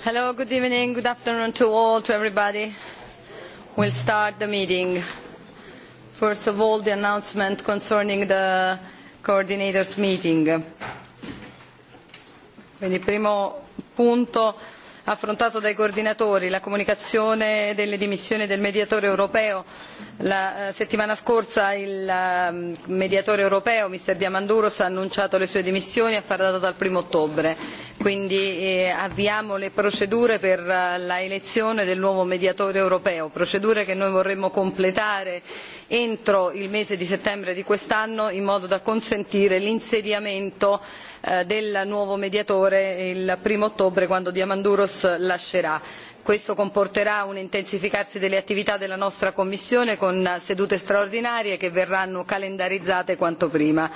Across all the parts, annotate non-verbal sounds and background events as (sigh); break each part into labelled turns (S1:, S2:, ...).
S1: hello good evening good afternoon to all to everybody we'll start the meeting First of all, the announcement concerning the coordinators meeting. Quindi primo punto affrontato dai coordinatori la comunicazione delle dimissioni del mediatore europeo. La eh, settimana scorsa il ehm, mediatore europeo, Mr. Diamandouros, ha annunciato le sue dimissioni a e far data dal 1 ottobre Quindi eh, avviamo le procedure per uh, eh, la elezione del nuovo mediatore europeo, procedure che noi vorremmo completare entro il mese di settembre di quest'anno in modo da consentire l'insediamento eh, del nuovo mediatore il 1 ottobre quando Diamandouros lascerà questo comporterà un intensificarsi delle attività della nostra commissione con sedute straordinarie che verranno calendarizzate quanto prima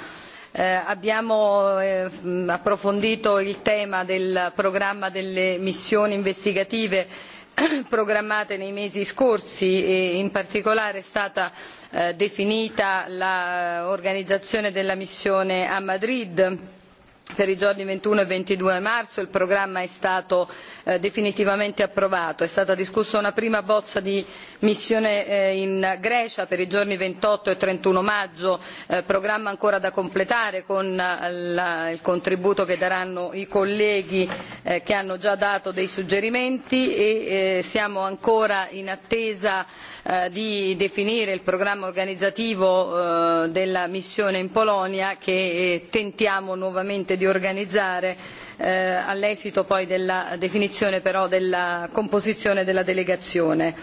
S1: Eh, abbiamo eh, mm, approfondito il tema del programma delle missioni investigative (clears throat) programmate nei mesi scorsi e in particolare è stata eh, definita l'organizzazione eh, della missione a Madrid per i giorni 21 e 22 marzo il programma è stato eh, definitivamente approvato. È stata discussa una prima bozza di missione eh, in Grecia per i giorni 28 e 31 maggio, eh, programma ancora da completare con eh, la, il contributo che daranno i colleghi eh, che hanno già dato dei suggerimenti e eh, siamo ancora in attesa eh, di definire il programma organizzativo eh, della missione in Polonia che eh, tentiamo nuovamente di organizzare eh, all'esito poi della definizione però della composizione della delegazione.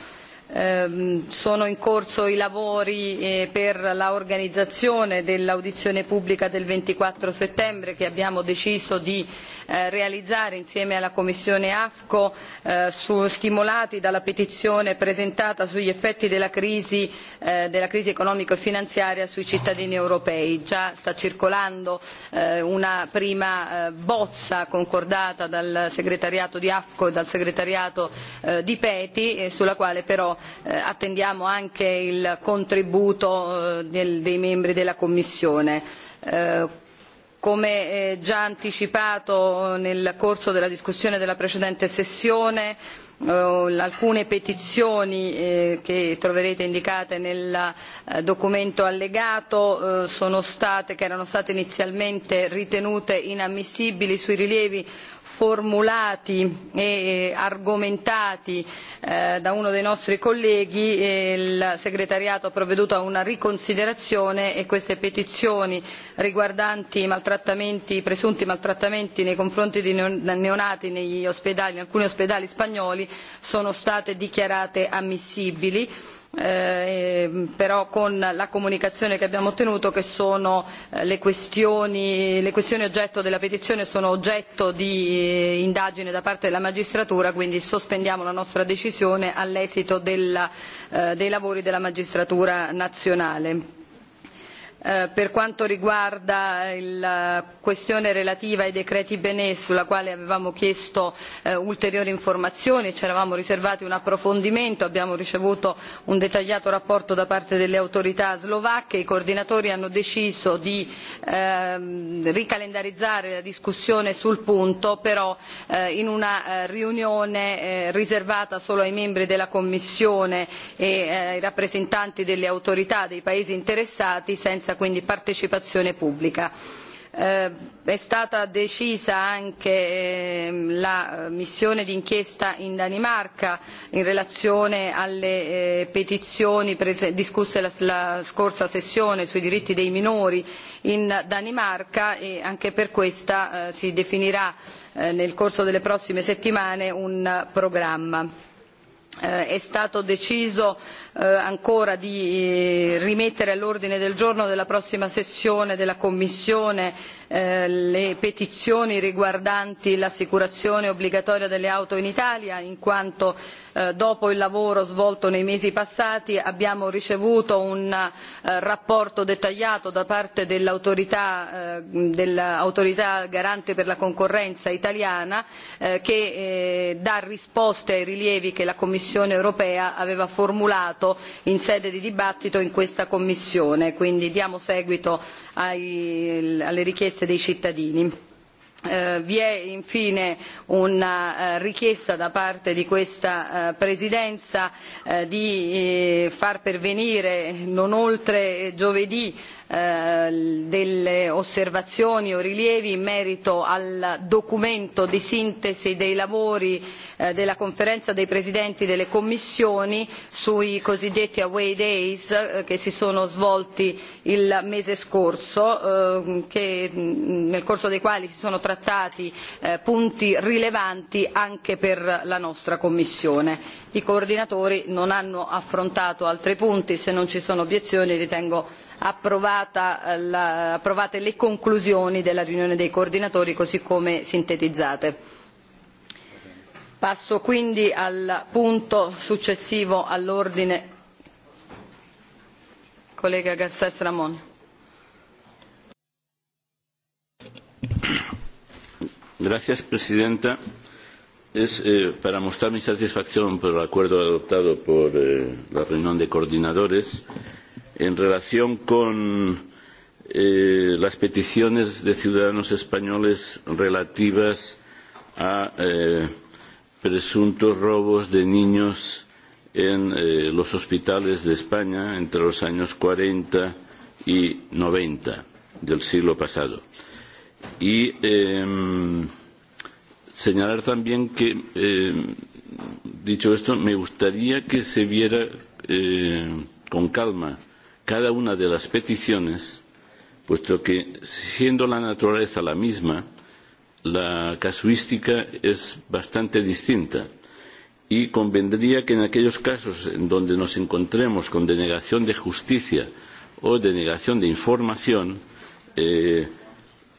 S1: Eh, sono in corso i lavori eh, per l'organizzazione dell'audizione pubblica del 24 settembre che abbiamo deciso di eh, realizzare insieme alla Commissione AFCO eh, su, stimolati dalla petizione presentata sugli effetti della crisi, eh, della crisi economico e finanziaria sui cittadini europei. Già sta circolando eh, una prima eh, bozza concordata dal segretariato di AFCO e dal segretariato eh, di PETI eh, sulla quale però eh, attendiamo anche il contributo eh, del, dei membri della Commissione. Eh, come eh, già anticipato eh, nel corso della discussione della precedente sessione eh, alcune petizioni eh, che troverete indicate nel eh, documento allegato eh, sono state, che erano state inizialmente ritenute inammissibili sui rilievi formulati e, e argomentati eh, da uno dei nostri colleghi e il segretariato ha provveduto a una riconsiderazione e queste petizioni riguardanti maltrattamenti, presunti maltrattamenti nei confronti di neonati negli ospedali, in alcuni ospedali spagnoli sono state dichiarate ammissibili eh, però con la comunicazione che abbiamo ottenuto che sono eh, le questioni, le questioni oggetto della petizione sono oggetto di eh, indagine da parte della magistratura, quindi sospendiamo la nostra decisione all'esito della, eh, dei lavori della magistratura nazionale Eh, per quanto riguarda la eh, questione relativa ai decreti Benet, sulla quale avevamo chiesto eh, ulteriori informazioni, ci eravamo riservati un approfondimento, abbiamo ricevuto un dettagliato rapporto da parte delle autorità slovacche, i coordinatori hanno deciso di eh, ricalendarizzare la discussione sul punto, però eh, in una eh, riunione eh, riservata solo ai membri della Commissione e eh, ai rappresentanti delle autorità dei Paesi interessati, senza questa quindi partecipazione pubblica. Eh, è stata decisa anche ehm, eh, la missione d'inchiesta in Danimarca in relazione alle eh, petizioni prese- discusse la, la scorsa sessione sui diritti dei minori in Danimarca e anche per questa eh, si definirà eh, nel corso delle prossime settimane un programma. Eh, è stato deciso eh, ancora di eh, rimettere all'ordine del giorno della prossima sessione della Commissione eh, le petizioni riguardanti l'assicurazione obbligatoria delle auto in Italia, in quanto eh, dopo il lavoro svolto nei mesi passati abbiamo ricevuto un eh, rapporto dettagliato da parte dell'autorità, eh, dell'autorità garante per la concorrenza italiana eh, che eh, dà risposte ai rilievi che la Commissione europea aveva formulato approfondito in sede di dibattito in questa commissione quindi diamo seguito ai, alle richieste dei cittadini. Eh, vi è infine una eh, richiesta da parte di questa eh, presidenza eh, di eh, far pervenire non oltre giovedì eh, delle osservazioni o rilievi in merito al documento di sintesi dei lavori eh, della conferenza dei presidenti delle commissioni sui cosiddetti away days eh, che si sono svolti il mese scorso, eh, che, nel corso dei quali si sono trattati eh, punti rilevanti anche per la nostra Commissione. I coordinatori non hanno affrontato altri punti, se non ci sono obiezioni ritengo approvata eh, la, approvate le conclusioni della riunione dei coordinatori così come sintetizzate. Passo quindi al punto successivo all'ordine. Collega Garcés Ramón.
S2: Gracias, Presidenta. Es eh, para mostrar mi satisfacción por el acuerdo adoptado por eh, la reunión de coordinadores eh, en relación con eh, las peticiones de ciudadanos españoles relativas a eh, presuntos robos de niños en eh, los hospitales de España entre los años 40 y 90 del siglo pasado. Y eh, señalar también que, eh, dicho esto, me gustaría que se viera eh, con calma cada una de las peticiones, puesto que siendo la naturaleza la misma, la casuística es bastante distinta y convendría que en aquellos casos en donde nos encontremos con denegación de justicia o denegación de información, eh,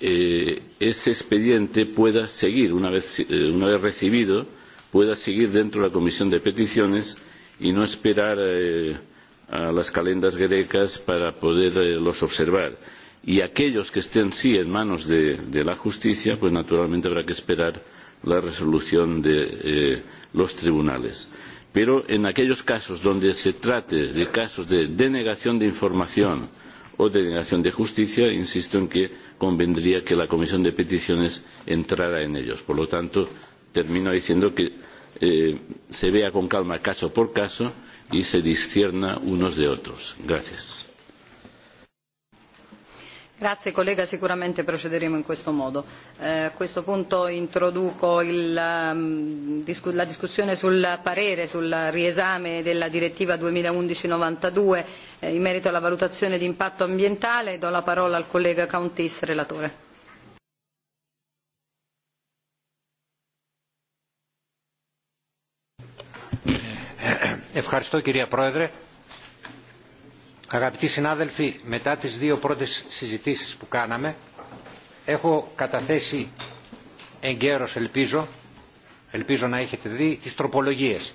S2: eh, ese expediente pueda seguir, una vez, eh, una vez recibido, pueda seguir dentro de la Comisión de Peticiones y no esperar eh, a las calendas grecas para poderlos eh, observar. Y aquellos que estén sí en manos de, de la justicia, pues naturalmente habrá que esperar la resolución de eh, los tribunales. Pero en aquellos casos donde se trate de casos de denegación de información o de denegación de justicia, insisto en que convendría que la Comisión de Peticiones entrara en ellos. Por lo tanto, termino diciendo que eh, se vea con calma caso por caso y se discierna unos de otros. Gracias.
S1: Grazie collega, sicuramente procederemo in questo modo. Eh, a questo punto introduco il, um, discu- la discussione sul parere, sul riesame della direttiva 2011-92 eh, in merito alla valutazione di impatto ambientale. Do la parola al collega Countis, relatore.
S3: Ευχαριστώ κυρία Πρόεδρε. Αγαπητοί συνάδελφοι, μετά τις δύο πρώτες συζητήσεις που κάναμε, έχω καταθέσει εγκαίρως ελπίζω, ελπίζω να έχετε δει, τις τροπολογίες.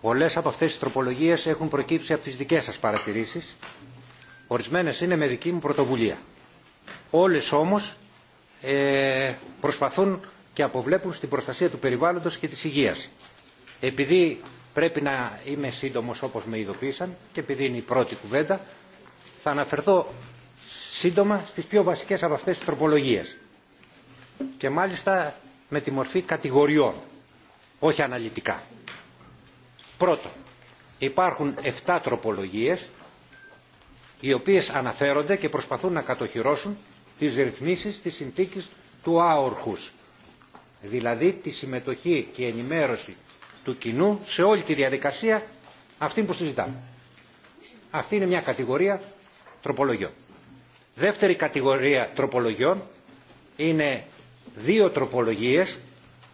S3: Πολλές από αυτές τις τροπολογίες έχουν προκύψει από τις δικές σας παρατηρήσεις. Ορισμένες είναι με δική μου πρωτοβουλία. Όλες όμως ε, προσπαθούν και αποβλέπουν στην προστασία του περιβάλλοντος και της υγείας. Επειδή Πρέπει να είμαι σύντομο όπως με ειδοποίησαν και επειδή είναι η πρώτη κουβέντα θα αναφερθώ σύντομα στις πιο βασικές από αυτές τις τροπολογίες και μάλιστα με τη μορφή κατηγοριών, όχι αναλυτικά. Πρώτον, υπάρχουν 7 τροπολογίες οι οποίες αναφέρονται και προσπαθούν να κατοχυρώσουν τις ρυθμίσεις της συνθήκης του άορχους, δηλαδή τη συμμετοχή και ενημέρωση του κοινού σε όλη τη διαδικασία αυτή που συζητάμε. Αυτή είναι μια κατηγορία τροπολογιών. Δεύτερη κατηγορία τροπολογιών είναι δύο τροπολογίες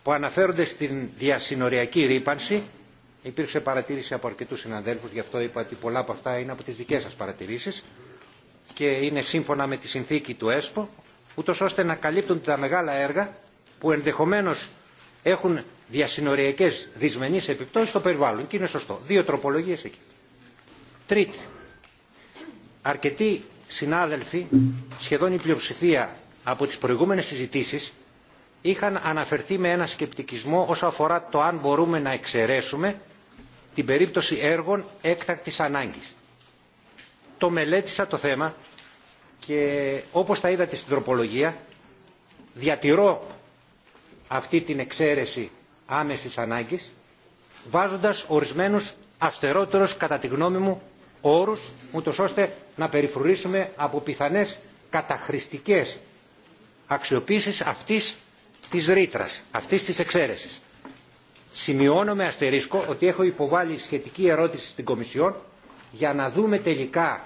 S3: που αναφέρονται στην διασυνοριακή ρήπανση. Υπήρξε παρατήρηση από αρκετού συναδέλφου, γι' αυτό είπα ότι πολλά από αυτά είναι από τι δικέ σα παρατηρήσει και είναι σύμφωνα με τη συνθήκη του ΕΣΠΟ, ούτω ώστε να καλύπτουν τα μεγάλα έργα που ενδεχομένω έχουν διασυνοριακές δυσμενείς επιπτώσεις στο περιβάλλον. Και είναι σωστό. Δύο τροπολογίες εκεί. Τρίτη. Αρκετοί συνάδελφοι, σχεδόν η πλειοψηφία από τις προηγούμενες συζητήσεις, είχαν αναφερθεί με ένα σκεπτικισμό όσο αφορά το αν μπορούμε να εξαιρέσουμε την περίπτωση έργων έκτακτης ανάγκης. Το μελέτησα το θέμα και όπως τα είδατε στην τροπολογία διατηρώ αυτή την εξαίρεση άμεσης ανάγκης, βάζοντας ορισμένους αυστηρότερους κατά τη γνώμη μου όρους, ούτως ώστε να περιφρουρήσουμε από πιθανές καταχρηστικές αξιοποίησεις αυτής της ρήτρα, αυτής της εξαίρεσης. Σημειώνω με αστερίσκο ότι έχω υποβάλει σχετική ερώτηση στην Κομισιόν για να δούμε τελικά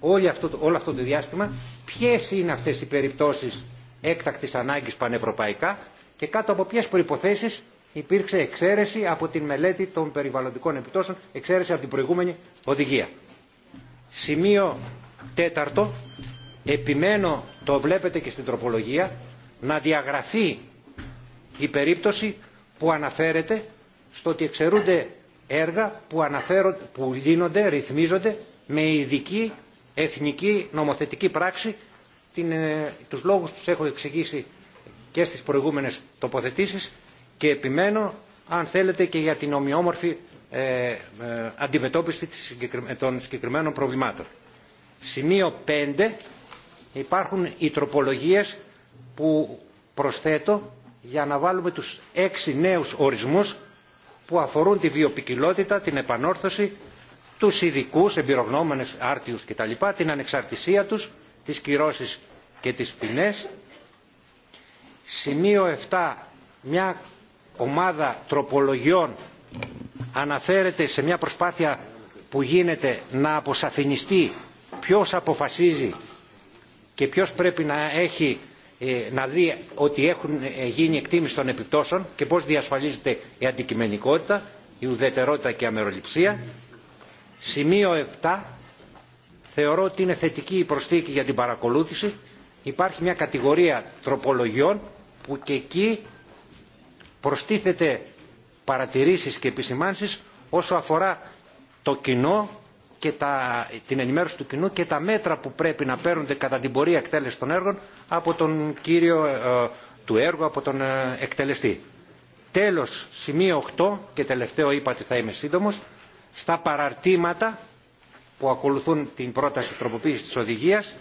S3: όλο αυτό, όλο αυτό το διάστημα ποιες είναι αυτές οι περιπτώσεις έκτακτης ανάγκης πανευρωπαϊκά και κάτω από ποιες προϋποθέσεις υπήρξε εξαίρεση από την μελέτη των περιβαλλοντικών επιπτώσεων, εξαίρεση από την προηγούμενη οδηγία. Σημείο τέταρτο, επιμένω, το βλέπετε και στην τροπολογία, να διαγραφεί η περίπτωση που αναφέρεται στο ότι εξαιρούνται έργα που, αναφέρον, που λύνονται, ρυθμίζονται με ειδική εθνική νομοθετική πράξη. Την, ε, τους λόγους τους έχω εξηγήσει και στις προηγούμενες τοποθετήσεις και επιμένω αν θέλετε και για την ομοιόμορφη ε, ε, αντιμετώπιση των συγκεκριμένων προβλημάτων. Σημείο 5 υπάρχουν οι τροπολογίες που προσθέτω για να βάλουμε τους έξι νέους ορισμούς που αφορούν τη βιοπικιλότητα, την επανόρθωση, τους ειδικού, εμπειρογνώμενες άρτιους κτλ, την ανεξαρτησία τους, τις κυρώσεις και τις ποινές. Σημείο 7, μια ομάδα τροπολογιών αναφέρεται σε μια προσπάθεια που γίνεται να αποσαφινιστεί ποιος αποφασίζει και ποιος πρέπει να έχει να δει ότι έχουν γίνει εκτίμηση των επιπτώσεων και πώς διασφαλίζεται η αντικειμενικότητα, η ουδετερότητα και η αμεροληψία. Σημείο 7. Θεωρώ ότι είναι θετική η προσθήκη για την παρακολούθηση. Υπάρχει μια κατηγορία τροπολογιών που και εκεί προστίθεται παρατηρήσεις και επισημάνσεις όσο αφορά το κοινό και τα, την ενημέρωση του κοινού και τα μέτρα που πρέπει να παίρνονται κατά την πορεία εκτέλεση των έργων από τον κύριο ε, του έργου, από τον ε, εκτελεστή. Τέλος, σημείο 8 και τελευταίο είπα ότι θα είμαι σύντομος, στα παραρτήματα που ακολουθούν την πρόταση τροποποίησης της οδηγίας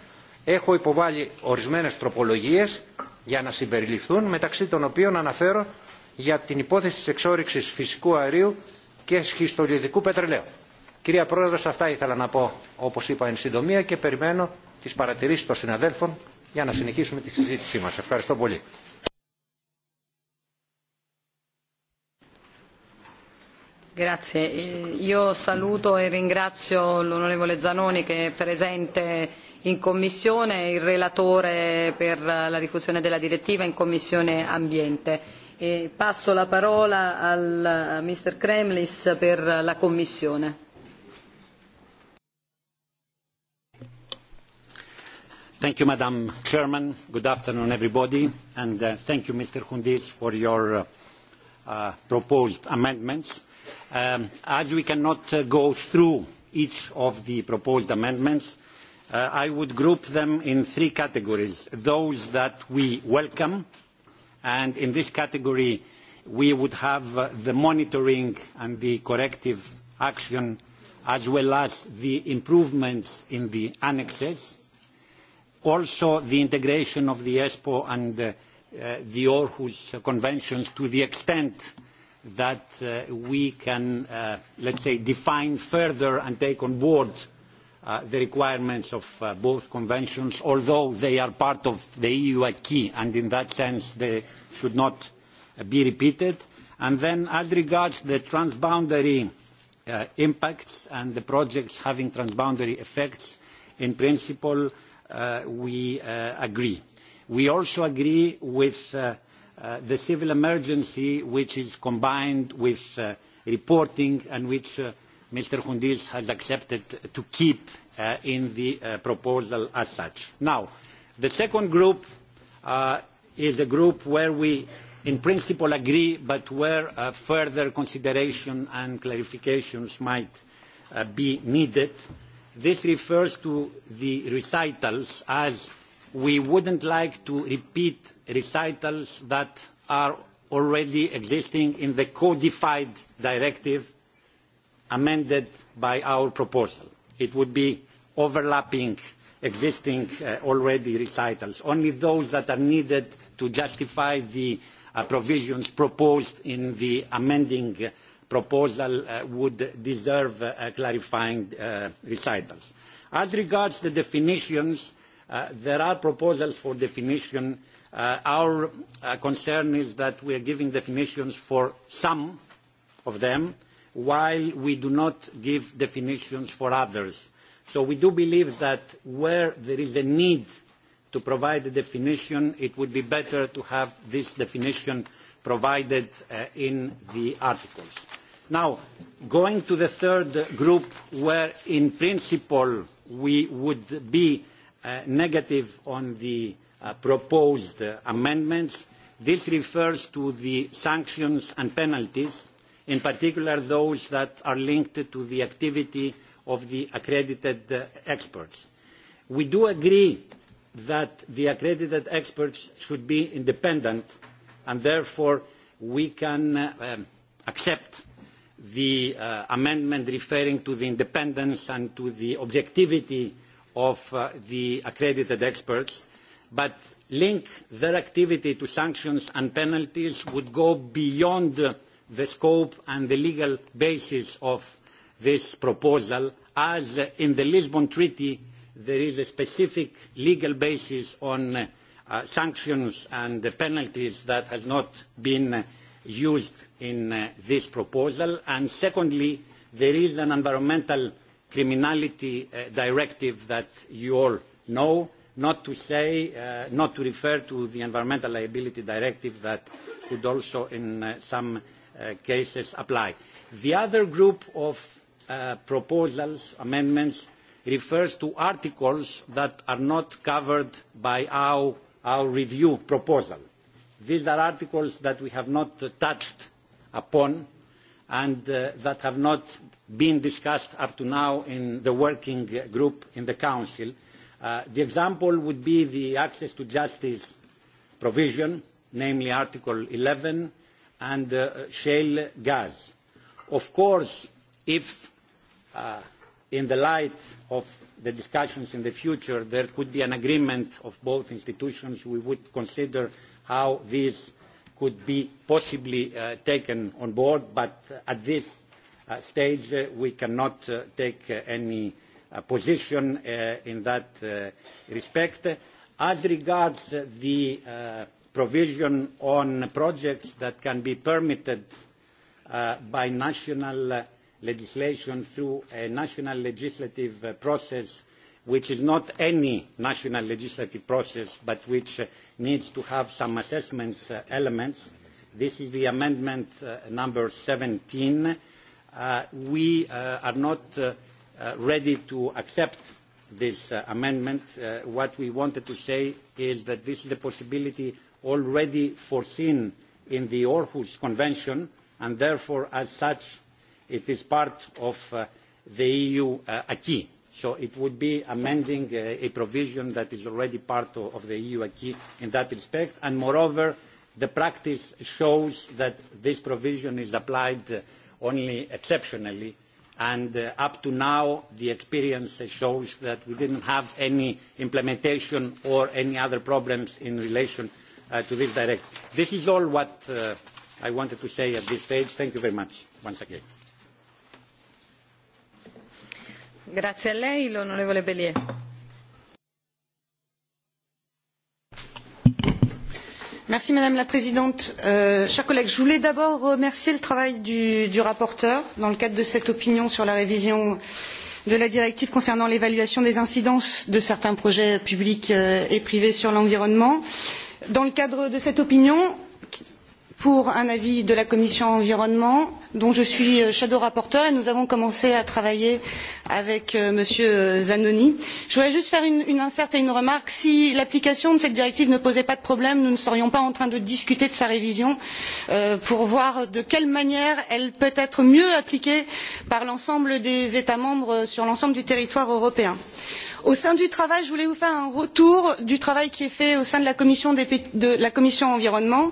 S3: έχω υποβάλει ορισμένες τροπολογίες για να συμπεριληφθούν μεταξύ των οποίων αναφέρω για την υπόθεση της εξόριξης φυσικού αερίου και σχιστολιθικού πετρελαίου. Κυρία Πρόεδρος, αυτά ήθελα να πω, όπως είπα, εν συντομία και περιμένω τις παρατηρήσεις των συναδέλφων για να συνεχίσουμε τη συζήτησή μας. Ευχαριστώ πολύ.
S1: Grazie, eh, io saluto e ringrazio l'onorevole Zanoni che è presente in Commissione, il relatore per la diffusione della direttiva in Commissione Ambiente E passo la parola al eh, Mr. Kremlis per la Commissione.
S4: Thank you, Madam Chairman. Good afternoon, everybody. And uh, thank you, Mr. Hundis, for your uh, uh, proposed amendments. Um, as we cannot uh, go through each of the proposed amendments, uh, I would group them in three categories. Those that we welcome, uh, And in this category, we would have uh, the monitoring and the corrective action, as well as the improvements in the annexes. Also, the integration of the ESPO and uh, uh, the Aarhus Conventions to the extent that uh, we can, uh, let's say, define further and take on board uh, uh, the requirements of uh, both conventions, although they are part of the EU acquis, and in that sense they should not uh, be repeated. And then as regards the transboundary uh, impacts and the projects having transboundary effects, in principle, uh, we uh, agree. We also agree with uh, uh, the civil emergency, which is combined with uh, reporting and which uh, Mr. Hundis has accepted to keep uh, in the uh, proposal as such. Now, the second group uh, is the group where we in principle agree, but where uh, further consideration and clarifications might uh, be needed. This refers to the recitals as we wouldn't like to repeat recitals that are already existing in the codified directive amended by our proposal. It would be overlapping existing uh, already recitals, only those that are needed to justify the uh, provisions proposed in the amending uh, proposal uh, would deserve uh, clarifying uh, recitals. As regards the definitions, uh, there are proposals for definition. Uh, our uh, concern is that we are giving definitions for some of them, uh, while we do not give definitions for others. So we do believe that where there is a need to provide a definition, it would be better to have this definition provided uh, in the articles. Now, going to the third group, where in principle we would be uh, negative on the uh, proposed uh, amendments, this refers to the sanctions and penalties in particular those that are linked to the activity of the accredited uh, experts. We do agree that the accredited experts should be independent and therefore we can uh, um, accept the uh, amendment referring to the independence and to the objectivity of uh, the accredited experts, but link their activity to sanctions and penalties would go beyond uh, the scope and the legal basis of this proposal, as in the Lisbon Treaty there is a specific legal basis on uh, uh, sanctions and the penalties that has not been uh, used in uh, this proposal. And secondly, there is an environmental criminality uh, directive that you all know, not to say, uh, not to refer to the environmental liability directive that could also in uh, some uh, cases apply. The other group of uh, proposals, amendments, refers to articles that are not covered by our, our review proposal. These are articles that we have not uh, touched upon and uh, that have not been discussed up to now in the working group in the Council. Uh, the example would be the access to justice provision, namely Article 11, and uh, shale gas. Of course, if uh, in the light of the discussions in the future there could be an agreement of both institutions, we would consider how these could be possibly uh, taken on board, but at this uh, stage uh, we cannot uh, take uh, any uh, position uh, in that uh, respect. As regards uh, the uh, provision on projects that can be permitted uh, by national uh, legislation through a national legislative uh, process, which is not any national legislative process, but which uh, needs to have some assessment uh, elements. This is the amendment uh, number 17. Uh, we uh, are not uh, uh, ready to accept this uh, amendment. Uh, what we wanted to say is that this is a possibility already foreseen in the Aarhus Convention, and therefore, as such, it is part of uh, the EU uh, acquis. So it would be amending uh, a provision that is already part of, of the EU acquis in that respect. And moreover, the practice shows that this provision is applied uh, only exceptionally and uh, up to now the experience shows that we didn't have any implementation or any other problems in relation uh, to this directive. This is all what uh, I wanted to say at this stage. Thank you very much once again.
S1: Grazie a lei, l'onorevole Bellier.
S5: Merci, madame la présidente euh, chers collègues je voulais d'abord remercier le travail du, du rapporteur dans le cadre de cette opinion sur la révision de la directive concernant l'évaluation des incidences de certains projets publics euh, et privés sur l'environnement. je dans le cadre de cette opinion pour un avis de la commission environnement dont je suis euh, shadow rapporteur et nous avons commencé à travailler avec euh, m. Euh, zanoni. je voudrais juste faire une, une inserte et une remarque si l'application de cette directive ne posait pas de problème nous ne serions pas en train de discuter de sa révision euh, pour voir de quelle manière elle peut être mieux appliquée par l'ensemble des états membres euh, sur l'ensemble du territoire européen. Euh, au sein du travail je voulais vous faire un retour du travail qui est fait au sein de la commission, des, de la commission environnement.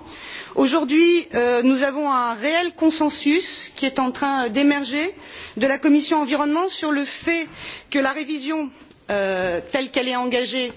S5: aujourd'hui euh, nous avons un réel consensus qui est en train d'émerger de la commission environnement sur le fait que la révision de euh, telle qu'elle est engagée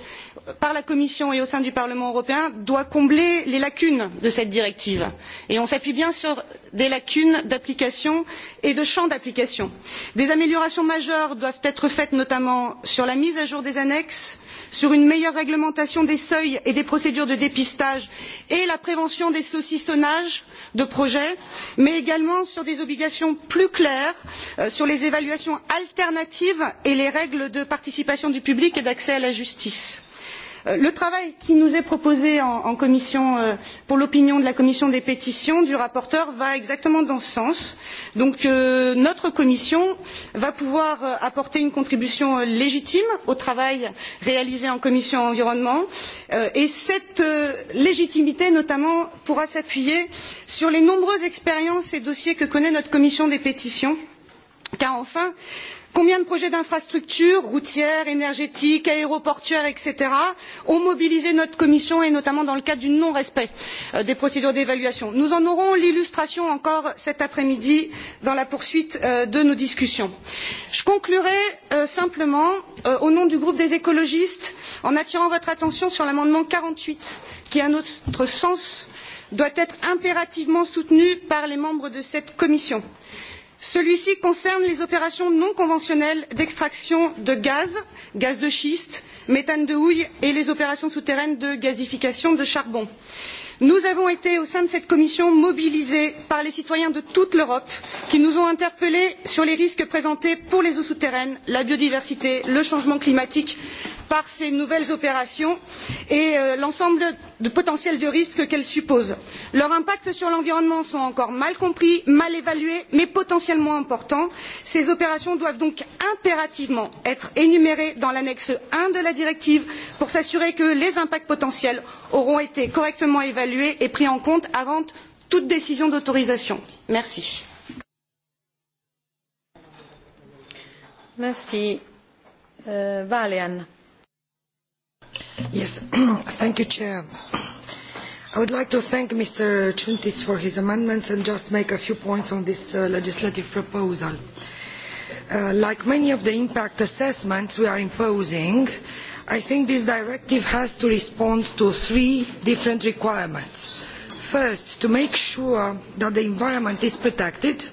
S5: par la commission et au sein du parlement européen doit combler les lacunes de cette directive et on s'appuie bien sur des lacunes d'application et de champ d'application. des améliorations majeures doivent être faites notamment sur la mise à jour des annexes sur une meilleure réglementation des seuils et des procédures de dépistage et la prévention des saucissonnages de projets mais également sur des obligations plus claires euh, sur les évaluations alternatives et les règles de participation du public et d'accès à la justice. Euh, le travail qui nous est proposé en, en commission euh, pour l'opinion de la commission des pétitions du rapporteur va exactement dans ce sens. donc euh, notre commission va pouvoir euh, apporter une contribution euh, légitime au travail réalisé en commission environnement euh, et cette légitimité notamment pourra s'appuyer sur les nombreuses expériences et dossiers que connaît notre commission des pétitions car enfin combien de projets d'infrastructures routières énergétiques aéroportuaires etc. ont mobilisé notre commission et notamment dans le cadre du non respect euh, des procédures d'évaluation? nous en aurons l'illustration encore cet après midi dans la poursuite euh, de nos discussions. je conclurai euh, simplement au nom du groupe des écologistes en attirant votre attention sur l'amendement quarante huit qui à notre sens doit être impérativement soutenu par les membres de cette commission celui ci concerne les opérations non conventionnelles d'extraction de gaz gaz de schiste méthane de houille et les opérations souterraines de gazification de charbon. nous avons été au sein de cette commission mobilisés par les citoyens de toute l'europe qui nous ont interpellés sur les risques présentés pour les eaux souterraines la biodiversité le changement climatique par ces nouvelles opérations et euh, l'ensemble de potentiel de risque qu'elles supposent. leur impact sur l'environnement sont encore mal compris mal évalués mais potentiellement importants. ces opérations doivent donc impérativement être énumérées dans l'annexe i de la directive pour s'assurer que les impacts potentiels auront été correctement évalués et pris en compte avant toute décision d'autorisation.
S6: merci.
S1: merci. Euh, Valian.
S6: Yes, (clears throat) thank you, Chair. I would like to thank Mr. Chuntis for his amendments and just make a few points on this uh, legislative proposal. Uh, like many of the impact assessments we are imposing, I think this directive has to respond to three different requirements. First, to make sure that the environment is protected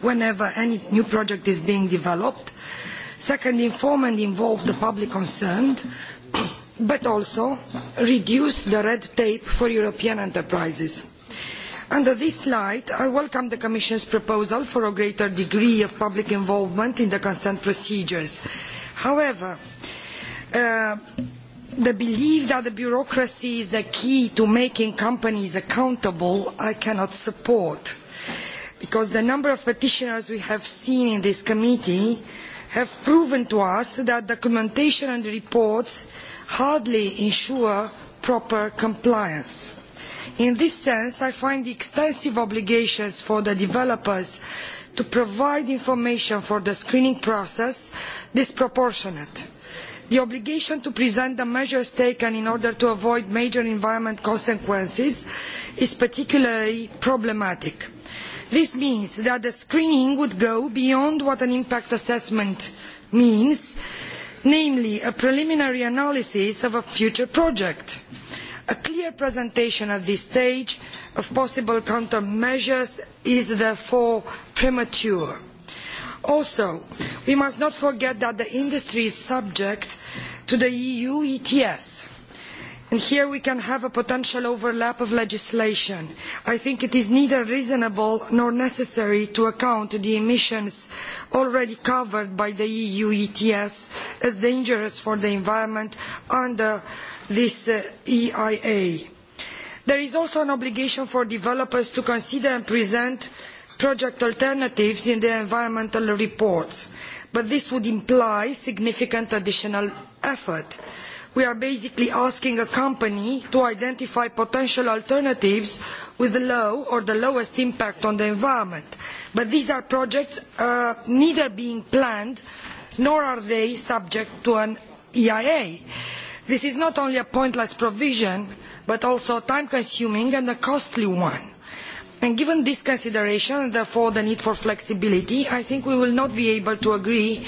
S6: whenever any new project is being developed. Second, inform and involve the public concerned but also reduce the red tape for European enterprises. Under this light, I welcome the Commission's proposal for a greater degree of public involvement in the consent procedures. However, uh, the belief that the bureaucracy is the key to making companies accountable, I cannot support. Because the number of petitioners we have seen in this committee have proven to us that documentation and reports uh, hardly ensure proper compliance. In this sense, I find the extensive obligations for the developers to provide information for the screening process disproportionate. The obligation to present the measures taken in order to avoid major environment consequences is particularly problematic. This means that the screening would go beyond what an impact assessment means namely a preliminary analysis of a future project, a clear presentation at this stage of possible countermeasures is therefore premature. Also, we must not forget that the industry is subject to the EU ETS And here we can have a potential overlap of legislation. I think it is neither reasonable nor necessary to account the emissions already covered by the EU ETS as dangerous for the environment under this uh, EIA. There is also an obligation for developers to consider and present project alternatives in their environmental reports, but this would imply significant additional effort. Uh, we are basically asking a company to identify potential alternatives with the low or the lowest impact on the environment. But these are projects uh, neither being planned nor are they subject to an EIA. This is not only a pointless provision, but also time-consuming and a costly one. And given this consideration and therefore the need for flexibility, I think we will not be able to agree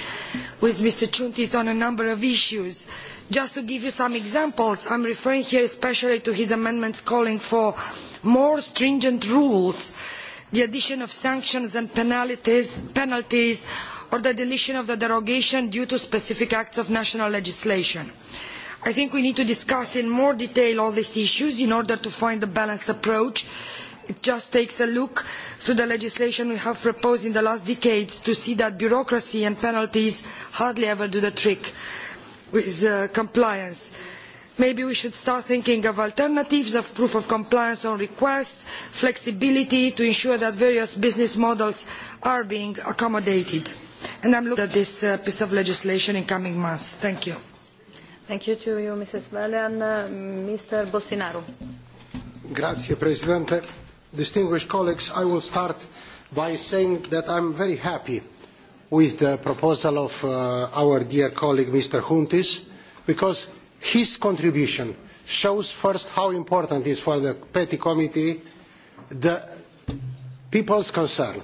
S6: with Mr. Chuntis on a number of issues. Uh, Just to give you some examples, I'm referring here especially to his amendments calling for more stringent rules, the addition of sanctions and penalties, penalties or the deletion of the derogation due to specific acts of national legislation. I think we need to discuss in more detail all these issues in order to find a balanced approach. It just takes a look to the legislation we have proposed in the last decades to see that bureaucracy and penalties hardly ever do the trick. Uh, with uh, compliance. Maybe we should start thinking of alternatives of proof of compliance on request, flexibility to ensure that various business models are being accommodated. And I'm looking at this uh, piece of legislation in coming months. Thank you.
S1: Thank you to you, Mrs. Valian. Uh, Mr. Bossinaro.
S7: Grazie, Presidente. Distinguished colleagues, I will start by saying that I'm very happy uh, with the proposal of uh, our dear colleague Mr. Huntis because his contribution shows first how important it is for the Petty Committee the people's concern.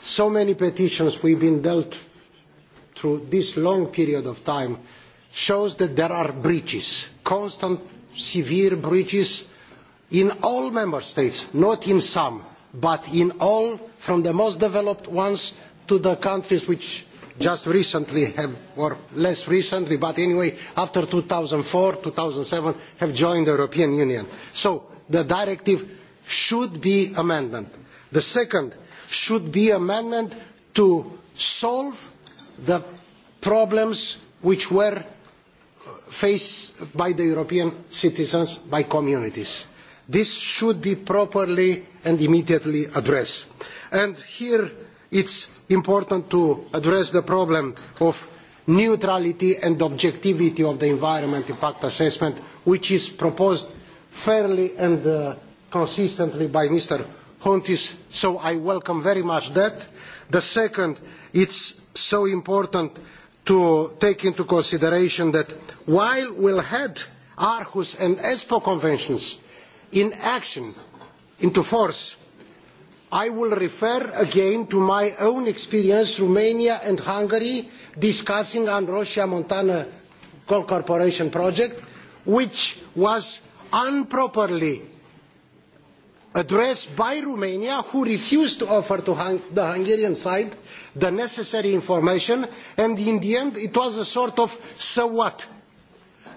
S7: So many petitions we've been dealt through this long period of time shows that there are breaches, constant severe breaches in all member states, not in some, but in all, from the most developed ones to the countries which just recently have, or less recently, but anyway, after 2004, 2007, have joined the European Union. So the directive should be amendment. The second should be amendment to solve the problems which were faced by the European citizens, by communities. This should be properly and immediately addressed. And here it's important to address the problem of neutrality and objectivity of the environment impact assessment, which is proposed fairly and uh, consistently by Mr. Hontis, so I welcome very much that. The second, it's so important to take into consideration that while we'll had Aarhus and ESPO conventions in action, into force, I will refer again to my own experience, Romania and Hungary, discussing on Russia Montana Coal Corporation project, which was improperly addressed by Romania, who refused to offer to hung the Hungarian side the necessary information, and in the end it was a sort of so what?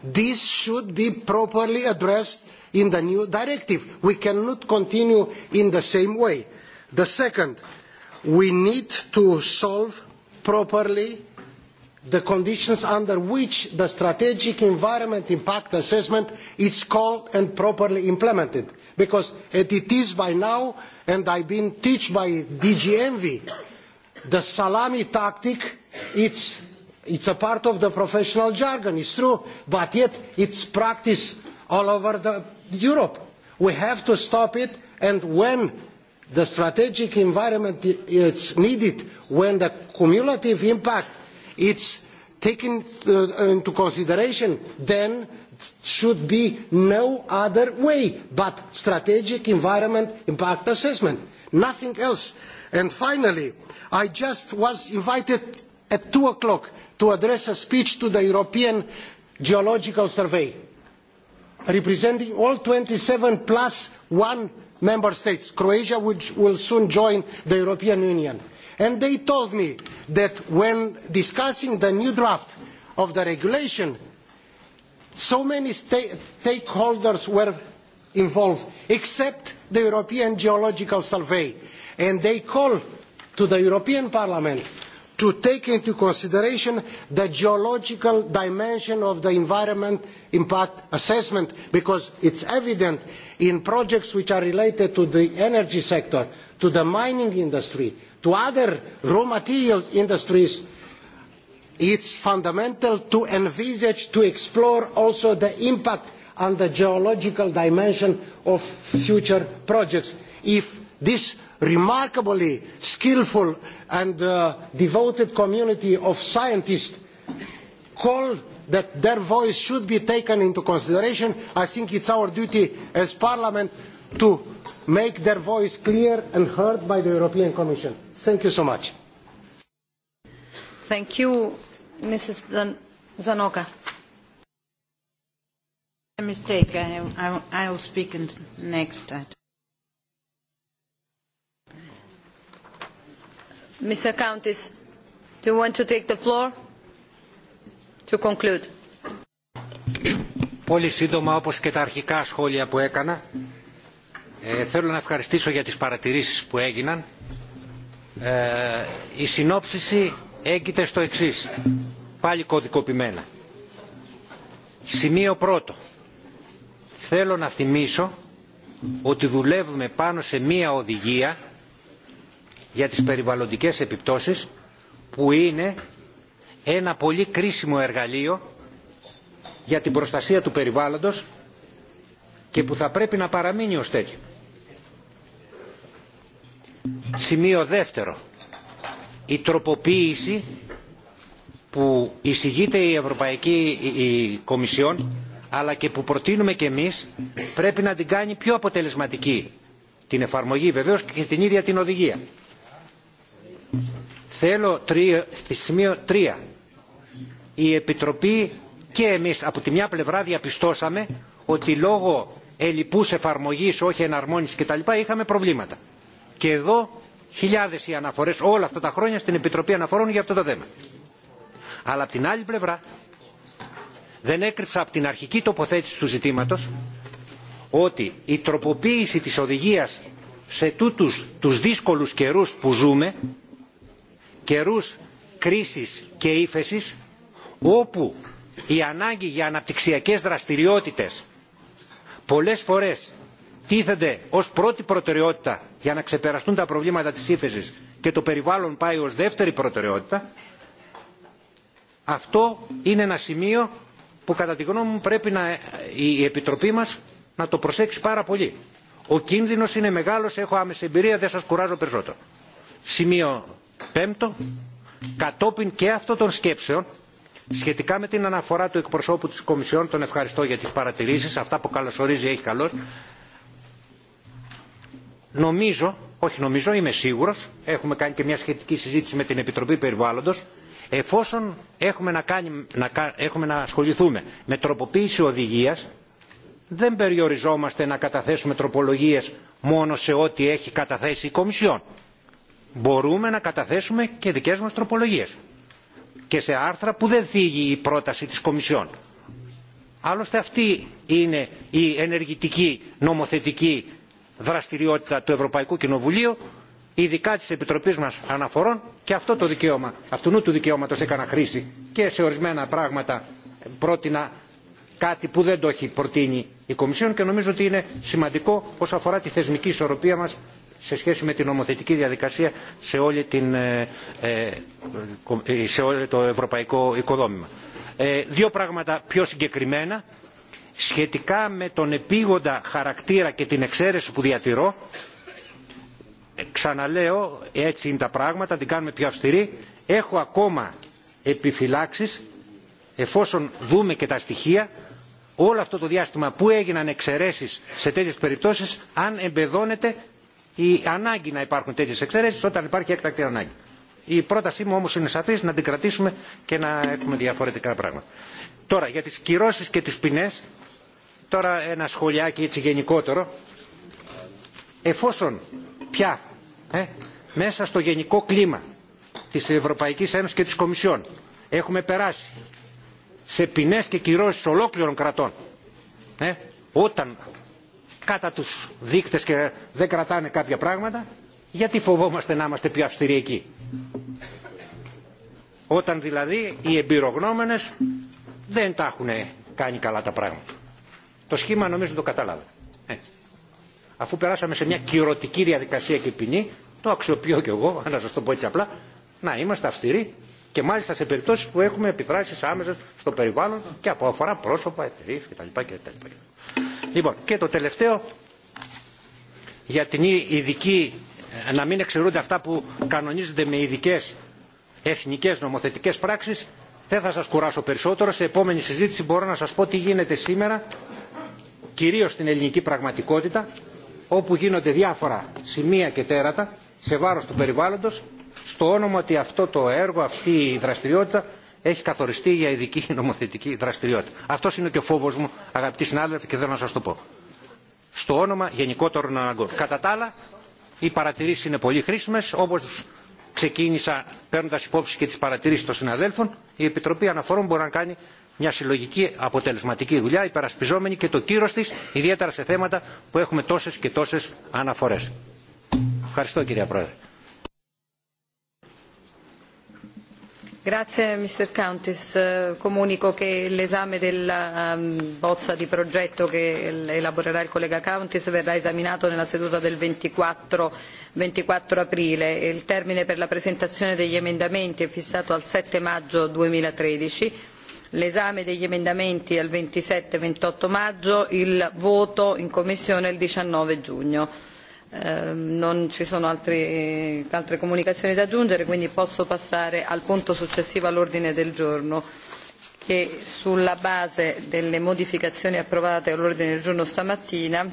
S7: This should be properly addressed in the new directive. We cannot continue in the same way The second, we need to solve properly the conditions under which the strategic environment impact assessment is called and properly implemented. Because it is by now, and I've been taught by DG Envy, the salami tactic, it's, it's a part of the professional jargon, it's true, but yet it's practiced all over the, Europe. We have to stop it, and when the strategic environment is needed when the cumulative impact is taken uh, into consideration, then should be no other way but strategic environment impact assessment, nothing else. And finally, I just was invited at 2 o'clock to address a speech to the European Geological Survey, representing all 27 plus one member states, Croatia, which will soon join the European Union. And they told me that when discussing the new draft of the regulation, so many stakeholders were involved, except the European Geological Survey. And they call to the European Parliament to take into consideration the geological dimension of the environment impact assessment because it's evident in projects which are related to the energy sector, to the mining industry, to other raw materials industries, it's fundamental to envisage, to explore also the impact on the geological dimension of future projects. If this remarkably skillful and uh, devoted community of scientists call that their voice should be taken into consideration. I think it's our duty as Parliament to make their voice clear and heard by the European Commission. Thank you so much.
S1: Thank you, Mrs. Zan
S8: Zanoka. A mistake. I, I, I'll
S1: speak next. Time. Mr. Countis, do you want to take the floor to conclude?
S3: Πολύ σύντομα, όπως και τα αρχικά σχόλια που έκανα, ε, θέλω να ευχαριστήσω για τις παρατηρήσεις που έγιναν. Ε, η συνόψιση έγκυται στο εξής, πάλι κωδικοποιημένα. Σημείο πρώτο. Θέλω να θυμίσω ότι δουλεύουμε πάνω σε μία οδηγία για τις περιβαλλοντικές επιπτώσεις που είναι ένα πολύ κρίσιμο εργαλείο για την προστασία του περιβάλλοντος και που θα πρέπει να παραμείνει ως τέτοιο. Σημείο δεύτερο. Η τροποποίηση που εισηγείται η Ευρωπαϊκή η Κομισιόν αλλά και που προτείνουμε και εμείς πρέπει να την κάνει πιο αποτελεσματική την εφαρμογή βεβαίως και την ίδια την οδηγία. Θέλω τρία, σημείο 3. Η Επιτροπή και εμείς από τη μια πλευρά διαπιστώσαμε ότι λόγω ελλειπούς εφαρμογής, όχι εναρμόνισης κτλ. είχαμε προβλήματα. Και εδώ χιλιάδες οι αναφορές όλα αυτά τα χρόνια στην Επιτροπή Αναφορών για αυτό το θέμα. Αλλά από την άλλη πλευρά δεν έκρυψα από την αρχική τοποθέτηση του ζητήματος ότι η τροποποίηση της οδηγίας σε τούτους τους δύσκολους καιρούς που ζούμε καιρούς κρίσης και ύφεσης όπου η ανάγκη για αναπτυξιακές δραστηριότητες πολλές φορές τίθενται ως πρώτη προτεραιότητα για να ξεπεραστούν τα προβλήματα της ύφεσης και το περιβάλλον πάει ως δεύτερη προτεραιότητα, αυτό είναι ένα σημείο που κατά τη γνώμη μου πρέπει να, η Επιτροπή μας να το προσέξει πάρα πολύ. Ο κίνδυνος είναι μεγάλος, έχω άμεση εμπειρία, δεν σας κουράζω περισσότερο. Σημείο Πέμπτο, κατόπιν και αυτών των σκέψεων, σχετικά με την αναφορά του εκπροσώπου της Κομισιόν, τον ευχαριστώ για τις παρατηρήσεις, αυτά που καλωσορίζει έχει καλώς, νομίζω, όχι νομίζω, είμαι σίγουρος, έχουμε κάνει και μια σχετική συζήτηση με την Επιτροπή Περιβάλλοντος, εφόσον έχουμε να, κάνει, να, έχουμε να ασχοληθούμε με τροποποίηση οδηγίας, δεν περιοριζόμαστε να καταθέσουμε τροπολογίες μόνο σε ό,τι έχει καταθέσει η Κομισιόν μπορούμε να καταθέσουμε και δικές μας τροπολογίες και σε άρθρα που δεν θίγει η πρόταση της Κομισιόν. Άλλωστε αυτή είναι η ενεργητική νομοθετική δραστηριότητα του Ευρωπαϊκού Κοινοβουλίου, ειδικά της Επιτροπής μας Αναφορών και αυτό το δικαίωμα, αυτού του δικαίωματος έκανα χρήση και σε ορισμένα πράγματα πρότεινα κάτι που δεν το έχει προτείνει η Κομισιόν και νομίζω ότι είναι σημαντικό όσον αφορά τη θεσμική ισορροπία μας σε σχέση με την νομοθετική διαδικασία σε, όλη την, σε όλο το ευρωπαϊκό οικοδόμημα. Δύο πράγματα πιο συγκεκριμένα σχετικά με τον επίγοντα χαρακτήρα και την εξαίρεση που διατηρώ ξαναλέω έτσι είναι τα πράγματα την κάνουμε πιο αυστηρή έχω ακόμα επιφυλάξεις εφόσον δούμε και τα στοιχεία όλο αυτό το διάστημα που έγιναν εξαιρέσεις σε τέτοιες περιπτώσεις αν εμπεδώνεται η ανάγκη να υπάρχουν τέτοιες εξαιρέσεις όταν υπάρχει έκτακτη ανάγκη. Η πρότασή μου όμως είναι σαφής να την κρατήσουμε και να έχουμε διαφορετικά πράγματα. Τώρα για τις κυρώσεις και τις ποινές, τώρα ένα σχολιάκι έτσι γενικότερο. Εφόσον πια ε, μέσα στο γενικό κλίμα της Ευρωπαϊκής Ένωσης και της Κομισιόν έχουμε περάσει σε ποινές και κυρώσεις ολόκληρων κρατών ε, όταν κάτω τους δείκτες και δεν κρατάνε κάποια πράγματα, γιατί φοβόμαστε να είμαστε πιο αυστηροί εκεί. Όταν δηλαδή οι εμπειρογνώμενες δεν τα έχουν κάνει καλά τα πράγματα. Το σχήμα νομίζω το κατάλαβα. Έτσι. Αφού περάσαμε σε μια κυρωτική διαδικασία και ποινή, το αξιοποιώ κι εγώ, να σας το πω έτσι απλά, να είμαστε αυστηροί και μάλιστα σε περιπτώσεις που έχουμε επιδράσεις άμεσες στο περιβάλλον και από αφορά πρόσωπα, εταιρείες κτλ. κτλ. Λοιπόν, και το τελευταίο, για την ειδική, να μην εξαιρούνται αυτά που κανονίζονται με ειδικέ εθνικές νομοθετικές πράξεις, δεν θα σας κουράσω περισσότερο. Σε επόμενη συζήτηση μπορώ να σας πω τι γίνεται σήμερα, κυρίως στην ελληνική πραγματικότητα, όπου γίνονται διάφορα σημεία και τέρατα σε βάρος του περιβάλλοντος, στο όνομα ότι αυτό το έργο, αυτή η δραστηριότητα έχει καθοριστεί για ειδική νομοθετική δραστηριότητα. Αυτό είναι και ο φόβο μου, αγαπητοί συνάδελφοι, και θέλω να σα το πω. Στο όνομα γενικότερων αναγκών. Κατά τα άλλα, οι παρατηρήσει είναι πολύ χρήσιμε, όπω ξεκίνησα παίρνοντα υπόψη και τι παρατηρήσει των συναδέλφων, η Επιτροπή Αναφορών μπορεί να κάνει μια συλλογική αποτελεσματική δουλειά υπερασπιζόμενη και το κύρος της ιδιαίτερα σε θέματα που έχουμε τόσες και τόσες αναφορές. Ευχαριστώ κυρία Πρόεδρε.
S1: Grazie Mr. Countis. Eh, comunico che l'esame della ehm, bozza di progetto che elaborerà il collega Countis verrà esaminato nella seduta del 24, 24 aprile e il termine per la presentazione degli emendamenti è fissato al 7 maggio 2013 l'esame degli emendamenti al 27-28 maggio, il voto in commissione il 19 giugno Eh, non ci sono altri, altre comunicazioni da aggiungere, quindi posso passare al punto successivo all'ordine del giorno che sulla base delle modificazioni approvate all'ordine del giorno stamattina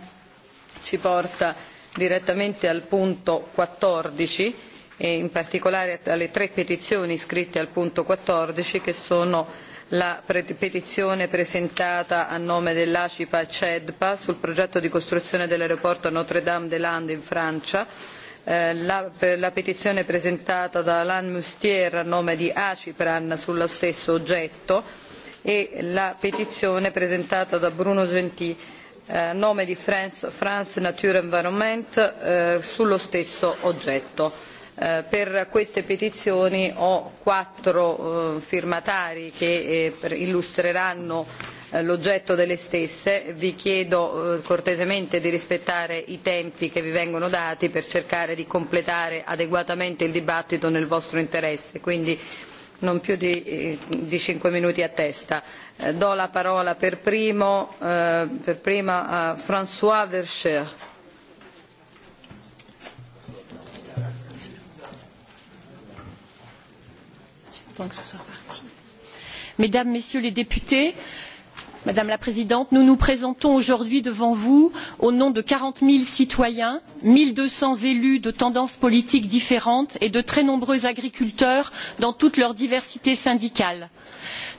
S1: ci porta direttamente al punto 14 e in particolare alle tre petizioni iscritte al punto 14 che sono la petizione presentata a nome dell'ACIPA CEDPA sul progetto di costruzione dell'aeroporto Notre Dame des Landes in Francia. Eh, la, la petizione presentata da Alain Mustier a nome di Acipran sullo stesso oggetto e la petizione presentata da Bruno Gentì eh, a eh, nome di France, France Nature Environment eh, sullo stesso oggetto Eh, per queste petizioni ho quattro eh, firmatari che eh, illustreranno eh, l'oggetto delle stesse. Vi chiedo eh, cortesemente di rispettare i tempi che vi vengono dati per cercare di completare adeguatamente il dibattito nel vostro interesse. Quindi non più di, eh, di 5 minuti a testa. Eh, do la parola per, primo, eh, per prima a François Vercher
S9: content que ce soit parti. Mesdames, Messieurs les députés, Madame la Présidente, nous nous présentons aujourd'hui devant vous au nom de 40 000 citoyens, 1200 élus de tendances politiques différentes et de très nombreux agriculteurs dans toute leur diversité syndicale.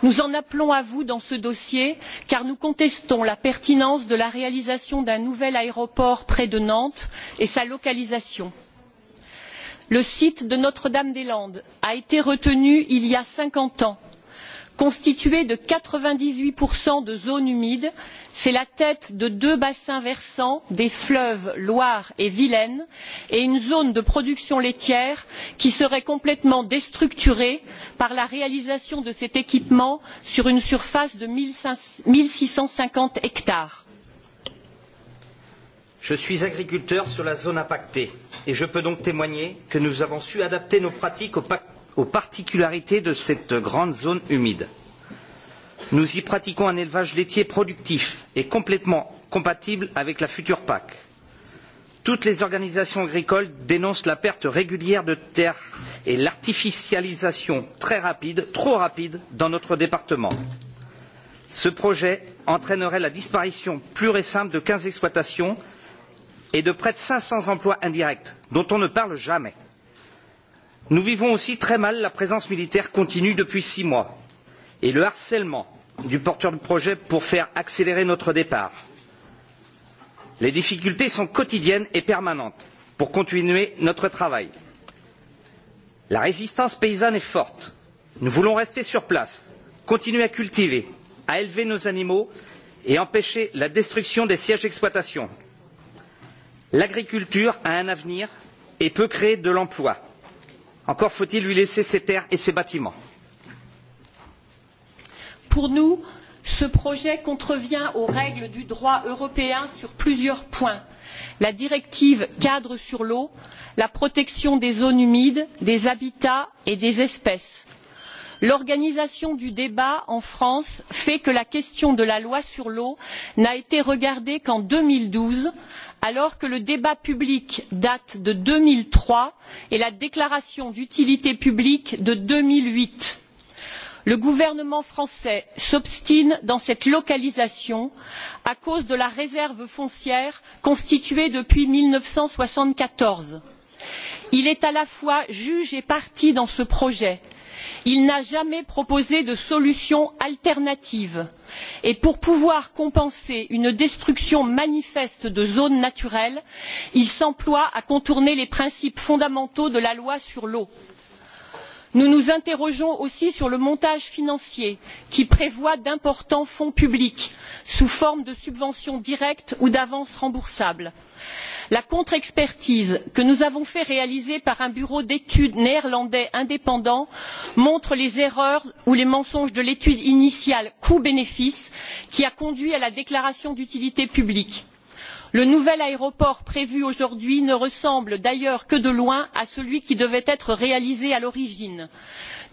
S9: Nous en appelons à vous dans ce dossier car nous contestons la pertinence de la réalisation d'un nouvel aéroport près de Nantes et sa localisation le site de notre dame des landes a été retenu il y a cinquante ans constitué de quatre vingt dix huit de zones humides c'est la tête de deux bassins versants des fleuves loire et vilaine et une zone de production laitière qui serait complètement déstructurée par la réalisation de cet équipement sur une surface de un six cent cinquante hectares
S10: Je suis agriculteur sur la zone impactée et je peux donc témoigner que nous avons su adapter nos pratiques aux, pa aux particularités de cette grande zone humide. Nous y pratiquons un élevage laitier productif et complètement compatible avec la future PAC. Toutes les organisations agricoles dénoncent la perte régulière de terres et l'artificialisation très rapide, trop rapide, dans notre département. Ce projet entraînerait la disparition pure et simple de 15 exploitations et de près de 500 emplois indirects, dont on ne parle jamais. Nous vivons aussi très mal la présence militaire continue depuis six mois et le harcèlement du porteur de projet pour faire accélérer notre départ. Les difficultés sont quotidiennes et permanentes pour continuer notre travail. La résistance paysanne est forte. Nous voulons rester sur place, continuer à cultiver, à élever nos animaux et empêcher la destruction des sièges d'exploitation l'agriculture a un avenir et peut créer de l'emploi. Encore faut-il lui laisser ses terres et ses bâtiments.
S9: Pour nous, ce projet contrevient aux règles du droit européen sur plusieurs points la directive cadre sur l'eau la protection des zones humides des habitats et des espèces. l'organisation du débat en france fait que la question de la loi sur l'eau n'a été regardée qu'en deux mille douze alors que le débat public date de deux mille trois et la déclaration d'utilité publique de deux mille huit le gouvernement français s'obstine dans cette localisation à cause de la réserve foncière constituée depuis mille neuf cent soixante quatorze il est à la fois juge et partie dans ce projet il n'a jamais proposé de solution alternative et pour pouvoir compenser une destruction manifeste de zones naturelles il s'emploie à contourner les principes fondamentaux de la loi sur l'eau nous nous interrogeons aussi sur le montage financier qui prévoit d'importants fonds publics sous forme de subventions directes ou d'avances remboursables. la contre expertise que nous avons fait réaliser par un bureau d'études néerlandais indépendant montre les erreurs ou les mensonges de l'étude initiale coût bénéfice qui a conduit à la déclaration d'utilité publique le nouvel aéroport prévu aujourd'hui ne ressemble d'ailleurs que de loin à celui qui devait être réalisé à l'origine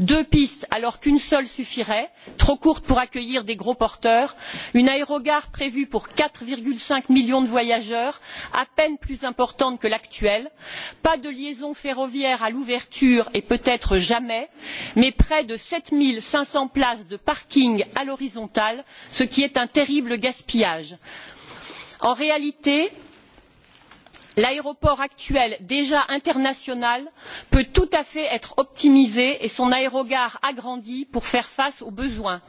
S9: deux pistes alors qu'une seule suffirait trop courte pour accueillir des gros porteurs une aérogare prévue pour quatre cinq millions de voyageurs à peine plus importante que l'actuelle pas de liaison ferroviaire à l'ouverture et peut être jamais mais près de sept cinq cents places de parking à l'horizontale ce qui est un terrible gaspillage en réalité l'aéroport actuel déjà international peut tout à fait être optimisé et son aérogare agrandi pour faire face aux besoins.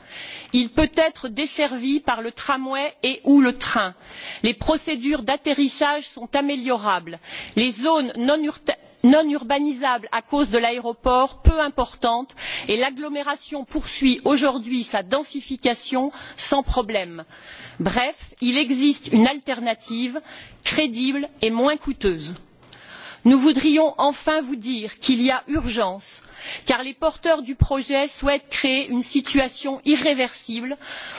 S9: il peut être desservi par le tramway et ou le train. les procédures d'atterrissage sont améliorables. les zones non urbaines non urbanisables à cause de l'aéroport peu importante et l'agglomération poursuit aujourd'hui sa densification sans problème. bref il existe une alternative crédible et moins coûteuse nous voudrions enfin vous dire qu'il y a urgence car les porteurs du projet souhaitent créer une situation irréversible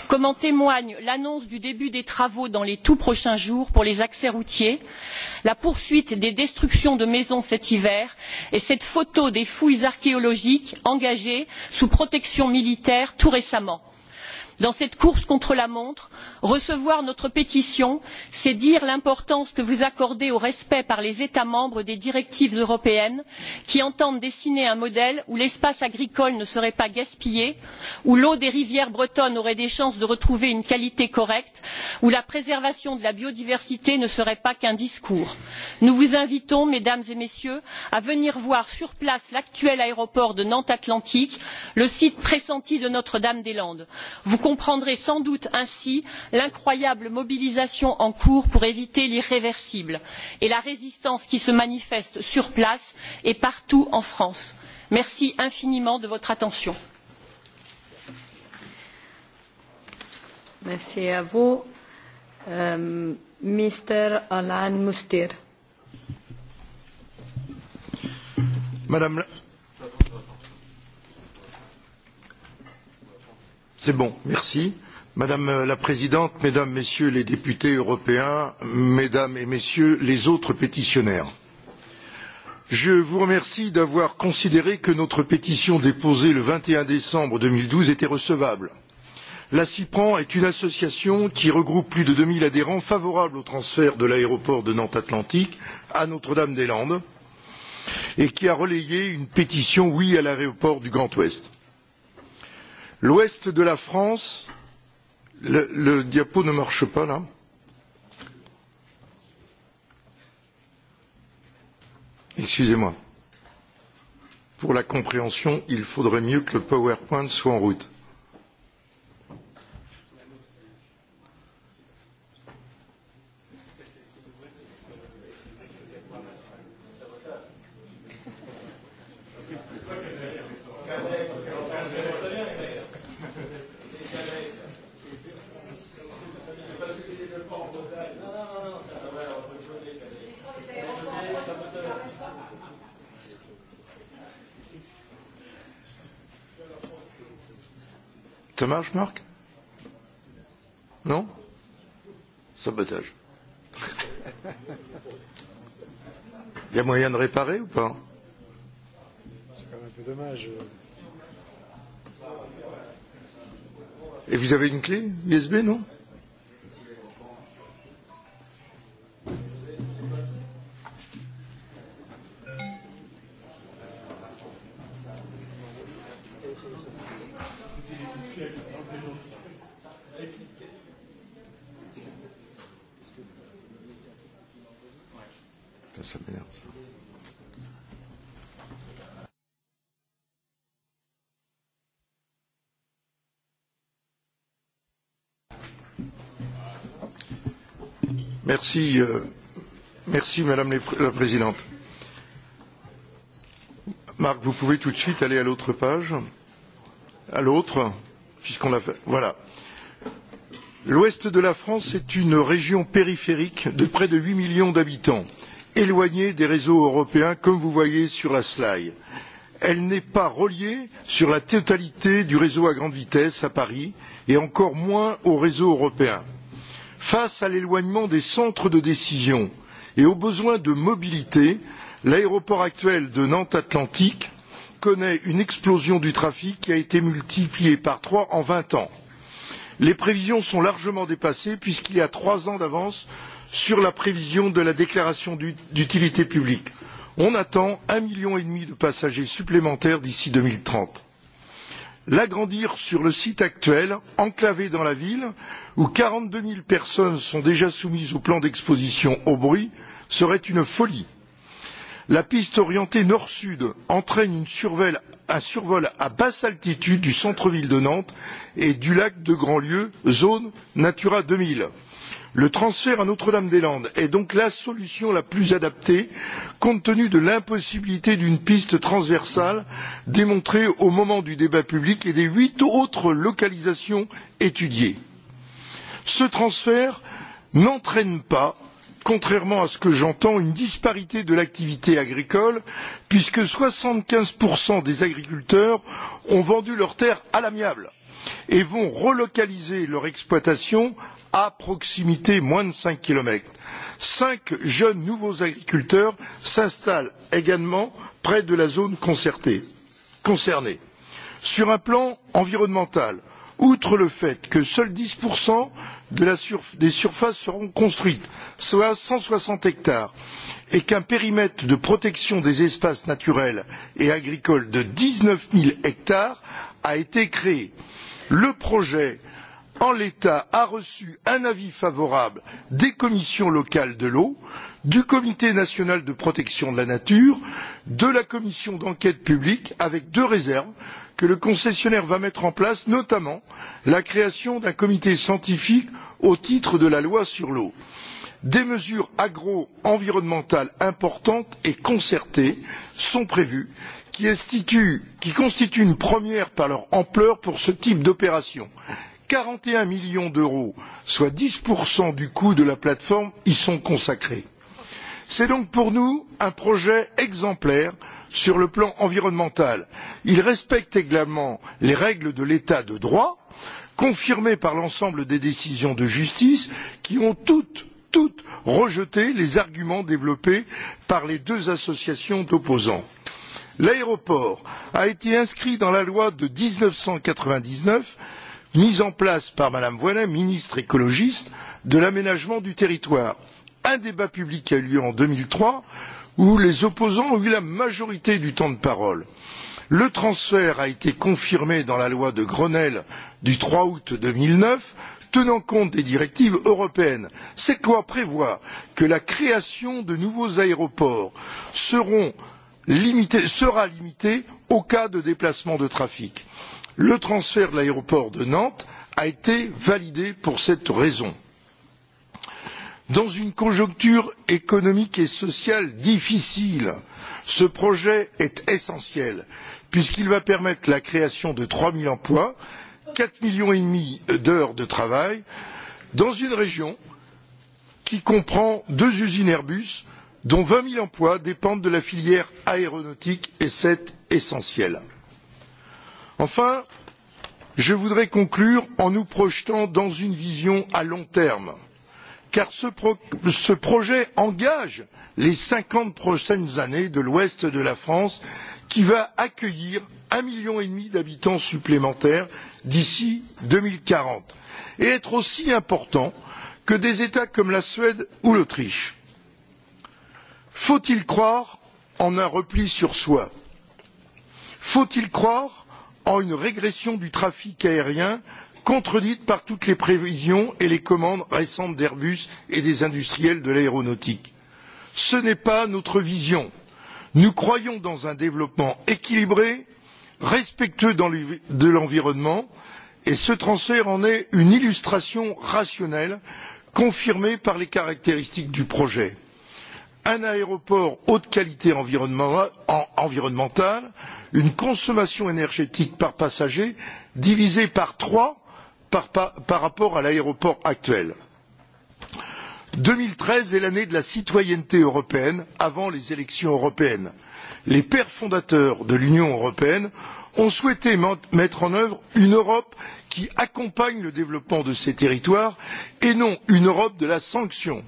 S9: comme en témoigne l'annonce du début des travaux dans les tout prochains jours pour les accès routiers la poursuite des destructions de maisons cet hiver et cette photo des fouilles archéologiques engagées sous protection militaire tout récemment dans cette course contre la montre recevoir notre pétition c'est dire l'importance que vous accordez au respect par les états membres des directives européennes qui entendent dessiner un modèle où l'espace agricole ne serait pas gaspillé où l'eau des rivières bretonnes aurait des chances de retrouver une qualité correcte où la préservation de la biodiversité ne serait pas qu'un discours. nous vous invitons mesdames et messieurs à venir voir sur place l'actuel aéroport de nantes atlantique le site pressenti de notre dame des landes. vous comprendrez sans doute ainsi l'incroyable mobilisation en cours pour éviter l'irréversible et la résistance qui se manifeste sur place et partout en france. merci infiniment de votre attention.
S1: Merci à vous. Um, euh, Mr. Alan Mustir.
S11: Madame, C'est bon, merci. Madame la Présidente, Mesdames, Messieurs les députés européens, Mesdames et Messieurs les autres pétitionnaires, je vous remercie d'avoir considéré que notre pétition déposée le 21 décembre 2012 était recevable. La CIPRAN est une association qui regroupe plus de 2000 adhérents favorables au transfert de l'aéroport de Nantes Atlantique à Notre-Dame-des-Landes et qui a relayé une pétition Oui à l'aéroport du Grand Ouest. L'ouest de la France, le, le diapo ne marche pas là. Excusez-moi. Pour la compréhension, il faudrait mieux que le PowerPoint soit en route. Ça marche, Marc Non Sabotage. Il y a moyen de réparer ou pas
S12: C'est quand même un peu dommage. Euh.
S11: Et vous avez une clé USB, non Merci, euh, merci Madame la Présidente. Marc, vous pouvez tout de suite aller à l'autre page, à l'autre, puisqu'on l'a fait. Voilà. L'ouest de la France est une région périphérique de près de 8 millions d'habitants, éloignée des réseaux européens, comme vous voyez sur la slide. Elle n'est pas reliée sur la totalité du réseau à grande vitesse à Paris, et encore moins au réseau européen face à l'éloignement des centres de décision et aux besoins de mobilité l'aéroport actuel de nantes atlantique connaît une explosion du trafic qui a été multipliée par trois en vingt ans. les prévisions sont largement dépassées puisqu'il y a trois ans d'avance sur la prévision de la déclaration d'utilité publique. on attend un million et demi de passagers supplémentaires d'ici deux mille trente l'agrandir sur le site actuel enclavé dans la ville où quarante deux zéro personnes sont déjà soumises au plan d'exposition au bruit serait une folie. la piste orientée nord sud entraîne survol, un survol à basse altitude du centre ville de nantes et du lac de grandlieu zone natura deux mille Le transfert à Notre-Dame-des-Landes est donc la solution la plus adaptée compte tenu de l'impossibilité d'une piste transversale démontrée au moment du débat public et des huit autres localisations étudiées. Ce transfert n'entraîne pas contrairement à ce que j'entends une disparité de l'activité agricole puisque soixante quinze des agriculteurs ont vendu leurs terres à l'amiable et vont relocaliser leur exploitation à proximité moins de cinq kilomètres. Cinq jeunes nouveaux agriculteurs s'installent également près de la zone concertée, concernée. Sur un plan environnemental, outre le fait que seuls dix de la surf, des surfaces seront construites, soit 160 hectares, et qu'un périmètre de protection des espaces naturels et agricoles de 19 000 hectares a été créé. Le projet en l'état a reçu un avis favorable des commissions locales de l'eau du comité national de protection de la nature de la commission d'enquête publique avec deux réserves que le concessionnaire va mettre en place notamment la création d'un comité scientifique au titre de la loi sur l'eau des mesures agro environnementales importantes et concertées sont prévues qui constituent une première par leur ampleur pour ce type d'opération. elles quarante et un millions d'euros soit dix du coût de la plateforme y sont consacrés. c'est donc pour nous un projet exemplaire sur le plan environnemental. il respecte également les règles de l'état de droit confirmées par l'ensemble des décisions de justice qui ont toutes toutes rejeté les arguments développés par les deux associations d'opposants l'aéroport a été inscrit dans la loi de mille neuf cent quatre vingt dix neuf mise en place par Madame Voilin, ministre écologiste de l'aménagement du territoire. Un débat public a eu lieu en 2003 où les opposants ont eu la majorité du temps de parole. Le transfert a été confirmé dans la loi de Grenelle du 3 août 2009 tenant compte des directives européennes. Cette loi prévoit que la création de nouveaux aéroports seront limitées, sera limitée au cas de déplacement de trafic le transfert de l'aéroport de Nantes a été validé pour cette raison. Dans une conjoncture économique et sociale difficile, ce projet est essentiel puisqu'il va permettre la création de 3 000 emplois, 4 millions et demi d'heures de travail dans une région qui comprend deux usines Airbus dont 20 000 emplois dépendent de la filière aéronautique et c'est essentiel enfin je voudrais conclure en nous projetant dans une vision à long terme car ce, pro ce projet engage les cinquante prochaines années de l'ouest de la france qui va accueillir un million et demi d'habitants supplémentaires d'ici deux mille quarante et être aussi important que des états comme la suède ou l'autriche. faut il croire en un repli sur soi? faut il croire en une régression du trafic aérien contredite par toutes les prévisions et les commandes récentes d'airbus et des industriels de l'aéronautique. ce n'est pas notre vision. nous croyons dans un développement équilibré respectueux de l'environnement et ce transfert en est une illustration rationnelle confirmée par les caractéristiques du projet un aéroport haute qualité environnementale une consommation énergétique par passager divisée par trois par, par rapport à l'aéroport actuel. deux mille treize est l'année de la citoyenneté européenne avant les élections européennes. les pères fondateurs de l'union européenne ont souhaité mettre en œuvre une europe qui accompagne le développement de ses territoires et non une europe de la sanction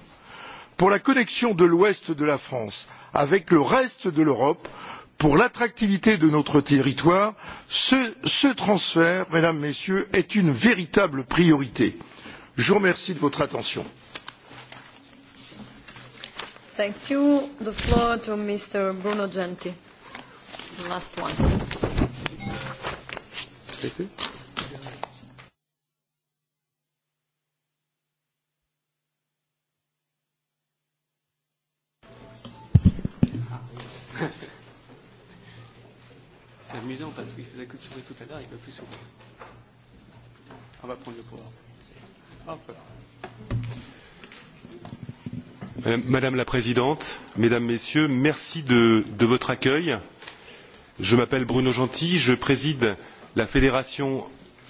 S11: pour la connexion de l'ouest de la france avec le reste de l'europe pour l'attractivité de notre territoire ce, ce transfert mesdames messieurs est une véritable priorité. je vous remercie de votre attention.
S1: Thank you. The floor to Mr. Bruno Genti. The last one.
S9: Thank you.
S13: c'est amusant parce qu'il faisait que de sourire tout à l'heure, il ne veut plus sourire. Ah, on va prendre
S14: le pouvoir. Hop là.
S15: Euh, Madame la Présidente, Mesdames, Messieurs, merci de, de votre accueil. Je m'appelle Bruno Gentil, je préside la Fédération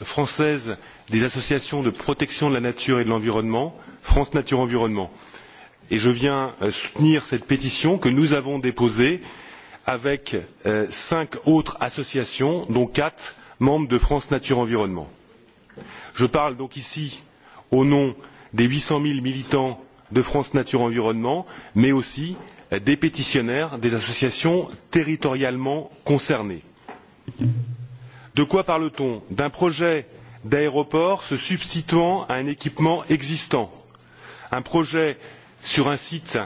S15: française des associations de protection de la nature et de l'environnement, France Nature Environnement. Et je viens euh, soutenir cette pétition que nous avons déposée euh, avec euh, cinq autres associations, dont quatre membres de France Nature Environnement. Je parle donc ici au nom des 800 000 militants de France Nature Environnement, mais aussi euh, des pétitionnaires des associations territorialement concernées. De quoi parle-t-on D'un projet d'aéroport se substituant à un équipement existant, un projet sur un site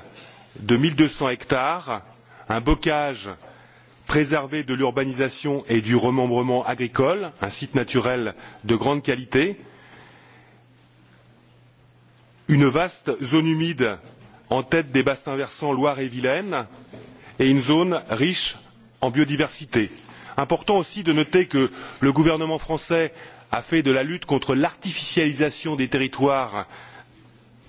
S15: de 1200 hectares un bocage préservé de l'urbanisation et du remembrement agricole, un site naturel de grande qualité, une vaste zone humide en tête des bassins versants Loire et Vilaine et une zone riche en biodiversité. Important aussi de noter que le gouvernement français a fait de la lutte contre l'artificialisation des territoires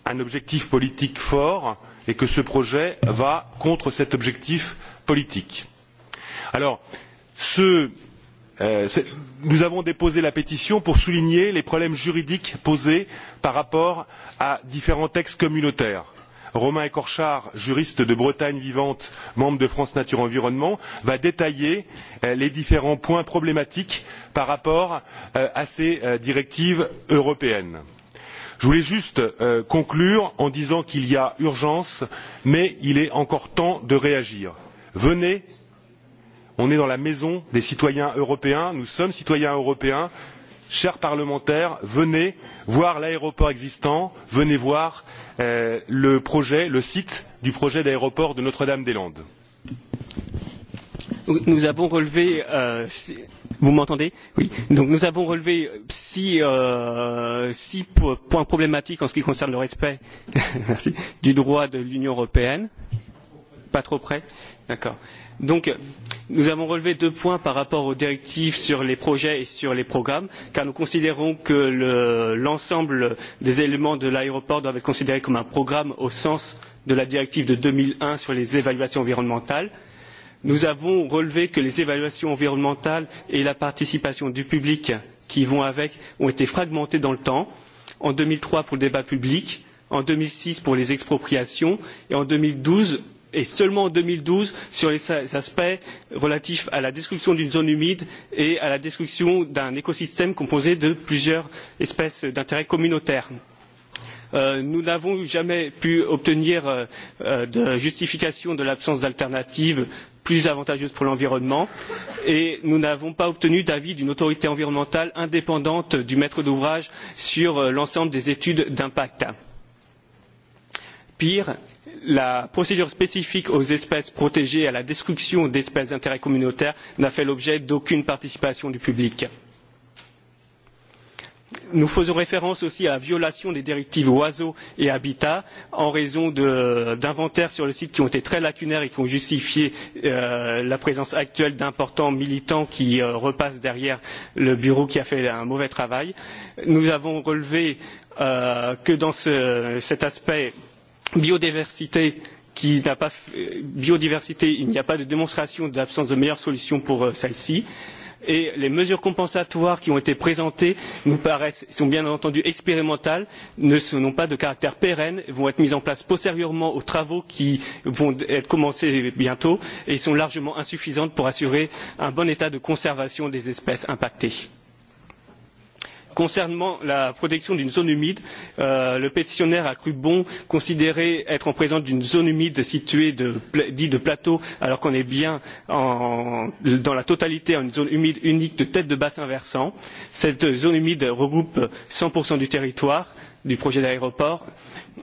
S15: un objectif politique fort et que ce projet va contre cet objectif politique. Alors, ce, euh, nous avons déposé la pétition pour souligner les problèmes juridiques posés par rapport à différents textes communautaires. Romain Écorchard, juriste de Bretagne vivante, membre de France Nature Environnement, va détailler euh, les différents points problématiques par rapport euh, à ces euh, directives européennes. Je voulais juste euh, conclure en disant qu'il y a urgence, mais il est encore temps de réagir. Venez, on est dans la maison des citoyens européens, nous sommes citoyens européens, chers parlementaires, venez voir l'aéroport existant, venez voir euh, le projet, le site du projet d'aéroport de Notre-Dame-des-Landes. Nous avons relevé
S13: euh, Vous m'entendez Oui. Donc nous avons relevé euh, six, euh, six points problématiques en ce qui concerne le respect (laughs) merci, du droit de l'Union européenne. Pas trop près D'accord. Donc nous avons relevé deux points par rapport aux directives sur les projets et sur les programmes, car nous considérons que l'ensemble le, des éléments de l'aéroport doivent être considérés comme un programme au sens de la directive de 2001 sur les évaluations environnementales. Euh, nous avons relevé que les évaluations environnementales et la participation du public qui vont avec ont été fragmentées dans le temps en deux mille trois pour le débat public en deux mille six pour les expropriations et en deux mille douze et seulement en deux mille douze sur les aspects relatifs à la destruction d'une zone humide et à la destruction d'un écosystème composé de plusieurs espèces d'intérêt communautaire euh, nous n'avons jamais pu obtenir euh, euh, de justification de l'absence d'alternative plus avantageuse pour l'environnement et nous n'avons pas obtenu d'avis d'une autorité environnementale indépendante du maître d'ouvrage sur euh, l'ensemble des études d'impact. pire la procédure spécifique aux espèces protégées et à la destruction d'espèces d'intérêt communautaire n'a fait l'objet d'aucune participation du public nous faisons référence aussi à la violation des directives oiseaux et habitat en raison d'inventaires sur le site qui ont été très lacunaires et qui ont justifié euh, la présence actuelle d'importants militants qui euh, repassent derrière le bureau qui a fait un mauvais travail. Nous avons relevé euh, que dans ce, cet aspect biodiversité qui n'a pas biodiversité, il n'y a pas de démonstration d'absence de meilleure solution pour euh, celle-ci. Euh, et les mesures compensatoires qui ont été présentées nous paraissent sont bien entendu expérimentales n'ont pas de caractère pérenne vont être mises en place postérieurement aux travaux qui vont être commencés bientôt et sont largement insuffisantes pour assurer un bon état de conservation des espèces impactées. Concernant la protection d'une zone humide, euh, le pétitionnaire a cru bon considérer être en présence d'une zone humide située de, dite de plateau, alors qu'on est bien en, dans la totalité en une zone humide unique de tête de bassin versant. Cette zone humide regroupe 100% du territoire du projet d'aéroport. Euh,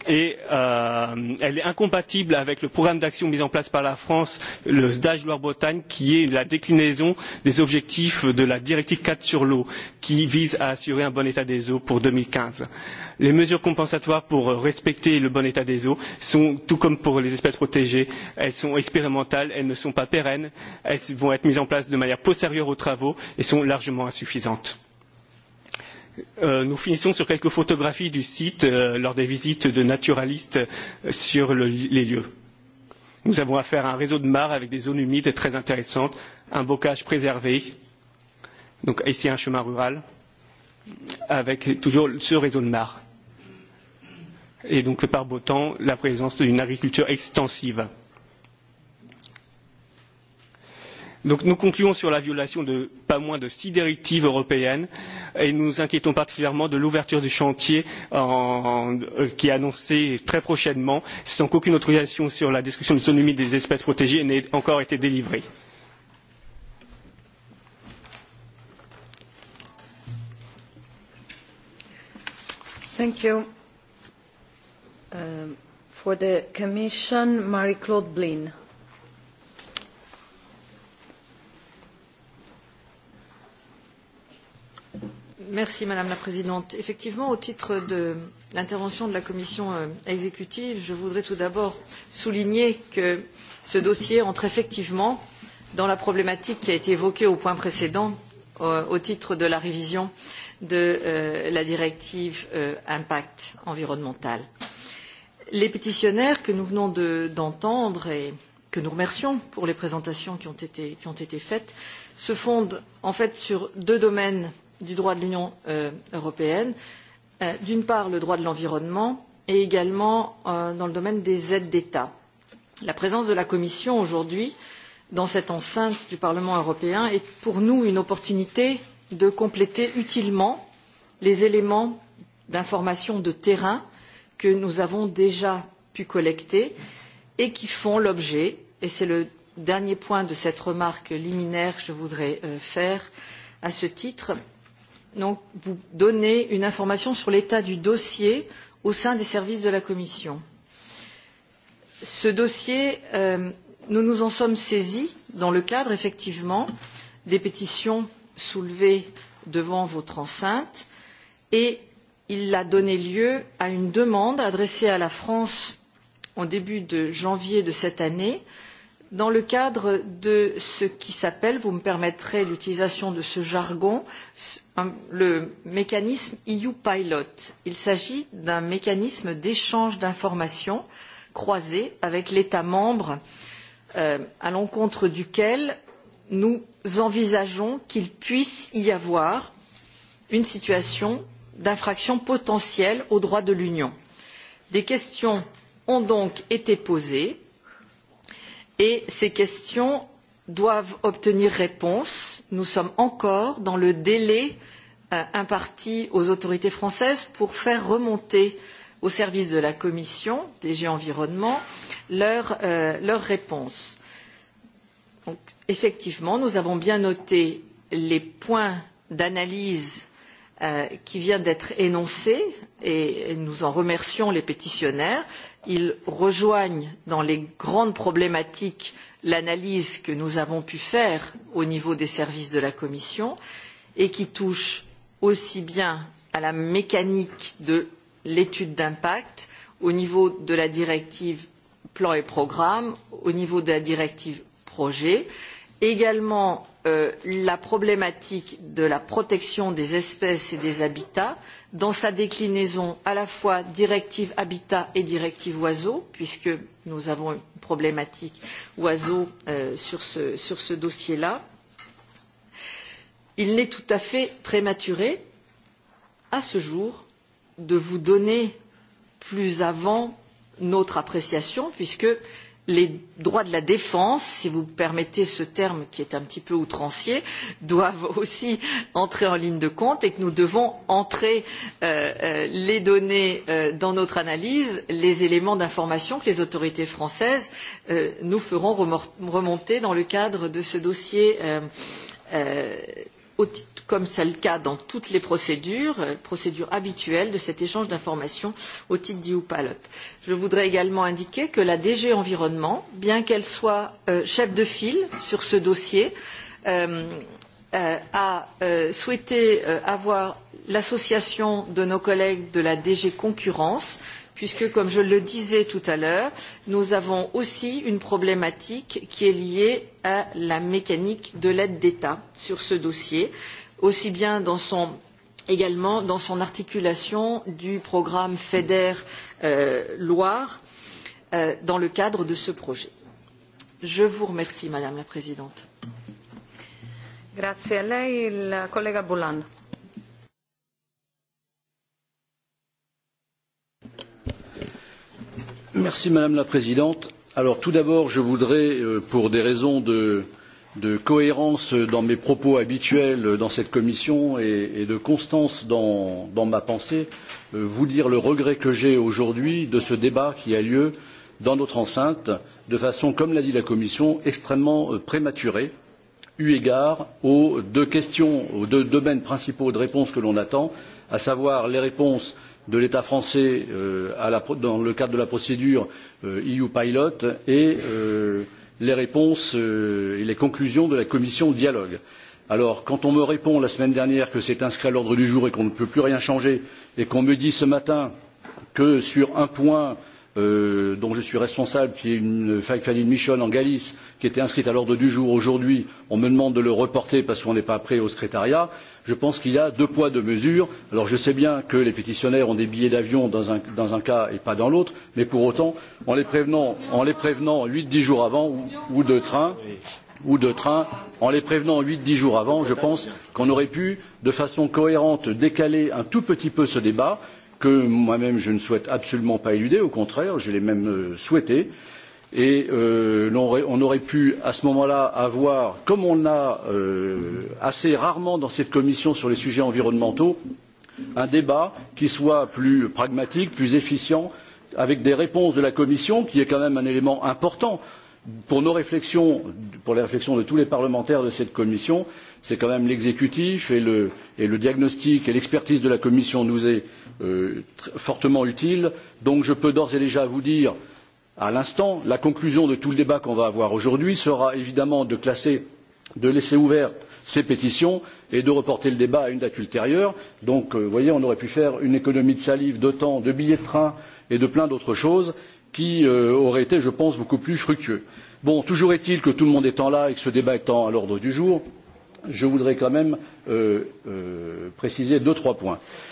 S13: et euh, elle est incompatible avec le programme d'action mis en place par la France, le stage Loire-Bretagne, qui est la déclinaison des objectifs de la directive 4 sur l'eau, qui vise à assurer un bon état des eaux pour 2015. Les mesures compensatoires pour respecter le bon état des eaux sont, tout comme pour les espèces protégées, elles sont expérimentales, elles ne sont pas pérennes, elles vont être mises en place de manière postérieure aux travaux et sont largement insuffisantes euh, nous finissons sur quelques photographies du site euh, lors des visites de naturalistes euh, sur le, les lieux. Nous avons affaire à un réseau de mares avec des zones humides très intéressantes, un bocage préservé, donc ici un chemin rural, avec toujours ce réseau de mares. Et donc par beau temps, la présence d'une agriculture extensive Donc nous concluons sur la violation de pas moins de six directives européennes et nous nous inquiétons particulièrement de l'ouverture du chantier en, en, euh, qui est annoncée très prochainement sans qu'aucune autorisation sur la destruction de l'autonomie des espèces protégées n'ait encore été délivrée.
S1: Thank you. Um, uh, for the Commission, Marie-Claude Blin.
S16: Merci Madame la Présidente. Effectivement, au titre de l'intervention de la Commission euh, exécutive, je voudrais tout d'abord souligner que ce dossier entre effectivement dans la problématique qui a été évoquée au point précédent euh, au titre de la révision de euh, la directive euh, impact environnemental. Les pétitionnaires que nous venons d'entendre de, et que nous remercions pour les présentations qui ont été, qui ont été faites se fondent en fait sur deux domaines du droit de l'Union euh, européenne, euh, d'une part le droit de l'environnement et également euh, dans le domaine des aides d'État. La présence de la Commission aujourd'hui dans cette enceinte du Parlement européen est pour nous une opportunité de compléter utilement les éléments d'information de terrain que nous avons déjà pu collecter et qui font l'objet et c'est le dernier point de cette remarque liminaire que je voudrais euh, faire à ce titre donc vous donner une information sur l'état du dossier au sein des services de la Commission. Ce dossier, euh, nous nous en sommes saisis dans le cadre, effectivement, des pétitions soulevées devant votre enceinte et il a donné lieu à une demande adressée à la France en début de janvier de cette année euh, dans le cadre de ce qui s'appelle, vous me permettrez l'utilisation de ce jargon, le mécanisme EU Pilot. Il s'agit d'un mécanisme d'échange d'informations croisé avec l'État membre euh, à l'encontre duquel nous envisageons qu'il puisse y avoir une situation d'infraction potentielle au droit de l'Union. Des questions ont donc été posées et ces questions doivent obtenir réponse. Nous sommes encore dans le délai euh, imparti aux autorités françaises pour faire remonter au service de la Commission, DG Environnement, leurs euh, leur réponses. Donc, effectivement, nous avons bien noté les points d'analyse euh, qui viennent d'être énoncés et, et nous en remercions les pétitionnaires. Euh, ils rejoignent dans les grandes problématiques l'analyse que nous avons pu faire au niveau des services de la Commission et qui touche aussi bien à la mécanique de l'étude d'impact au niveau de la directive plan et programme, au niveau de la directive projet, également euh, la problématique de la protection des espèces et des habitats, dans sa déclinaison à la fois directive habitat et directive oiseaux, puisque nous avons une problématique oiseaux euh, sur ce, sur ce dossier-là. Il n'est tout à fait prématuré, à ce jour, de vous donner plus avant notre appréciation, puisque euh, les droits de la défense, si vous permettez ce terme qui est un petit peu outrancier, doivent aussi entrer en ligne de compte et que nous devons entrer euh, euh les données euh, dans notre analyse, les éléments d'information que les autorités françaises euh, nous feront remonter dans le cadre de ce dossier euh, euh, comme c'est le cas dans toutes les procédures, euh, procédure habituelle de cet échange d'informations au titre du pilot. Je voudrais également indiquer que la DG Environnement, bien qu'elle soit euh, chef de file sur ce dossier, euh, euh, a euh, souhaité euh, avoir l'association de nos collègues de la DG Concurrence puisque, comme je le disais tout à l'heure, nous avons aussi une problématique qui est liée à la mécanique de l'aide d'État sur ce dossier. Euh, aussi bien dans son également dans son articulation du programme FEDER euh, Loire euh, dans le cadre de ce projet. Je vous remercie, Madame la Présidente.
S1: Grazie a lei, il collega Boulan.
S17: Merci Madame la Présidente. Alors tout d'abord, je voudrais, euh, pour des raisons de, euh, de cohérence dans mes propos habituels dans cette commission et, et de constance dans, dans ma pensée, euh, vous dire le regret que j'ai aujourd'hui de ce débat qui a lieu dans notre enceinte, de façon, comme l'a dit la Commission, extrêmement euh, prématurée, eu égard aux deux questions, aux deux domaines principaux de réponse que l'on attend, à savoir les réponses de l'État français euh, à la, dans le cadre de la procédure euh, EU Pilot et euh, les réponses euh, et les conclusions de la commission de dialogue. Alors, quand on me répond la semaine dernière que c'est inscrit à l'ordre du jour et qu'on ne peut plus rien changer, et qu'on me dit ce matin que sur un point, euh, euh, dont je suis responsable, qui est une Fact-Finding Mission en Galice, qui était inscrite à l'ordre du jour aujourd'hui. On me demande de le reporter parce qu'on n'est pas prêt au secrétariat. Je pense qu'il y a deux poids, deux mesures. Alors je sais bien que les pétitionnaires ont des billets d'avion dans un, dans un cas et pas dans l'autre, mais pour autant, en les prévenant, en les prévenant 8-10 jours avant ou, ou de train, ou de train, en les prévenant huit dix jours avant, je pense qu'on aurait pu, de façon cohérente, décaler un tout petit peu ce débat que moi-même je ne souhaite absolument pas éluder, au contraire, je l'ai même euh, souhaité. Et euh, on, aurait, on aurait pu à ce moment-là avoir, comme on l'a euh, assez rarement dans cette commission sur les sujets environnementaux, un débat qui soit plus pragmatique, plus efficient, avec des réponses de la Commission, qui est quand même un élément important pour nos réflexions, pour les réflexions de tous les parlementaires de cette Commission. C'est quand même l'exécutif et le, et le diagnostic et l'expertise de la Commission nous est euh, euh, fortement utile. Donc je peux d'ores et déjà vous dire à l'instant la conclusion de tout le débat qu'on va avoir aujourd'hui sera évidemment de classer de laisser ouvertes ces pétitions et de reporter le débat à une date ultérieure. Donc vous euh, voyez, on aurait pu faire une économie de salive, de temps, de billets de train et de plein d'autres choses qui euh, auraient été, je pense, beaucoup plus fructueux. Bon, toujours est-il que tout le monde étant là et que ce débat étant à l'ordre du jour, je voudrais quand même euh, euh, préciser deux, trois points. Euh,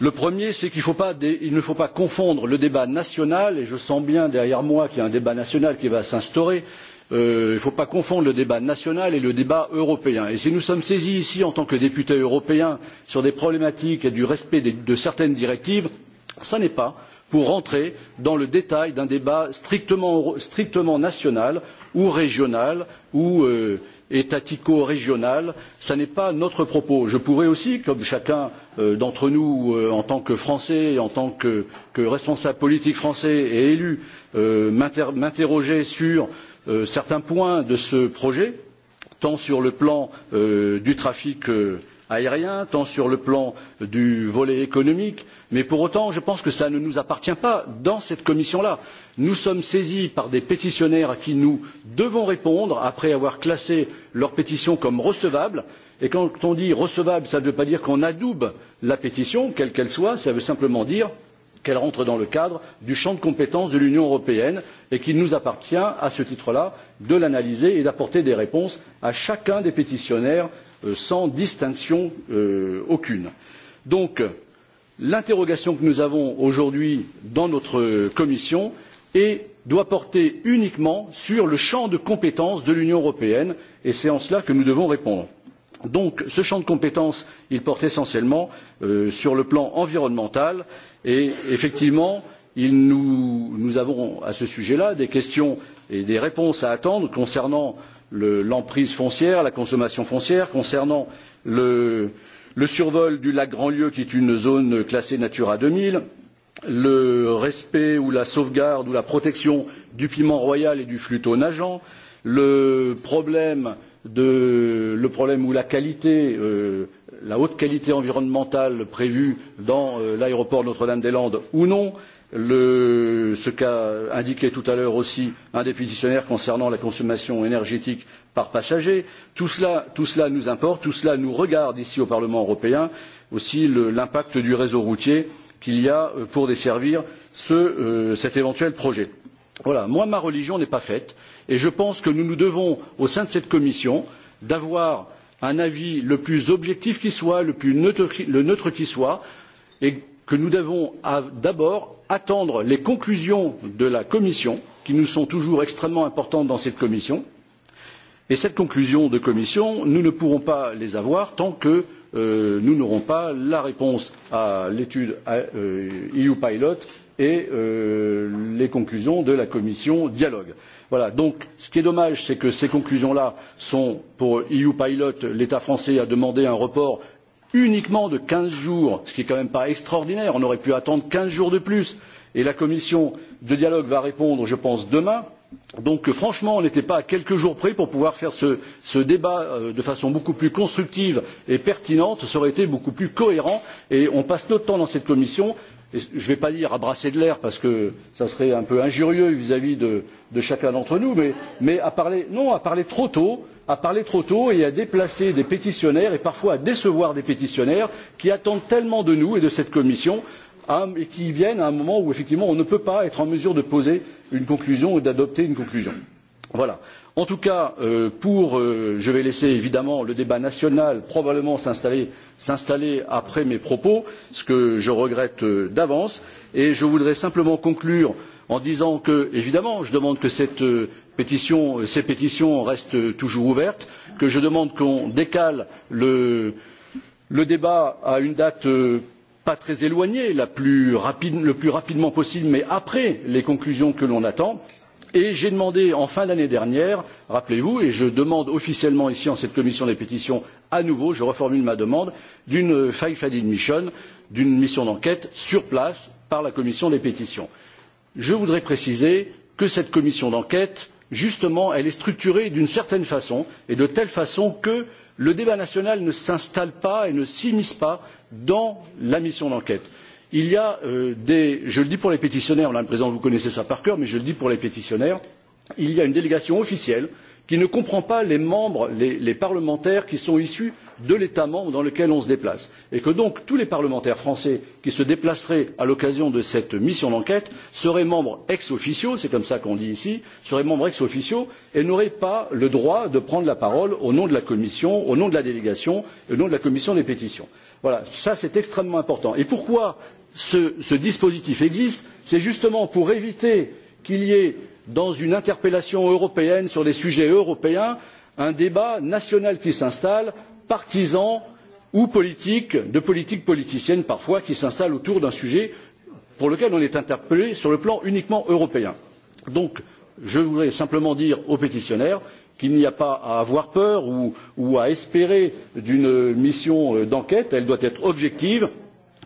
S17: le premier c'est qu'il ne faut pas confondre le débat national et je sens bien derrière moi qu'il y a un débat national qui va s'instaurer euh, il ne faut pas confondre le débat national et le débat européen et si nous sommes saisis ici en tant que députés européens sur des problématiques et du respect des, de certaines directives ce n'est pas pour rentrer dans le détail d'un débat strictement, strictement national ou régional ou euh, étatico régional ce n'est pas notre propos. je pourrais aussi comme chacun euh, d'entre nous euh, en tant que français en tant que, que responsable politique français et élu euh, m'interroger sur certains points de ce projet tant sur le plan du trafic aérien, tant sur le plan du volet économique, mais pour autant, je pense que ça ne nous appartient pas dans cette commission-là. Nous sommes saisis par des pétitionnaires à qui nous devons répondre après avoir classé leur pétition comme recevable. Et quand on dit recevable, ça ne veut pas dire qu'on adoube la pétition, quelle qu'elle soit, ça veut simplement dire qu'elle rentre dans le cadre du champ de compétences de l'Union européenne et qu'il nous appartient, à ce titre là, de l'analyser et d'apporter des réponses à chacun des pétitionnaires Euh, sans distinction euh, aucune. donc l'interrogation que nous avons aujourd'hui dans notre commission est doit porter uniquement sur le champ de compétences de l'union européenne et c'est en cela que nous devons répondre. donc ce champ de compétences porte essentiellement euh, sur le plan environnemental et effectivement nous, nous avons à ce sujet là des questions et des réponses à attendre concernant euh, l'emprise le, foncière, la consommation foncière, concernant le, le survol du lac Grandlieu, qui est une zone classée Natura 2000, le respect ou la sauvegarde ou la protection du piment royal et du flûteau nageant, le problème, de, le problème ou la qualité, euh, la haute qualité environnementale prévue dans euh, l'aéroport Notre-Dame-des-Landes ou non, euh, le, ce qu'a indiqué tout à l'heure aussi un des pétitionnaires concernant la consommation énergétique par passager. Tout cela, tout cela nous importe, tout cela nous regarde ici au Parlement européen, aussi l'impact du réseau routier qu'il y a euh, pour desservir ce, euh, cet éventuel projet. Voilà, moi ma religion n'est pas faite et je pense que nous nous devons, au sein de cette commission, d'avoir un avis le plus objectif qui soit, le plus neutre, le neutre qui soit, et que nous devons d'abord attendre les conclusions de la commission qui nous sont toujours extrêmement importantes dans cette commission et ces conclusions de commission nous ne pourrons pas les avoir tant que euh, nous n'aurons pas la réponse à l'étude euh, eu pilot et euh, les conclusions de la commission dialogue. Voilà, donc ce qui est dommage c'est que ces conclusions là sont pour eu pilot l'état français a demandé un report uniquement de quinze jours ce qui n'est quand même pas extraordinaire on aurait pu attendre quinze jours de plus et la commission de dialogue va répondre je pense demain donc euh, franchement on n'était pas à quelques jours près pour pouvoir faire ce, ce débat euh, de façon beaucoup plus constructive et pertinente ça aurait été beaucoup plus cohérent et on passe notre temps dans cette commission et je ne vais pas dire à brasser de l'air parce que ça serait un peu injurieux vis-à-vis -vis de, de chacun d'entre nous, mais, mais à parler, non, à parler trop tôt, à parler trop tôt et à déplacer des pétitionnaires et parfois à décevoir des pétitionnaires qui attendent tellement de nous et de cette commission un, et qui viennent à un moment où effectivement on ne peut pas être en mesure de poser une conclusion et d'adopter une conclusion. Voilà en tout cas euh, pour euh, je vais laisser évidemment le débat national probablement s'installer après mes propos ce que je regrette euh, d'avance et je voudrais simplement conclure en disant que évidemment je demande que cette pétition, ces pétitions restent toujours ouvertes que je demande qu'on décale le, le débat à une date pas très éloignée la plus rapide, le plus rapidement possible mais après les conclusions que l'on attend et et j'ai demandé en fin d'année dernière rappelez vous et je demande officiellement ici en cette commission des pétitions à nouveau je reformule ma demande d'une fact finding mission d'une mission d'enquête sur place par la commission des pétitions. je voudrais préciser que cette commission d'enquête justement elle est structurée d'une certaine façon et de telle façon que le débat national ne s'installe pas et ne s'immisce pas dans la mission d'enquête il y a euh, des je le dis pour les pétitionnaires madame la présidente vous connaissez ça par cœur mais je le dis pour les pétitionnaires il y a une délégation officielle qui ne comprend pas les membres les, les parlementaires qui sont issus de l'état membre dans lequel on se déplace et que donc tous les parlementaires français qui se déplaceraient à l'occasion de cette mission d'enquête seraient membres ex officio c'est comme ça qu'on dit ici seraient membres ex officio et n'auraient pas le droit de prendre la parole au nom de la commission au nom de la délégation au nom de la commission des pétitions. voilà ça c'est extrêmement important. et pourquoi ce, ce dispositif existe, c'est justement pour éviter qu'il y ait, dans une interpellation européenne sur des sujets européens, un débat national qui s'installe, partisan ou politique, de politique politicienne parfois, qui s'installe autour d'un sujet pour lequel on est interpellé sur le plan uniquement européen. Donc, je voudrais simplement dire aux pétitionnaires qu'il n'y a pas à avoir peur ou, ou à espérer d'une mission d'enquête elle doit être objective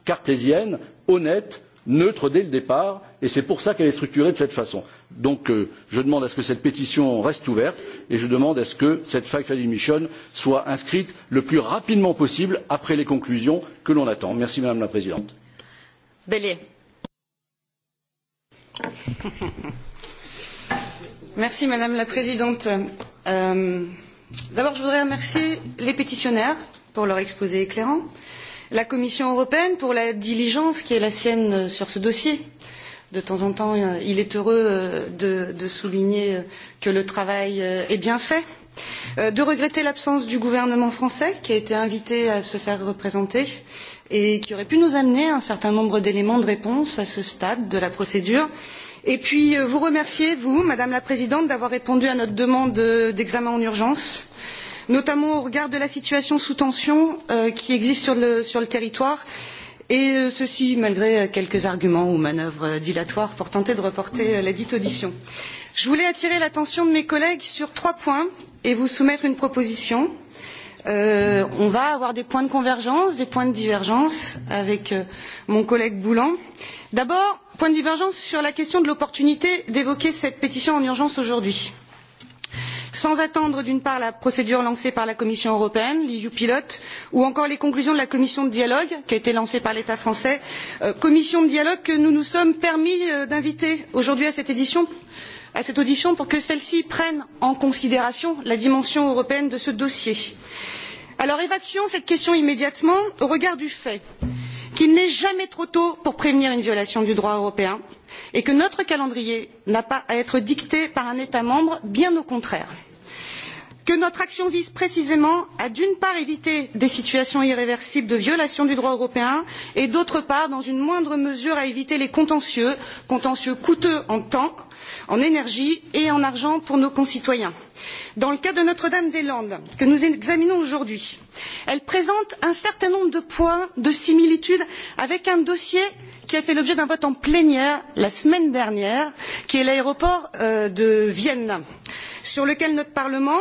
S17: cartésienne honnête neutre dès le départ et c'est pour cela qu'elle est structurée de cette façon. donc euh, je demande à ce que cette pétition reste ouverte et je demande à ce que cette fact finding mission soit inscrite le plus rapidement possible après les conclusions que l'on attend. merci madame la présidente.
S1: (laughs)
S5: Merci, madame la présidente euh, d'abord je voudrais remercier les pétitionnaires pour leur exposé éclairant la Commission européenne pour la diligence qui est la sienne euh, sur ce dossier. De temps en temps, euh, il est heureux euh, de, de souligner que le travail est bien fait, de regretter l'absence du gouvernement français qui a été invité à se faire représenter et qui aurait pu nous amener un certain nombre d'éléments de réponse à ce stade de la procédure et puis vous remercier vous madame la présidente d'avoir répondu à notre demande d'examen en urgence et notamment au regard de la situation sous tension euh, qui existe sur le, sur le territoire et euh, ceci malgré euh, quelques arguments ou manœuvres euh, dilatoires pour tenter de reporter euh, la dite audition. Je voulais attirer l'attention de mes collègues sur trois points et vous soumettre une proposition. Euh, on va avoir des points de convergence, des points de divergence avec euh, mon collègue Boulan. D'abord, point de divergence sur la question de l'opportunité d'évoquer cette pétition en urgence aujourd'hui. Euh, sans attendre d'une part la procédure lancée par la commission européenne l'eu pilote ou encore les conclusions de la commission de dialogue qui a été lancée par l'état français euh, commission de dialogue que nous nous sommes permis euh, d'inviter aujourd'hui à cette édition à cette audition pour que celle ci prenne en considération la dimension européenne de ce dossier. alors évacuons cette question immédiatement au regard du fait qu'il n'est jamais trop tôt pour prévenir une violation du droit européen et que notre calendrier n'a pas à être dicté par un état membre bien au contraire que notre action vise précisément à d'une part éviter des situations irréversibles de violation du droit européen et d'autre part dans une moindre mesure à éviter les contentieux contentieux coûteux en temps en énergie et en argent pour nos concitoyens. dans le cas de notre dame des landes que nous examinons aujourd'hui elle présente un certain nombre de points de similitude avec un dossier qui a fait l'objet d'un vote en plénière la semaine dernière qui est l'aéroport euh, de vienne sur lequel notre parlement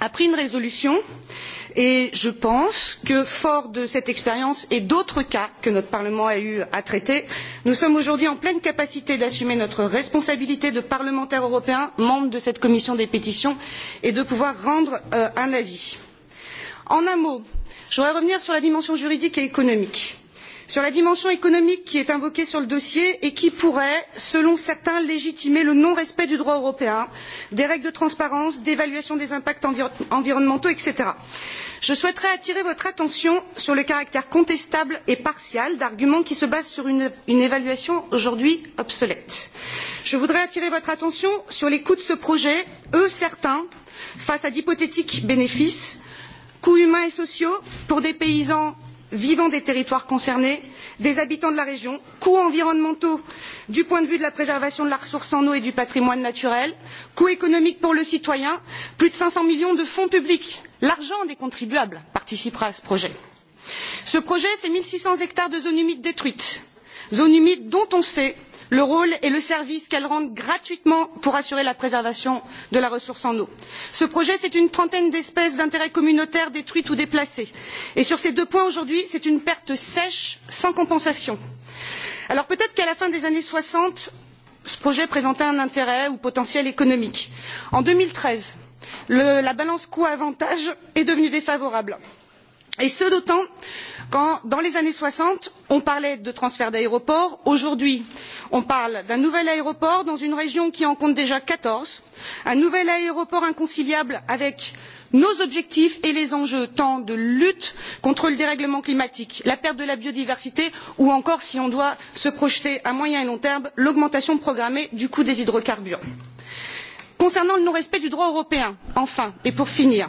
S5: a pris une résolution qui et je pense que fort de cette expérience et d'autres cas que notre parlement a eu à traiter nous sommes aujourd'hui en pleine capacité d'assumer notre responsabilité de parlementaires européens membres de cette commission des pétitions et de pouvoir rendre euh, un avis. en un mot je voudrais revenir sur la dimension juridique et économique sur la dimension économique qui est invoquée sur le dossier et qui pourrait selon certains légitimer le non respect du droit européen des règles de transparence d'évaluation des impacts enviro environnementaux etc. je souhaiterais attirer votre attention sur le caractère contestable et partial d'arguments qui se basent sur une, une évaluation aujourd'hui obsolète. je voudrais attirer votre attention sur les coûts de ce projet eux certains face à d'hypothétiques bénéfices coûts humains et sociaux pour des paysans vivant des territoires concernés des habitants de la région coûts environnementaux du point de vue de la préservation de la ressource en eau et du patrimoine naturel coûts économiques pour le citoyen plus de cinq cents millions de fonds publics l'argent des contribuables participera à ce projet. ce projet c'est un six cents hectares de zones humides détruites zones humides dont on sait le rôle et le service qu'elles rendent gratuitement pour assurer la préservation de la ressource en eau. ce projet c'est une trentaine d'espèces d'intérêt communautaire détruites ou déplacées et sur ces deux points aujourd'hui c'est une perte sèche sans compensation. alors peut être qu'à la fin des années soixante ce projet présentait un intérêt ou potentiel économique. en deux mille treize la balance coût avantage est devenue défavorable et ce d'autant que quand dans les années soixante on parlait de transfert d'aéroports aujourd'hui on parle d'un nouvel aéroport dans une région qui en compte déjà quatorze un nouvel aéroport inconciliable avec nos objectifs et les enjeux tant de lutte contre le dérèglement climatique la perte de la biodiversité ou encore si on doit se projeter à moyen et long terme l'augmentation programmée du coût des hydrocarbures. concernant le non respect du droit européen enfin et pour finir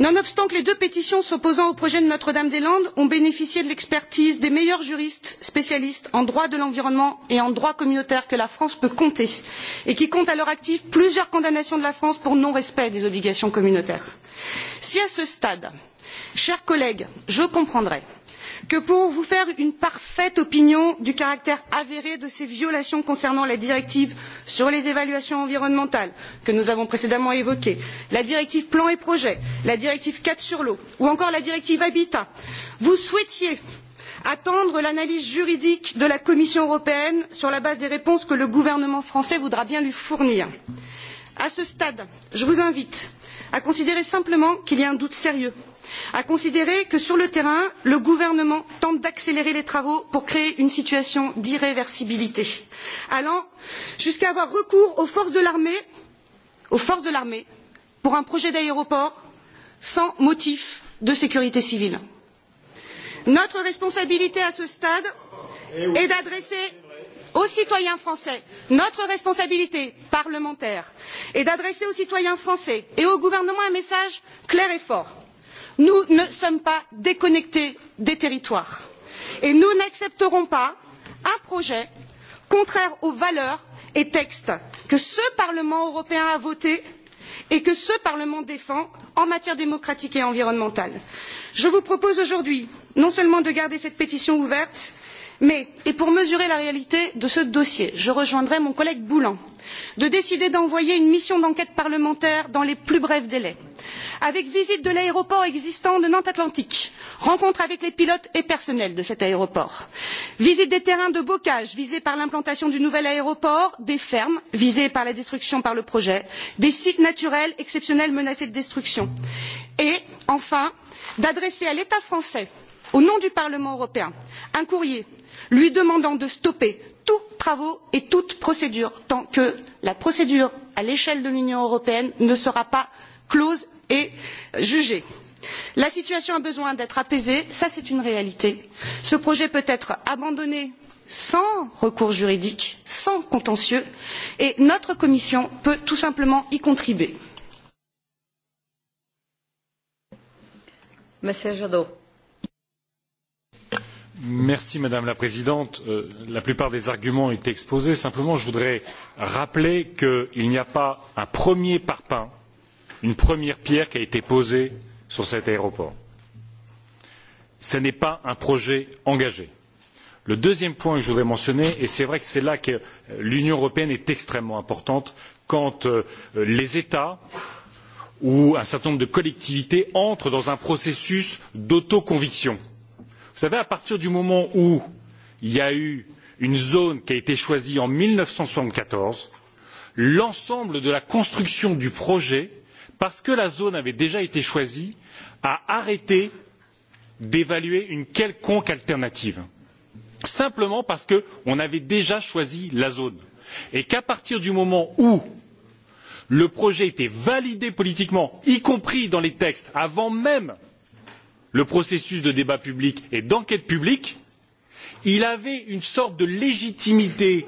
S5: nonobstant que les deux pétitions s'opposant au projet de notre dame des landes ont bénéficié de l'expertise des meilleurs juristes spécialistes en droit de l'environnement et en droit communautaire que la france peut compter et qui comptent à leur actif plusieurs condamnations de la france pour non respect des obligations communautaires si à ce stade chers collègues je comprendrais que pour vous faire une parfaite opinion du caractère avéré de ces violations concernant la directive sur les évaluations environnementales que nous avons précédemment évoquée la directive plan et projet la directive cadre sur l'eau ou encore la directive habitat vous souhaitiez attendre l'analyse juridique de la commission européenne sur la base des réponses que le gouvernement français voudra bien lui fournir. à ce stade je vous invite à considérer simplement qu'il y a un doute sérieux à considérer que sur le terrain le gouvernement tente d'accélérer les travaux pour créer une situation d'irréversibilité allant jusqu'à avoir recours aux forces de l'armée aux forces de l'armée pour un projet d'aéroport sans motif de sécurité civile. Notre responsabilité à ce stade eh est d'adresser aux citoyens français notre responsabilité parlementaire est d'adresser aux citoyens français et au gouvernement un message clair et fort nous ne sommes pas déconnectés des territoires et nous n'accepterons pas un projet contraire aux valeurs et textes que ce parlement européen a votés et que ce parlement défend en matière démocratique et environnementale. je vous propose aujourd'hui non seulement de garder cette pétition ouverte mais et pour mesurer la réalité de ce dossier je rejoindrai mon collègue boulland de décider d'envoyer une mission d'enquête parlementaire dans les plus brefs délais avec visite de l'aéroport existant de nantes atlantique rencontre avec les pilotes et personnels de cet aéroport visite des terrains de bocage visés par l'implantation du nouvel aéroport des fermes visées par la destruction par le projet des sites naturels exceptionnels menacés de destruction et enfin d'adresser à l'état français au nom du parlement européen un courrier lui demandant de stopper tous travaux et toute procédure tant que la procédure à l'échelle de l'union européenne ne sera pas close et jugée. la situation a besoin d'être apaisée c'est une réalité. ce projet peut être abandonné sans recours juridique sans contentieux et notre commission peut tout simplement y contribuer.
S1: monsieur jadot
S18: Merci, madame la présidente euh, la plupart des arguments ont été exposés simplement je voudrais rappeler qu'il n'y a pas un premier parpaing une première pierre qui a été posée sur cet aéroport. ce n'est pas un projet engagé. le deuxième point que je voudrais mentionner et c'est vrai que c'est là que l'union européenne est extrêmement importante quand euh, les états ou un certain nombre de collectivités entrent dans un processus d'autoconviction savez, à partir du moment où il y a eu une zone qui a été choisie en mille neuf cent soixante quatorze l'ensemble de la construction du projet parce que la zone avait déjà été choisie a arrêté d'évaluer une quelconque alternative simplement parce qu'on avait déjà choisi la zone et qu'à partir du moment où le projet était validé politiquement y compris dans les textes avant même le processus de débat public et d'enquête publique il avait une sorte de légitimité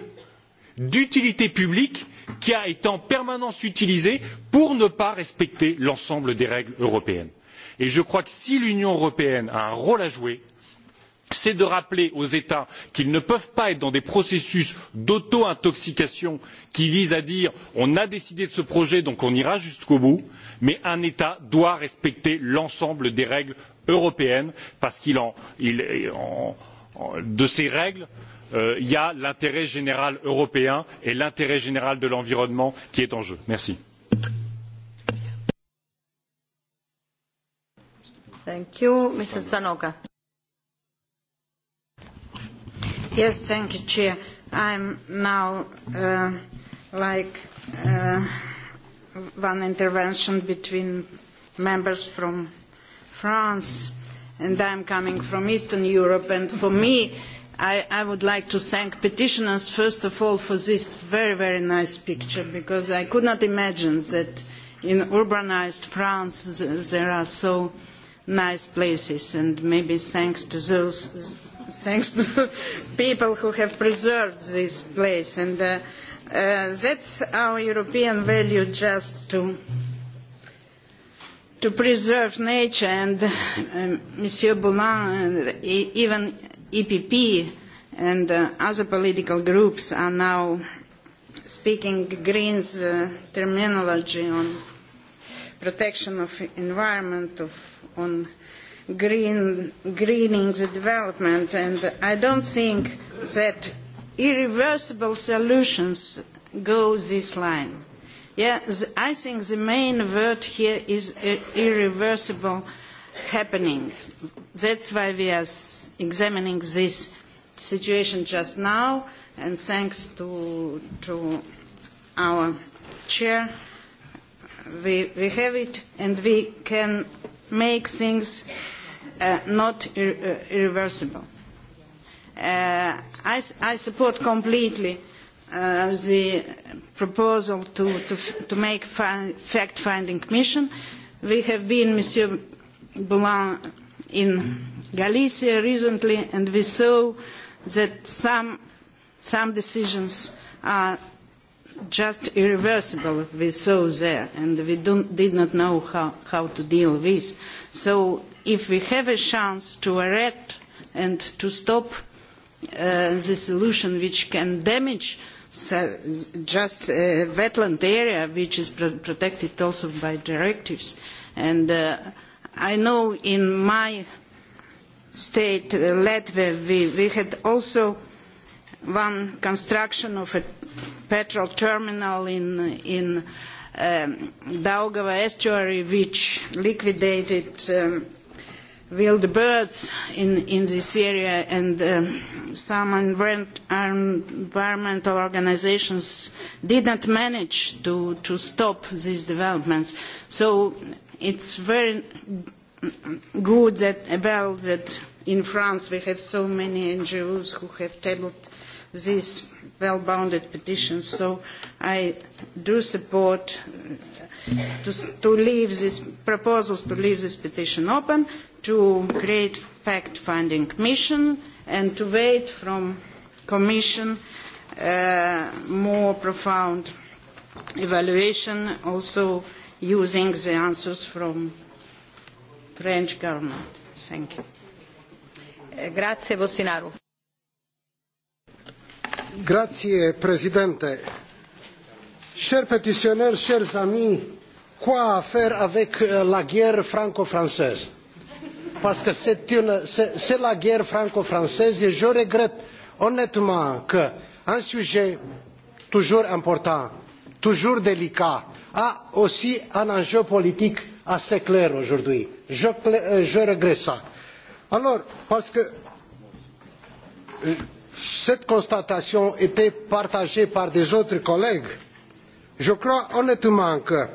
S18: d'utilité publique qui a été en permanence utilisée pour ne pas respecter l'ensemble des règles européennes. et je crois que si l'union européenne a un rôle à jouer c'est de rappeler aux états qu'ils ne peuvent pas être dans des processus d'auto intoxication qui visent à dire on a décidé de ce projet donc on ira jusqu'au bout mais un état doit respecter l'ensemble des règles européenne parce qu'il en, il, en, en de ces règles euh, il y a l'intérêt général européen et l'intérêt général de l'environnement qui est en jeu. Merci.
S1: Thank you, Mrs. Sanoka.
S8: Yes, thank you, Chair. I'm now uh, like uh, one intervention between members from France, and I'm coming from Eastern Europe. And for me, I, I would like to thank petitioners, first of all, for this very, very nice picture, because I could not imagine that in urbanized France there are so nice places, and maybe thanks to those, thanks to (laughs) people who have preserved this place. And uh, uh, that's our European value just to uh, to preserve nature and um, Monsieur Boulan and e, even EPP and uh, other political groups are now speaking Greens uh, terminology on protection of environment, of, on green, greening the development. And I don't think that irreversible solutions go this line Yeah, th I think the main word here is uh, irreversible happening. That's why we are examining this situation just now, and thanks to, to our chair, we, we have it, and we can make things uh, not ir uh, irreversible. Uh, I, I support completely uh, the proposal to, to, to make fact-finding mission. We have been, Monsieur Boulan, in Galicia recently, and we saw that some, some decisions are just irreversible. We saw there, and we don't, did not know how, how to deal with. So if we have a chance to erect and to stop uh, this illusion which can damage uh, so just uh, wetland area which is pr protected also by directives and uh, I know in my state uh, Latvia we, we had also one construction of a petrol terminal in in um, Daugava estuary which liquidated um, wild birds in, in this area and um, some environmental organizations didn't manage to, to stop these developments. So it's very good that, well, that in France we have so many NGOs who have tabled these well-bounded petitions. So I do support uh, to, to leave this proposals to leave this petition open to create fact-finding mission and to wait from Commission uh, more profound evaluation, also using the answers from French
S7: government. Thank you.
S1: Eh, grazie, Bostinaru.
S7: Grazie, Presidente. Chers pétitionnaires, chers amis, quoi à faire avec euh, la guerre franco-française parce que c'est la guerre franco française et je regrette honnêtement qu'un sujet toujours important toujours délicat a aussi un enjeu politique assez clair aujourd'hui. Je, euh, je regrette ça. Alors, parce que euh, cette constatation était partagée par des autres collègues, je crois honnêtement que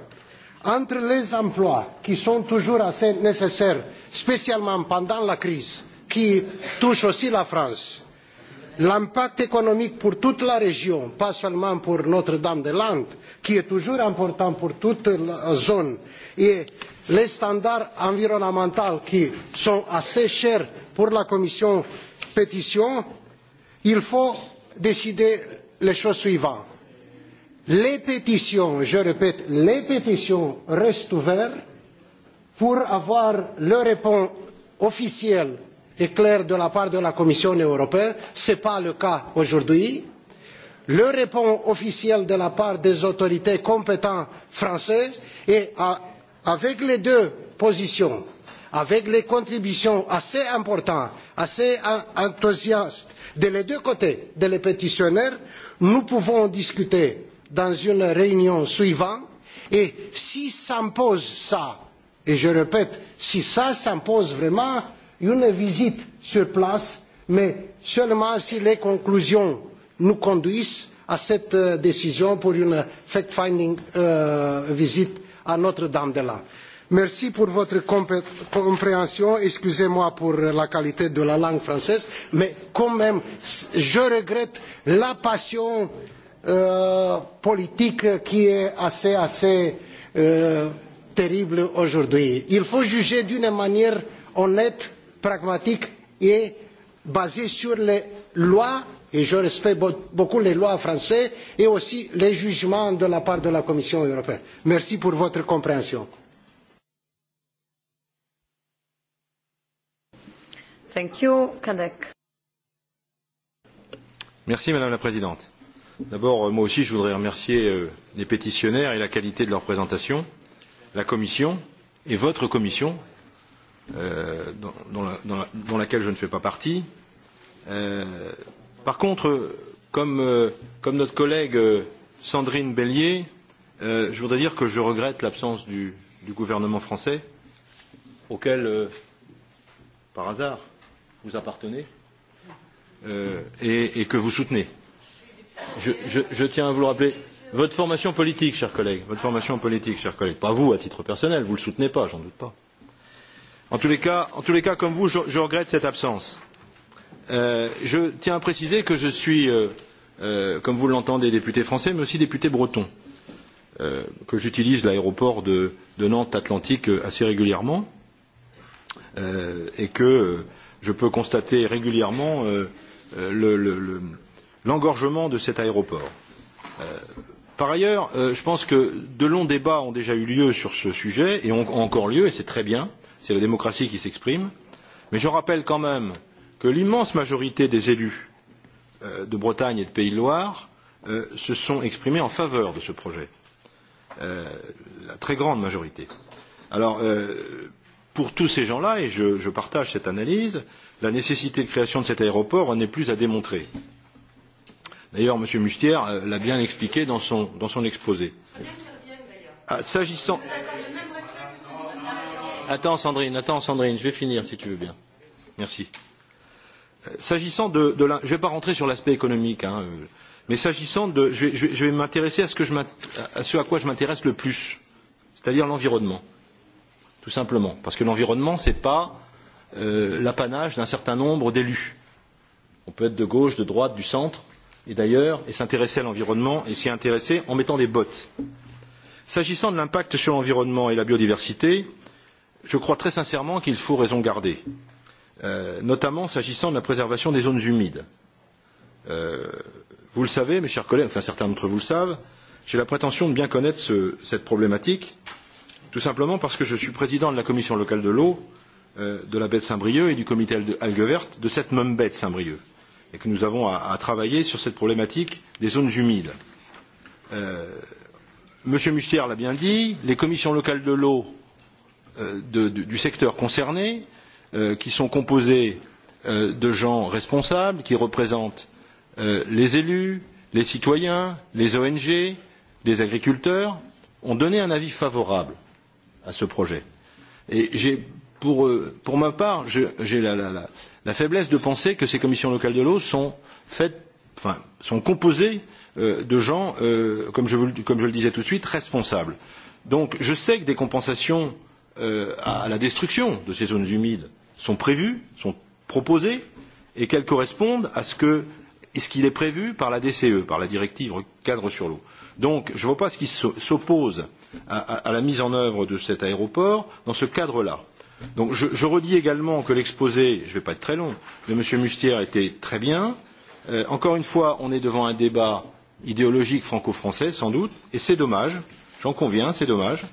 S7: entre les emplois qui sont toujours assez nécessaires, spécialement pendant la crise qui touche aussi la France, l'impact économique pour toute la région, pas seulement pour Notre-Dame-des-Landes, qui est toujours important pour toute la zone, et les standards environnementaux qui sont assez chers pour la commission pétition, il faut décider les choses suivantes Les pétitions, je répète, les pétitions restent ouvertes pour avoir le réponse officielle et claire de la part de la Commission européenne. Ce n'est pas le cas aujourd'hui. Le réponse officielle de la part des autorités compétentes françaises et à, avec les deux positions, avec les contributions assez importantes, assez enthousiastes des de deux côtés, des de pétitionnaires, nous pouvons discuter dans une réunion suivante et si s'impose ça, et je répète, si ça s'impose vraiment, une visite sur place, mais seulement si les conclusions nous conduisent à cette euh, décision pour une fact-finding euh, visite à Notre-Dame-de-Lan. Merci pour votre compréhension. Excusez-moi pour la qualité de la langue française, mais quand même, je regrette la passion euh, politique qui est assez, assez euh, terrible aujourd'hui. Il faut juger d'une manière honnête, pragmatique et basée sur les lois, et je respecte beaucoup les lois françaises, et aussi les jugements de la part de la Commission européenne. Merci pour votre compréhension.
S1: Thank you. Kadek.
S19: Merci Madame la Présidente D'abord, euh, moi aussi, je voudrais remercier euh, les pétitionnaires et la qualité de leur présentation, la Commission et votre Commission, euh, dans, dans, la, dans, la, dans laquelle je ne fais pas partie. Euh, par contre, comme, euh, comme notre collègue euh, Sandrine Bellier, euh, je voudrais dire que je regrette l'absence du, du gouvernement français, auquel, euh, par hasard, vous appartenez euh, et, et que vous soutenez je, je, je tiens à vous le rappeler. Votre formation politique, chers collègues, votre formation politique, chers collègues, pas vous à titre personnel, vous ne le soutenez pas, j'en doute pas. En tous les cas, en tous les cas comme vous, je, je regrette cette absence. Euh, je tiens à préciser que je suis, euh, euh, comme vous l'entendez, député français, mais aussi député breton, euh, que j'utilise l'aéroport de, de Nantes Atlantique euh, assez régulièrement, euh, et que euh, je peux constater régulièrement euh, euh le, le, le, l'engorgement de cet aéroport. Euh, par ailleurs, euh, je pense que de longs débats ont déjà eu lieu sur ce sujet et ont, ont encore lieu, et c'est très bien, c'est la démocratie qui s'exprime, mais je rappelle quand même que l'immense majorité des élus euh, de Bretagne et de Pays de Loire euh, se sont exprimés en faveur de ce projet. Euh, la très grande majorité. Alors, euh, pour tous ces gens-là, et je, je partage cette analyse, la nécessité de création de cet aéroport n'est plus à démontrer. Euh, D'ailleurs, M. Mustière euh, l'a bien expliqué dans son, dans son exposé. Ah, S'agissant. Attends, Sandrine, attends, Sandrine, je vais finir si tu veux bien. Merci. Euh, s'agissant de, de la, je ne vais pas rentrer sur l'aspect économique, hein, euh, mais s'agissant de, je vais, je vais, je vais m'intéresser à ce que je à ce à quoi je m'intéresse le plus, c'est-à-dire l'environnement, tout simplement, parce que l'environnement c'est pas euh, l'apanage d'un certain nombre d'élus. On peut être de gauche, de droite, du centre et d'ailleurs et s'intéresser à l'environnement et s'y intéresser en mettant des bottes. S'agissant de l'impact sur l'environnement et la biodiversité, je crois très sincèrement qu'il faut raison garder, euh, notamment s'agissant de la préservation des zones humides. Euh, vous le savez, mes chers collègues, enfin certains d'entre vous le savent, j'ai la prétention de bien connaître ce, cette problématique, tout simplement parce que je suis président de la commission locale de l'eau euh, de la baie de Saint-Brieuc et du comité algue verte de cette même baie de Saint-Brieuc. Euh, et que nous avons à, à travailler sur cette problématique des zones humides. Euh, Monsieur Mustière l'a bien dit, les commissions locales de l'eau euh, de, de, du secteur concerné, euh, qui sont composées euh, de gens responsables, qui représentent euh, les élus, les citoyens, les ONG, les agriculteurs, ont donné un avis favorable à ce projet. Et j'ai pour, euh, pour ma part, j'ai la, la, la, la faiblesse de penser que ces commissions locales de l'eau sont faites, enfin, sont composées euh, de gens, euh, comme, je vous, comme je le disais tout de suite, responsables. Donc, je sais que des compensations euh, à, à la destruction de ces zones humides sont prévues, sont proposées, et qu'elles correspondent à ce que et ce qu'il est prévu par la DCE, par la directive cadre sur l'eau. Donc, je ne vois pas ce qui s'oppose à, à, à la mise en œuvre de cet aéroport dans ce cadre-là. Euh, Donc je, je redis également que l'exposé, je ne vais pas être très long, de M. Mustière était très bien. Euh, encore une fois, on est devant un débat idéologique franco-français, sans doute, et c'est dommage, j'en conviens, c'est dommage.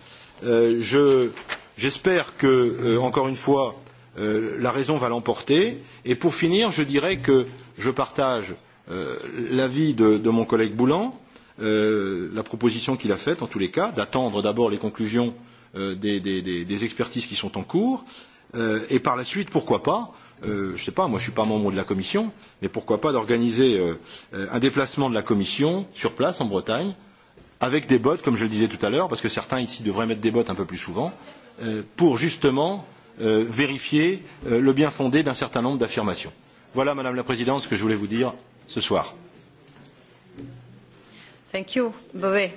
S19: Euh, je, j'espère que, euh, encore une fois, euh, la raison va l'emporter. Et pour finir, je dirais que je partage euh, l'avis de, de mon collègue Boulan, euh, la proposition qu'il a faite, en tous les cas, d'attendre d'abord les conclusions euh, euh, des, des, des, des expertises qui sont en cours, euh, et par la suite, pourquoi pas euh, je ne sais pas, moi je ne suis pas membre de la Commission, mais pourquoi pas d'organiser euh, euh, un déplacement de la Commission sur place en Bretagne, avec des bottes, comme je le disais tout à l'heure, parce que certains ici devraient mettre des bottes un peu plus souvent, euh, pour justement euh, vérifier euh, le bien fondé d'un certain nombre d'affirmations. Voilà, Madame la Présidente, ce que je voulais vous dire ce
S20: soir.
S1: Thank you. Bové.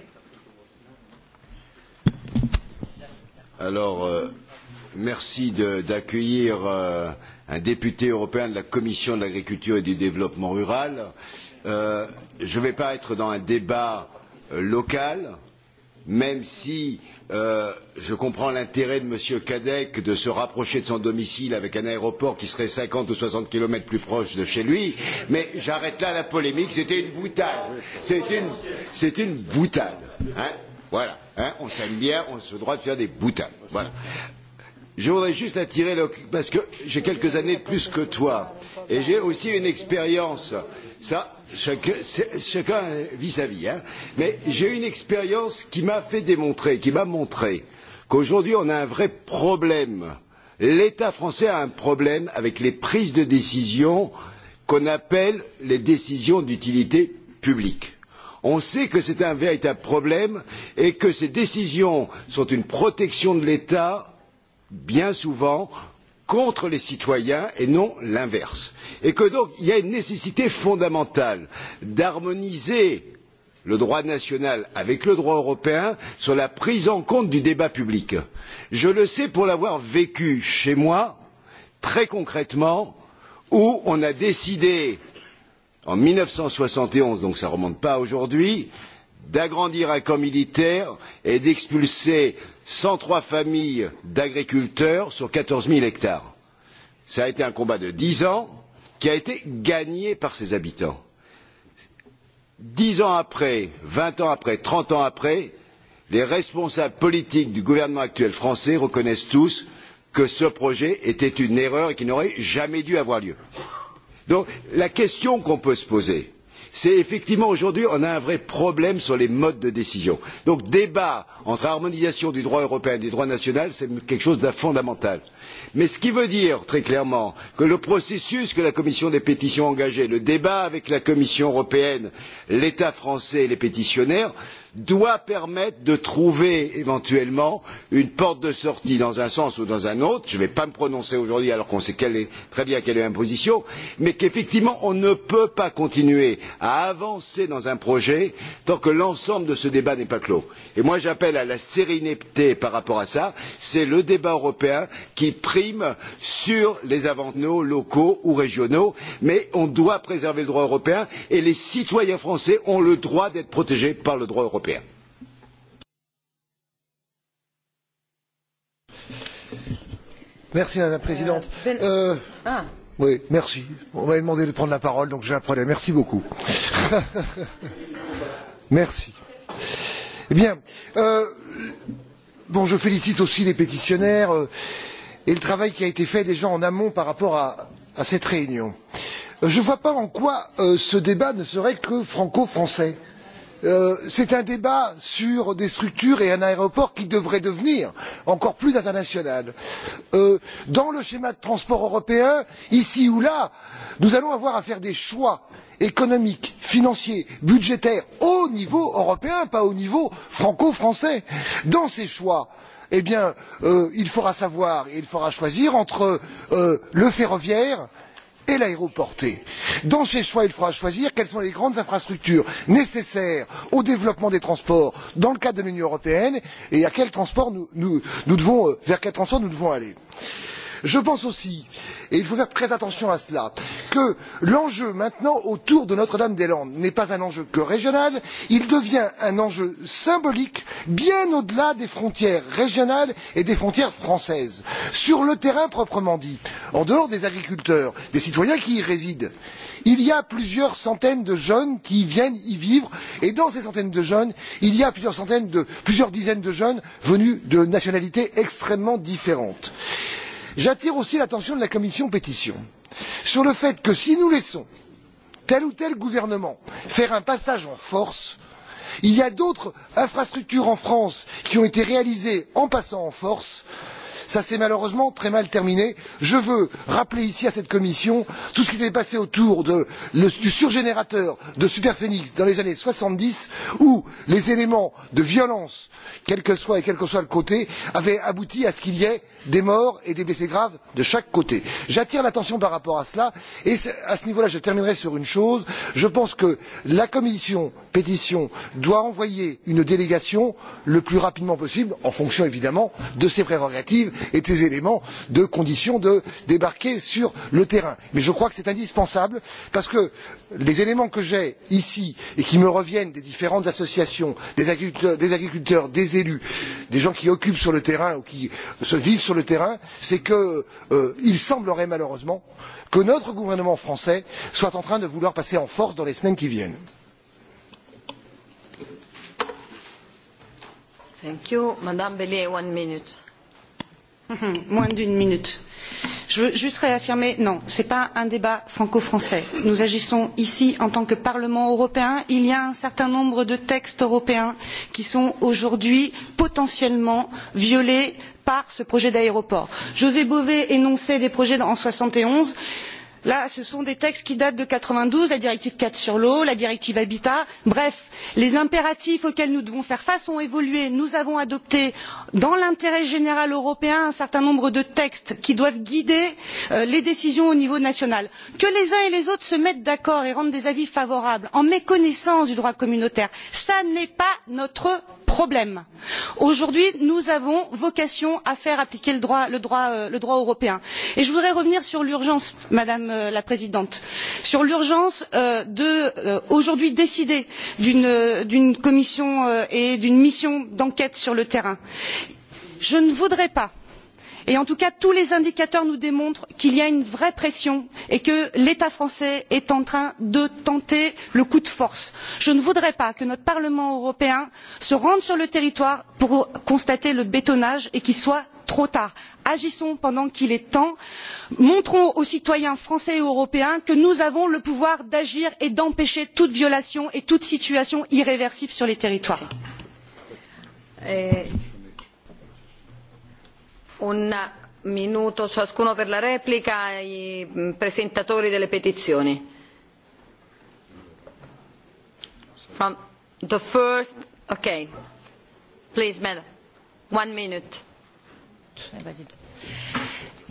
S20: Alors, euh, merci d'accueillir euh, un député européen de la Commission de l'agriculture et du développement rural. Euh, je ne vais pas être dans un débat euh, local, même si euh, je comprends l'intérêt de M. Cadec de se rapprocher de son domicile avec un aéroport qui serait 50 ou 60 km plus proche de chez lui, mais j'arrête là la polémique, c'était une boutade. C'est une, une boutade. Hein Voilà. Hein, on s'aime bien, on se droit de faire des boutades. Voilà. Je voudrais juste attirer le... parce que j'ai quelques années de plus que toi et j'ai aussi une expérience. Ça, chacun, chacun vit sa vie, hein. Mais j'ai une expérience qui m'a fait démontrer, qui m'a montré qu'aujourd'hui on a un vrai problème. L'État français a un problème avec les prises de décision qu'on appelle les décisions d'utilité publique On sait que c'est un véritable problème et que ces décisions sont une protection de l'État, bien souvent, contre les citoyens et non l'inverse. Et que donc il y a une nécessité fondamentale d'harmoniser le droit national avec le droit européen sur la prise en compte du débat public. Je le sais pour l'avoir vécu chez moi, très concrètement, où on a décidé en mille neuf cent soixante et onze donc ça ne remonte pas à aujourd'hui d'agrandir un camp militaire et d'expulser cent trois familles d'agriculteurs sur quatorze zéro hectares. ça a été un combat de dix ans qui a été gagné par ses habitants. dix ans après vingt ans après trente ans après les responsables politiques du gouvernement actuel français reconnaissent tous que ce projet était une erreur et qu'il n'aurait jamais dû avoir lieu. Donc la question qu'on peut se poser, c'est effectivement aujourd'hui on a un vrai problème sur les modes de décision. Donc débat entre harmonisation du droit européen et du droit national, c'est quelque chose de fondamental. Mais ce qui veut dire très clairement que le processus que la commission des pétitions a engagé, le débat avec la commission européenne, l'État français et les pétitionnaires, doit permettre de trouver éventuellement une porte de sortie dans un sens ou dans un autre. Je ne vais pas me prononcer aujourd'hui alors qu'on sait quelle est, très bien quelle est ma position, mais qu'effectivement on ne peut pas continuer à avancer dans un projet tant que l'ensemble de ce débat n'est pas clos. Et moi j'appelle à la sérénité par rapport à ça. C'est le débat européen qui prime sur les avantages locaux ou régionaux, mais on doit préserver le droit européen et les citoyens français ont le droit d'être protégés par le droit européen europea.
S12: Merci Madame la Présidente. Euh, ben... euh, ah. Oui, merci. On m'avait demandé de prendre la parole, donc je la prenais. Merci beaucoup. (laughs) merci. Eh bien, euh, bon, je félicite aussi les pétitionnaires euh, et le travail qui a été fait déjà en amont par rapport à, à cette réunion. Euh, je ne vois pas en quoi euh, ce débat ne serait que franco-français. Euh, Euh, c'est un débat sur des structures et un aéroport qui devraient devenir encore plus internationaux. Euh, dans le schéma de transport européen ici ou là nous allons avoir à faire des choix économiques financiers budgétaires au niveau européen pas au niveau franco français. dans ces choix eh euh, il faudra savoir et il faudra choisir entre le ferroviaire et et l'aéroportée. dans ces choix il faudra choisir quelles sont les grandes infrastructures nécessaires au développement des transports dans le cadre de l'union européenne et euh, vers quels transports nous devons aller je pense aussi et il faut faire très attention à cela que l'enjeu maintenant autour de notre dame des landes n'est pas un enjeu que régional il devient un enjeu symbolique bien au delà des frontières régionales et des frontières françaises sur le terrain proprement dit en dehors des agriculteurs des citoyens qui y résident il y a plusieurs centaines de jeunes qui viennent y vivre et dans ces centaines de jeunes il y a plusieurs centaines de, plusieurs dizaines de jeunes venus de nationalités extrêmement différentes. il j'attire aussi l'attention de la commission des pétitions sur le fait que si nous laissons tel ou tel gouvernement faire un passage en force il y a d'autres infrastructures en france qui ont été réalisées en passant en force et ça s'est malheureusement très mal terminé. je veux rappeler ici à cette commission tout ce qui s'est passé autour de, le, du surgénérateur de superphénix dans les années soixante dix où les éléments de violence quel que soit et quel que soit le côté avaient abouti à ce qu'il y ait des morts et des blessés graves de chaque côté. j'attire l'attention par rapport à cela et à ce niveau là je terminerai sur une chose je pense que la commission pétition doit envoyer une délégation le plus rapidement possible en fonction évidemment de ses prérogatives et de ces éléments de conditions de débarquer sur le terrain. mais je crois que c'est indispensable parce que les éléments que j'ai ici et qui me reviennent des différentes associations des agriculteurs des élus des gens qui occupent sur le terrain ou qui vivent sur le terrain c'est que euh, il semblerait malheureusement que notre gouvernement français soit en train de vouloir passer en force dans les semaines qui viennent.
S1: Thank you. Madame Bellier, one minute.
S5: Mhm, moins d'une minute. Je veux juste réaffirmer, non, ce n'est pas un débat franco-français. Nous agissons ici en tant que Parlement européen. Il y a un certain nombre de textes européens qui sont aujourd'hui potentiellement violés par ce projet d'aéroport. José Bové énonçait des projets en 71 là ce sont des textes qui datent de mille neuf cent quatre vingt douze la directive cadre sur l'eau la directive habitat bref les impératifs auxquels nous devons faire face ont évolué. nous avons adopté dans l'intérêt général européen un certain nombre de textes qui doivent guider euh, les décisions au niveau national. que les uns et les autres se mettent d'accord et rendent des avis favorables en méconnaissance du droit communautaire ce n'est pas notre problème. aujourd'hui nous avons vocation à faire appliquer le droit, le droit, euh, le droit européen et je voudrais revenir sur l'urgence madame euh, la présidente sur l'urgence euh, d'aujourd'hui euh, décider d'une commission euh, et d'une mission d'enquête sur le terrain. je ne voudrais pas et en tout cas tous les indicateurs nous démontrent qu'il y a une vraie pression et que l'état français est en train de tenter le coup de force. je ne voudrais pas que notre parlement européen se rende sur le territoire pour constater le bétonnage et qu'il soit trop tard. agissons pendant qu'il est temps montrons aux citoyens français et européens que nous avons le pouvoir d'agir et d'empêcher toute violation et toute situation irréversible sur les territoires.
S1: Eh, un minuto ciascuno per la replica ai presentatori delle petizioni. From the first, okay. Please, madam. One minute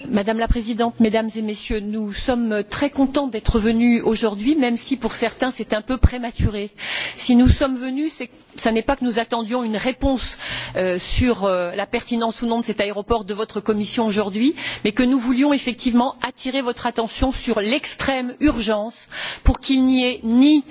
S9: madame la présidente mesdames et messieurs nous sommes très contents d'être venus aujourd'hui même si pour certains c'est un peu prématuré. si nous sommes venus ce n'est pas que nous attendions une réponse euh, sur euh, la pertinence ou non de cet aéroport de votre commission aujourd'hui mais que nous voulions effectivement attirer votre attention sur l'extrême urgence pour qu'il n'y ait ni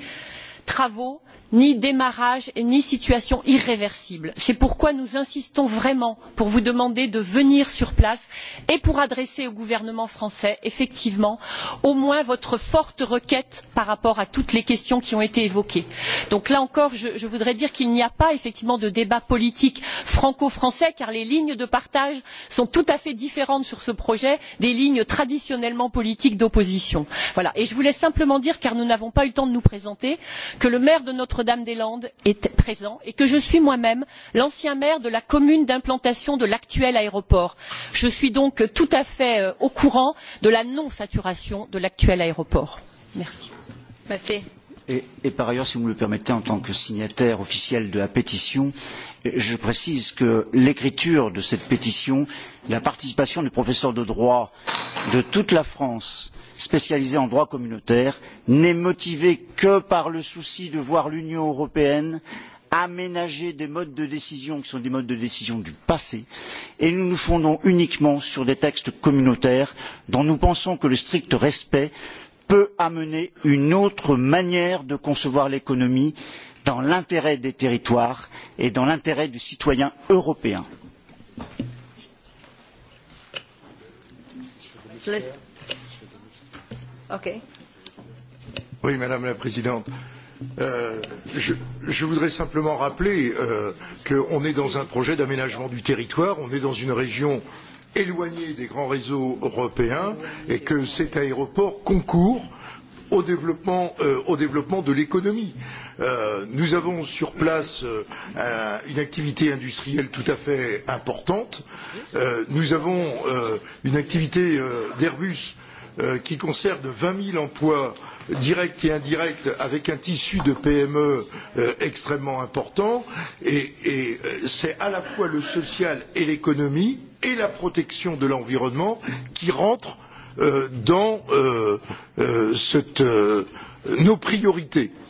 S9: travaux ni démarrage et ni situation irréversible. c'est pourquoi nous insistons vraiment pour vous demander de venir sur place et pour adresser au gouvernement français effectivement au moins votre forte requête par rapport à toutes les questions qui ont été évoquées. donc là encore je, je voudrais dire qu'il n'y a pas effectivement de débat politique franco français car les lignes de partage sont tout à fait différentes sur ce projet des lignes traditionnellement politiques d'opposition. voilà et je voulais simplement dire car nous n'avons pas eu le temps de nous présenter que le maire de notre Notre-Dame-des-Landes est présent et que je suis moi-même l'ancien maire de la commune d'implantation de l'actuel aéroport. Je suis donc tout à fait euh, au courant de la non-saturation de l'actuel aéroport. Merci. Merci.
S20: Et, et par ailleurs, si vous me le permettez, en tant que signataire officiel de la pétition, euh, je précise que l'écriture de cette pétition, la participation des professeurs de droit de toute la France, spécialisée en droit communautaire n'est motivée que par le souci de voir l'union européenne aménager des modes de décision qui sont des modes de décision du passé et nous nous fondons uniquement sur des textes communautaires dont nous pensons que le strict respect peut amener une autre manière de concevoir l'économie dans l'intérêt des territoires et dans l'intérêt du citoyen
S11: européen.
S1: Let's Okay.
S11: Oui, Madame la Présidente. Euh, je, je voudrais simplement rappeler euh, qu'on est dans un projet d'aménagement du territoire, on est dans une région éloignée des grands réseaux européens et que cet aéroport concourt au développement, euh, au développement de l'économie. Euh, nous avons sur place euh, un, une activité industrielle tout à fait importante. Euh, nous avons euh, une activité euh, d'Airbus euh, euh, qui concerne 20 000 emplois directs et indirects avec un tissu de PME euh, extrêmement important. Et, et euh, c'est à la fois le social et l'économie et la protection de l'environnement qui rentrent euh, dans euh, euh, cette, euh, nos priorités. Euh,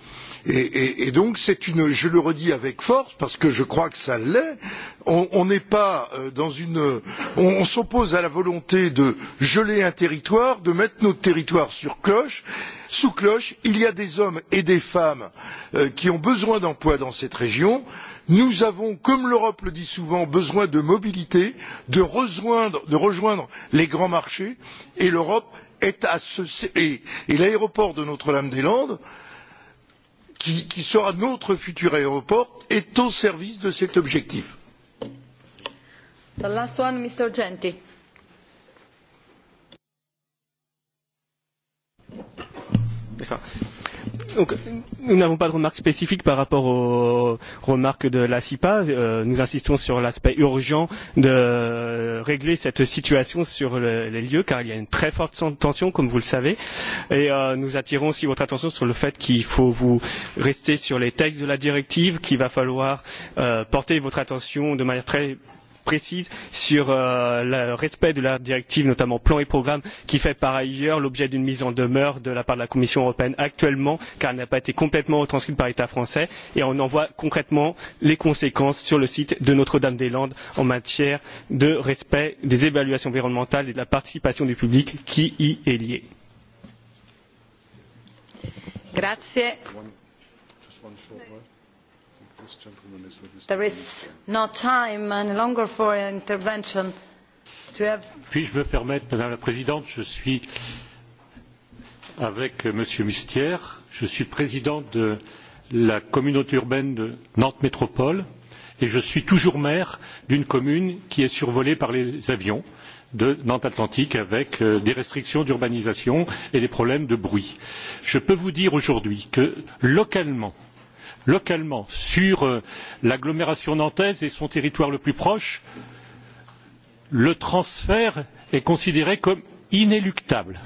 S11: Et, et, et donc c'est une, je le redis avec force parce que je crois que ça l'est. On n'est pas euh, dans une, on, on s'oppose à la volonté de geler un territoire, de mettre notre territoire sur cloche. Sous cloche, il y a des hommes et des femmes euh, qui ont besoin d'emploi dans cette région nous avons comme l'europe le dit souvent besoin de mobilité de rejoindre, de rejoindre les grands marchés et l'europe est à ce et, et l'aéroport de notre dame des landes est qui, qui sera notre futur aéroport est au service de cet objectif.
S1: The last one, Mr. Genti.
S13: D'accord. Donc, nous n'avons pas de remarques spécifiques par rapport aux remarques de la CIPA. Euh, nous insistons sur l'aspect urgent de régler cette situation sur le, les lieux, car il y a une très forte tension, comme vous le savez. Et euh, nous attirons aussi votre attention sur le fait qu'il faut vous rester sur les textes de la directive, qu'il va falloir euh, porter votre attention de manière très précise sur euh, le respect de la directive, notamment plan et programme, qui fait par ailleurs l'objet d'une mise en demeure de la part de la Commission européenne actuellement, car elle n'a pas été complètement retranscrite par l'État français, et on en voit concrètement les conséquences sur le site de Notre-Dame-des-Landes en matière de respect des évaluations environnementales et de la participation du public
S15: qui y est liée.
S1: Grazie.
S15: One, just one short one there is
S1: no time any longer for intervention. Have...
S21: puis je me permettre madame la présidente je suis avec m. mestière je suis président de la communauté urbaine de nantes métropole et je suis toujours maire d'une commune qui est survolée par les avions de Nantes Atlantique avec euh, des restrictions d'urbanisation et des problèmes de bruit. Je peux vous dire aujourd'hui que localement, euh, localement sur euh, l'agglomération nantaise et son territoire le plus proche le transfert est considéré comme inéluctable.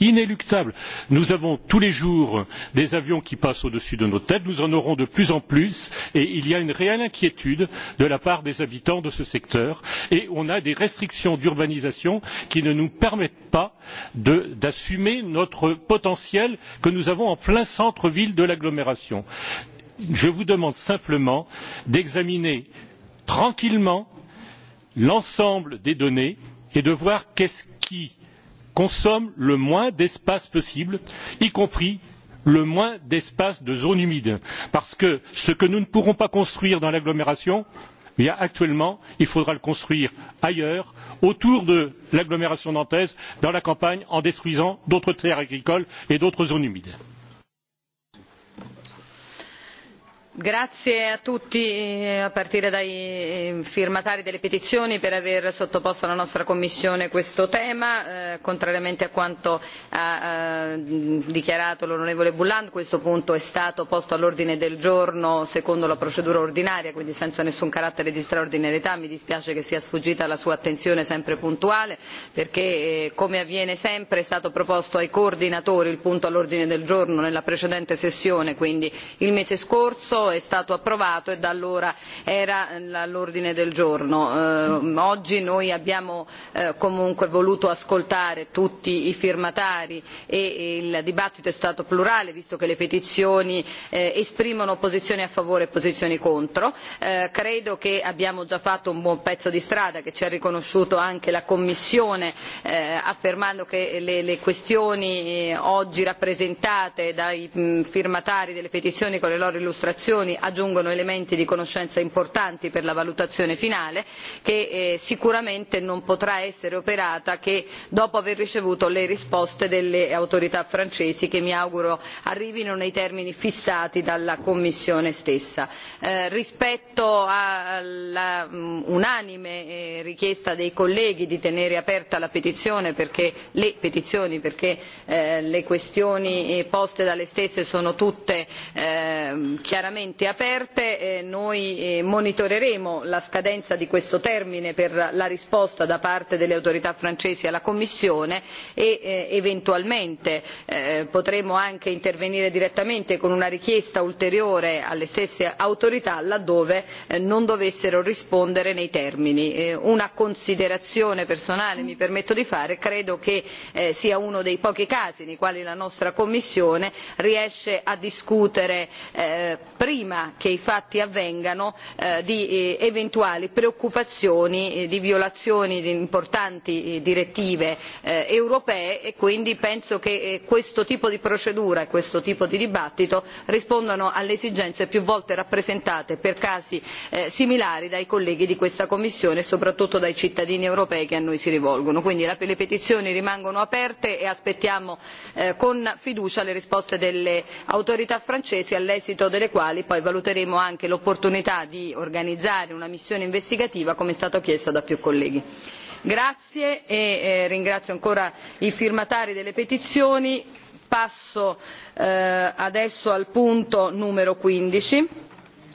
S21: inéluctable. nous avons tous les jours des avions qui passent au dessus de nos têtes nous en aurons de plus en plus et il y a une réelle inquiétude de la part des habitants de ce secteur et on a des restrictions d'urbanisation qui ne nous permettent pas d'assumer notre potentiel que nous avons en plein centre ville de l'agglomération je vous demande simplement d'examiner tranquillement l'ensemble des données et de voir qu'est ce qui consomme le moins d'espace possible y compris le moins d'espace de zone humide parce que ce que nous ne pourrons pas construire dans l'agglomération eh actuellement il faudra le construire ailleurs autour de l'agglomération nantaise dans la campagne en détruisant d'autres terres agricoles et d'autres zones humides.
S1: Grazie a tutti, eh, a partire dai eh, firmatari delle petizioni, per aver sottoposto alla nostra Commissione questo tema. Eh, contrariamente a quanto ha eh, dichiarato l'onorevole Bulland, questo punto è stato posto all'ordine del giorno secondo la procedura ordinaria, quindi senza nessun carattere di straordinarietà. Mi dispiace che sia sfuggita la sua attenzione sempre puntuale, perché eh, come avviene sempre è stato proposto ai coordinatori il punto all'ordine del giorno nella precedente sessione, quindi il mese scorso lavoro è stato approvato e da allora era all'ordine del giorno. Eh, oggi noi abbiamo eh, comunque voluto ascoltare tutti i firmatari e, e il dibattito è stato plurale visto che le petizioni eh, esprimono posizioni a favore e posizioni contro. Eh, credo che abbiamo già fatto un buon pezzo di strada che ci ha riconosciuto anche la Commissione eh, affermando che le, le questioni eh, oggi rappresentate dai mh, firmatari delle petizioni con le loro illustrazioni osservazioni aggiungono elementi di conoscenza importanti per la valutazione finale che eh, sicuramente non potrà essere operata che dopo aver ricevuto le risposte delle autorità francesi che mi auguro arrivino nei termini fissati dalla Commissione stessa. Eh, rispetto alla um, unanime eh, richiesta dei colleghi di tenere aperta la petizione perché le petizioni perché eh, le questioni eh, poste dalle stesse sono tutte ehm, chiaramente sicuramente aperte. Eh, noi eh, monitoreremo la scadenza di questo termine per la risposta da parte delle autorità francesi alla Commissione e eh, eventualmente potremo anche intervenire direttamente con una richiesta ulteriore alle stesse autorità laddove non dovessero rispondere nei termini. Una considerazione personale mi permetto di fare, credo che sia uno dei pochi casi nei quali la nostra Commissione riesce a discutere prima che i fatti avvengano eh, di eh, eventuali preoccupazioni eh, di violazioni di importanti eh, direttive eh, europee e quindi penso che eh, questo tipo di procedura e questo tipo di dibattito rispondano alle esigenze più volte rappresentate per casi similari dai colleghi di questa commissione e soprattutto dai cittadini europei che a noi si rivolgono. quindi le petizioni rimangono aperte e aspettiamo con fiducia le risposte delle autorità francesi all'esito delle quali elettorali poi valuteremo anche l'opportunità di organizzare una missione investigativa come è stato chiesto da più colleghi. Grazie e eh, ringrazio ancora i firmatari delle petizioni. Passo eh, adesso al punto numero 15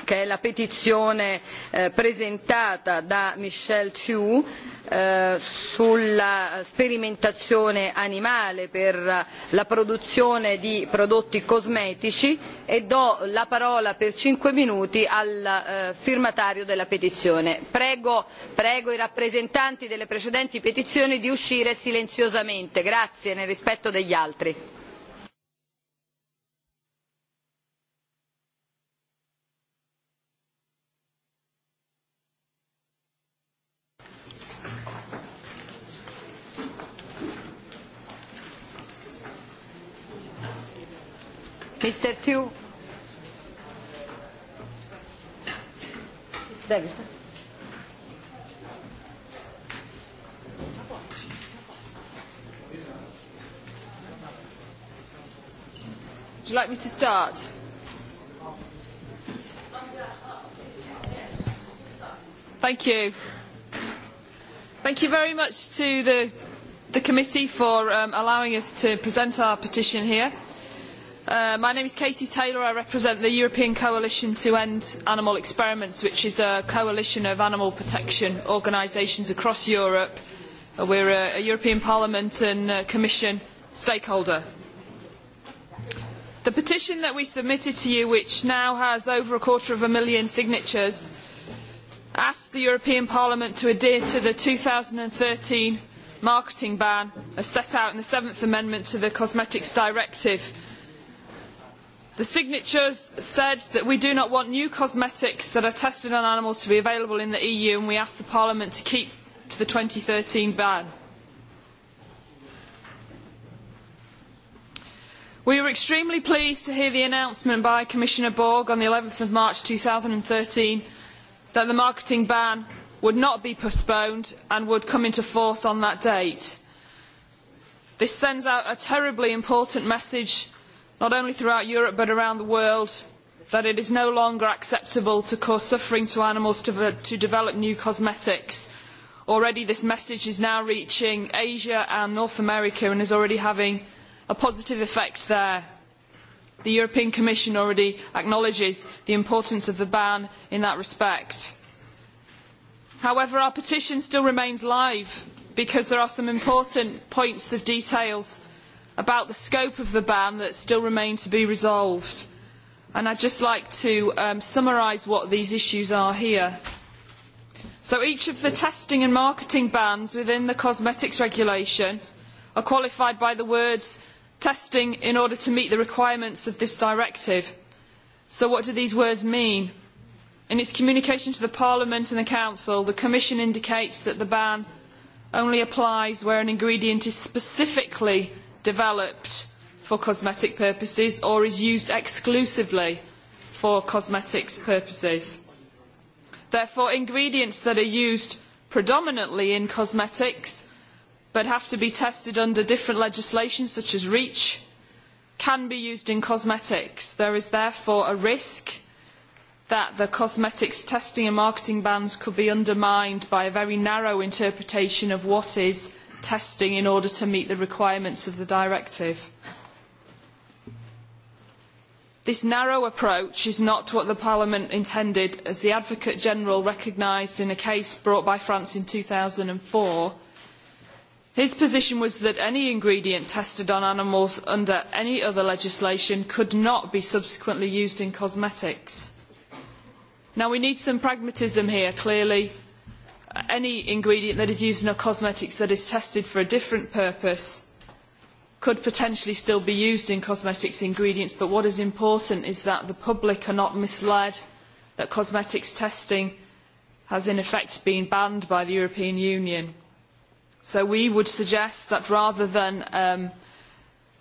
S1: che è la petizione eh, presentata da Michel Thiou eh, sulla sperimentazione animale per la produzione di prodotti cosmetici e do la parola per cinque minuti al eh, firmatario della petizione. Prego, prego i rappresentanti delle precedenti petizioni di uscire silenziosamente, grazie, nel rispetto degli altri. Mr. Tew. David.
S22: Would you like me to start? Thank you. Thank you very much to the, the committee for um, allowing us to present our petition here. Uh, my name is Katie Taylor. I represent the European Coalition to End Animal Experiments, which is a coalition of animal protection organisations across Europe. Uh, we're a, a European Parliament and uh, Commission stakeholder. The petition that we submitted to you, which now has over a quarter of a million signatures, asks the European Parliament to adhere to the 2013 marketing ban as set out in the Seventh Amendment to the Cosmetics Directive The signatures said that we do not want new cosmetics that are tested on animals to be available in the EU and we ask the Parliament to keep to the 2013 ban. We were extremely pleased to hear the announcement by Commissioner Borg on the 11th of March 2013 that the marketing ban would not be postponed and would come into force on that date. This sends out a terribly important message not only throughout Europe but around the world, that it is no longer acceptable to cause suffering to animals to, to develop new cosmetics. Already this message is now reaching Asia and North America and is already having a positive effect there. The European Commission already acknowledges the importance of the ban in that respect. However, our petition still remains live because there are some important points of details about the scope of the ban that still remain to be resolved. And I'd just like to um, summarise what these issues are here. So each of the testing and marketing bans within the cosmetics regulation are qualified by the words testing in order to meet the requirements of this directive. So what do these words mean? In its communication to the Parliament and the Council, the Commission indicates that the ban only applies where an ingredient is specifically developed for cosmetic purposes or is used exclusively for cosmetics purposes. Therefore, ingredients that are used predominantly in cosmetics but have to be tested under different legislation such as REACH can be used in cosmetics. There is therefore a risk that the cosmetics testing and marketing bans could be undermined by a very narrow interpretation of what is testing in order to meet the requirements of the directive. This narrow approach is not what the Parliament intended, as the Advocate General recognised in a case brought by France in 2004. His position was that any ingredient tested on animals under any other legislation could not be subsequently used in cosmetics. Now we need some pragmatism here, clearly, any ingredient that is used in our cosmetics that is tested for a different purpose could potentially still be used in cosmetics ingredients, but what is important is that the public are not misled that cosmetics testing has in effect been banned by the European Union. So we would suggest that rather than um,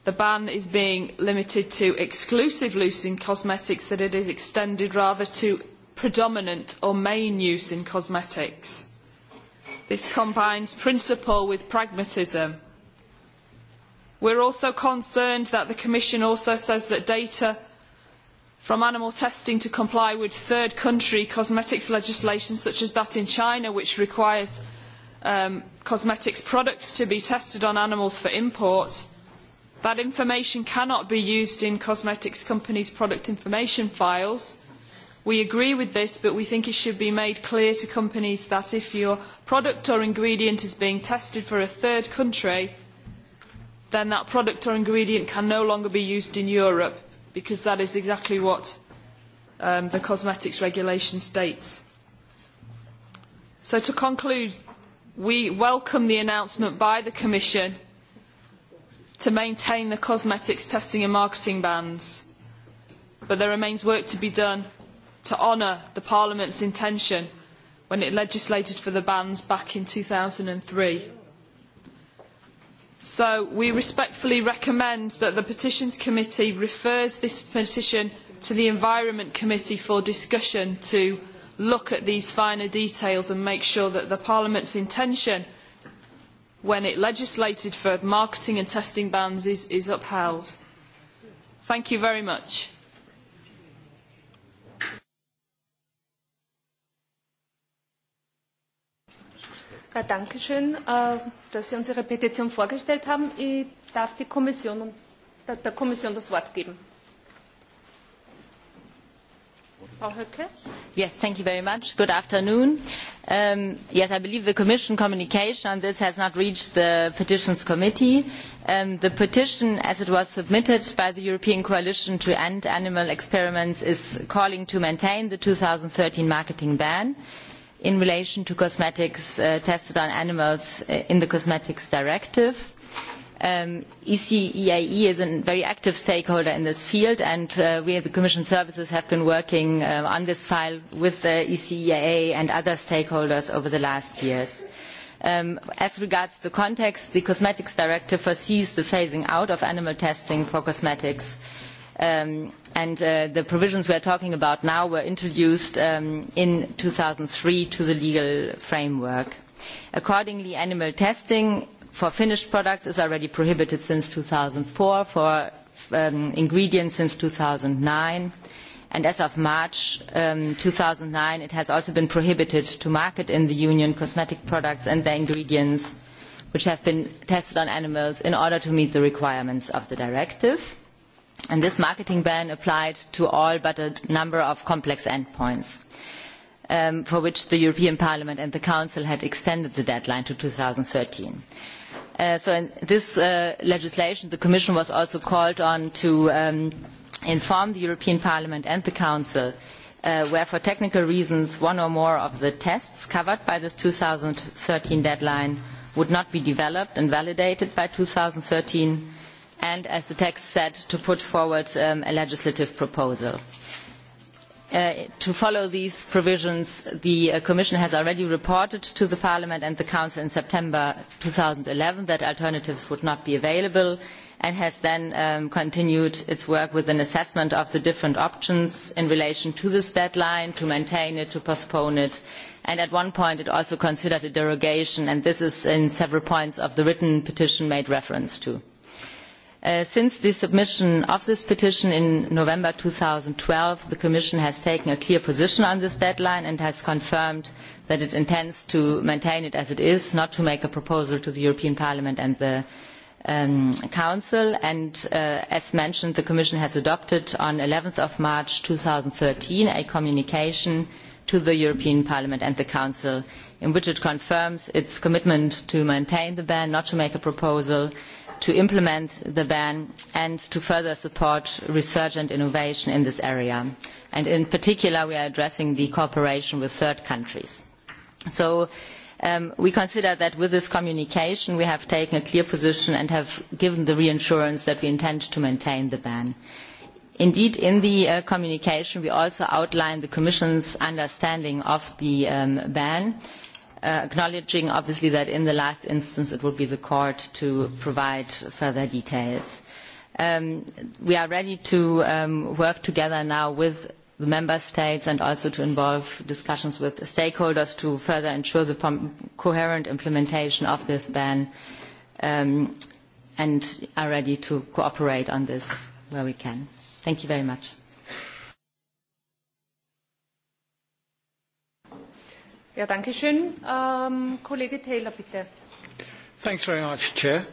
S22: the ban is being limited to exclusive use in cosmetics, that it is extended rather to predominant or main use in cosmetics. This combines principle with pragmatism. We're also concerned that the Commission also says that data from animal testing to comply with third country cosmetics legislation such as that in China which requires um, cosmetics products to be tested on animals for import, that information cannot be used in cosmetics companies' product information files We agree with this, but we think it should be made clear to companies that if your product or ingredient is being tested for a third country, then that product or ingredient can no longer be used in Europe, because that is exactly what um, the cosmetics regulation states. So to conclude, we welcome the announcement by the Commission to maintain the cosmetics testing and marketing bans, but there remains work to be done to honour the Parliament's intention when it legislated for the bans back in 2003. So we respectfully recommend that the Petitions Committee refers this petition to the Environment Committee for discussion to look at these finer details and make sure that the Parliament's intention when it legislated for marketing and testing bans is, is upheld. Thank you very much.
S23: Ja, danke schön, äh, dass Sie uns Ihre Petition vorgestellt haben. Ich darf die Kommission, der, der Kommission das Wort geben. Frau Höcke?
S24: Yes, thank you very much. Good afternoon. Um, yes, I believe the Commission communication on this has not reached the Petitions Committee. Um, the petition, as it was submitted by the European Coalition to End Animal Experiments, is calling to maintain the 2013 marketing ban. Uh, in relation to cosmetics uh, tested on animals uh, in the Cosmetics Directive. Um, ECEAE e e is a very active stakeholder in this field, and uh, we at the Commission Services have been working uh, on this file with the ECEAA e and other stakeholders over the last years. Um, as regards the context, the Cosmetics Directive foresees the phasing out of animal testing for cosmetics uh, Um, and uh, the provisions we are talking about now were introduced um, in 2003 to the legal framework. Accordingly, animal testing for finished products is already prohibited since 2004, for um, ingredients since 2009, and as of March um, 2009, it has also been prohibited to market in the Union cosmetic products and their ingredients which have been tested on animals in order to meet the requirements of the directive. And this marketing ban applied to all but a number of complex endpoints, um, for which the European Parliament and the Council had extended the deadline to 2013. Uh, so in this uh, legislation, the Commission was also called on to um, inform the European Parliament and the Council uh, where for technical reasons one or more of the tests covered by this 2013 deadline would not be developed and validated by 2013 and, as the text said, to put forward um, a legislative proposal. Uh, to follow these provisions, the uh, Commission has already reported to the Parliament and the Council in September 2011 that alternatives would not be available and has then um, continued its work with an assessment of the different options in relation to this deadline, to maintain it, to postpone it, and at one point it also considered a derogation, and this is in several points of the written petition made reference to. Uh, since the submission of this petition in november two thousand and twelve the commission has taken a clear position on this deadline and has confirmed that it intends to maintain it as it is not to make a proposal to the european parliament and the um, council and uh, as mentioned the commission has adopted on eleven march two thousand and thirteen a communication to the european parliament and the council in which it confirms its commitment to maintain the ban not to make a proposal and to implement the ban and to further support research and innovation in this area. And in particular, we are addressing the cooperation with third countries. So um, we consider that with this communication, we have taken a clear position and have given the reassurance that we intend to maintain the ban. Indeed, in the uh, communication, we also outline the Commission's understanding of the um, ban. Uh, uh, acknowledging obviously that in the last instance it will be the court to provide further details. Um, we are ready to um, work together now with the member states and also to involve discussions with stakeholders to further ensure the coherent implementation of this ban um, and are ready to cooperate on this where we can. Thank you very much.
S23: Ja, danke schön. Um, Kollege Taylor, bitte.
S25: Thanks very much, Chair.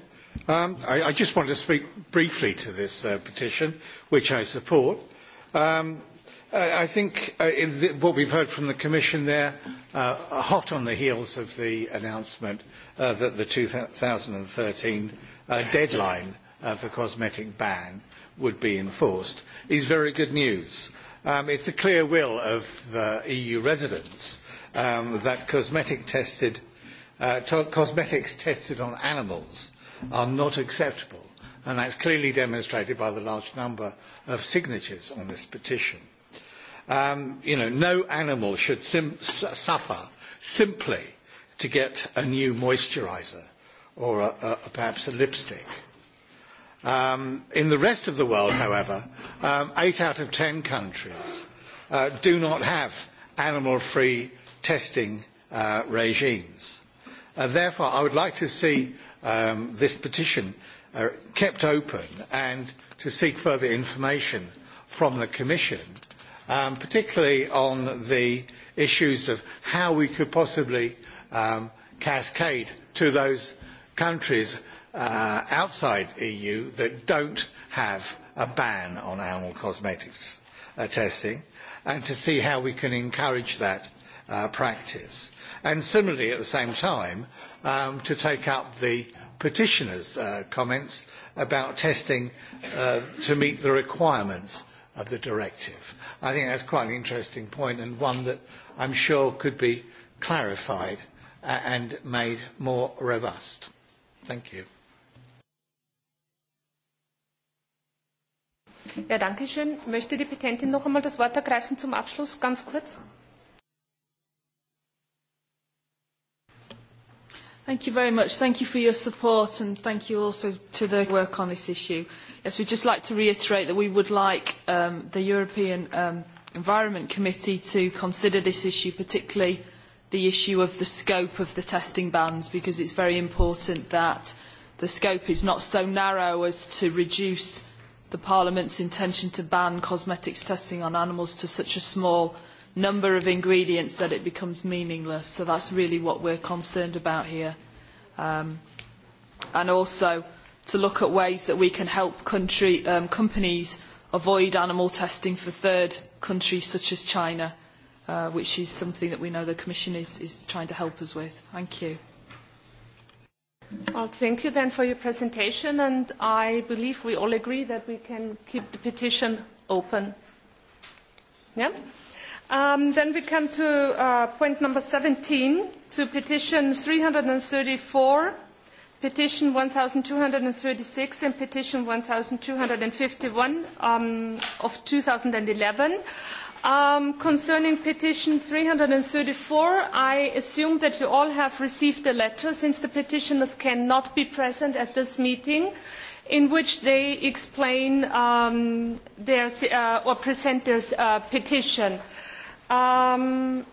S25: Um, I, I just want to speak briefly to this uh, petition, which I support. Um, I, I think uh, in the, what we've heard from the Commission there, uh, hot on the heels of the announcement uh, that the 2013 uh, deadline uh, for cosmetic ban would be enforced, is very good news. Um, it's the clear will of the EU residents um, that cosmetic tested, uh, to- cosmetics tested on animals are not acceptable, and that's clearly demonstrated by the large number of signatures on this petition. Um, you know, no animal should sim- suffer simply to get a new moisturizer or a, a, perhaps a lipstick. Um, in the rest of the world, however, um, eight out of ten countries uh, do not have animal-free testing uh, regimes. Uh, therefore, I would like to see um, this petition uh, kept open and to seek further information from the Commission, um, particularly on the issues of how we could possibly um, cascade to those countries uh, outside EU that don't have a ban on animal cosmetics uh, testing and to see how we can encourage that uh, practice. And similarly, at the same time, um, to take up the petitioner's uh, comments about testing uh, to meet the requirements of the directive. I think that's quite an interesting point and one that I'm sure could be clarified uh, and made more robust. Thank you.
S23: Ja, danke schön. Möchte die Petentin noch einmal das Wort ergreifen zum Abschluss, ganz kurz?
S22: Thank you very much. Thank you for your support and thank you also to the work on this issue. Yes, we'd just like to reiterate that we would like um, the European um, Environment Committee to consider this issue, particularly the issue of the scope of the testing bans, because it's very important that the scope is not so narrow as to reduce the Parliament's intention to ban cosmetics testing on animals to such a small number of ingredients that it becomes meaningless. So that's really what we're concerned about here. Um, and also to look at ways that we can help country, um, companies avoid animal testing for third countries such as China, uh, which is something that we know the Commission is, is trying to help us with. Thank you.
S23: Well, thank you then for your presentation, and I believe we all agree that we can keep the petition open. Yeah? Um, then we come to uh, point number 17, to petition 334, petition 1236, and petition 1251 um, of 2011. Um, concerning petition 334, I assume that you all have received a letter since the petitioners cannot be present at this meeting in which they explain um, their, uh, or present their uh, petition. Uh, Um,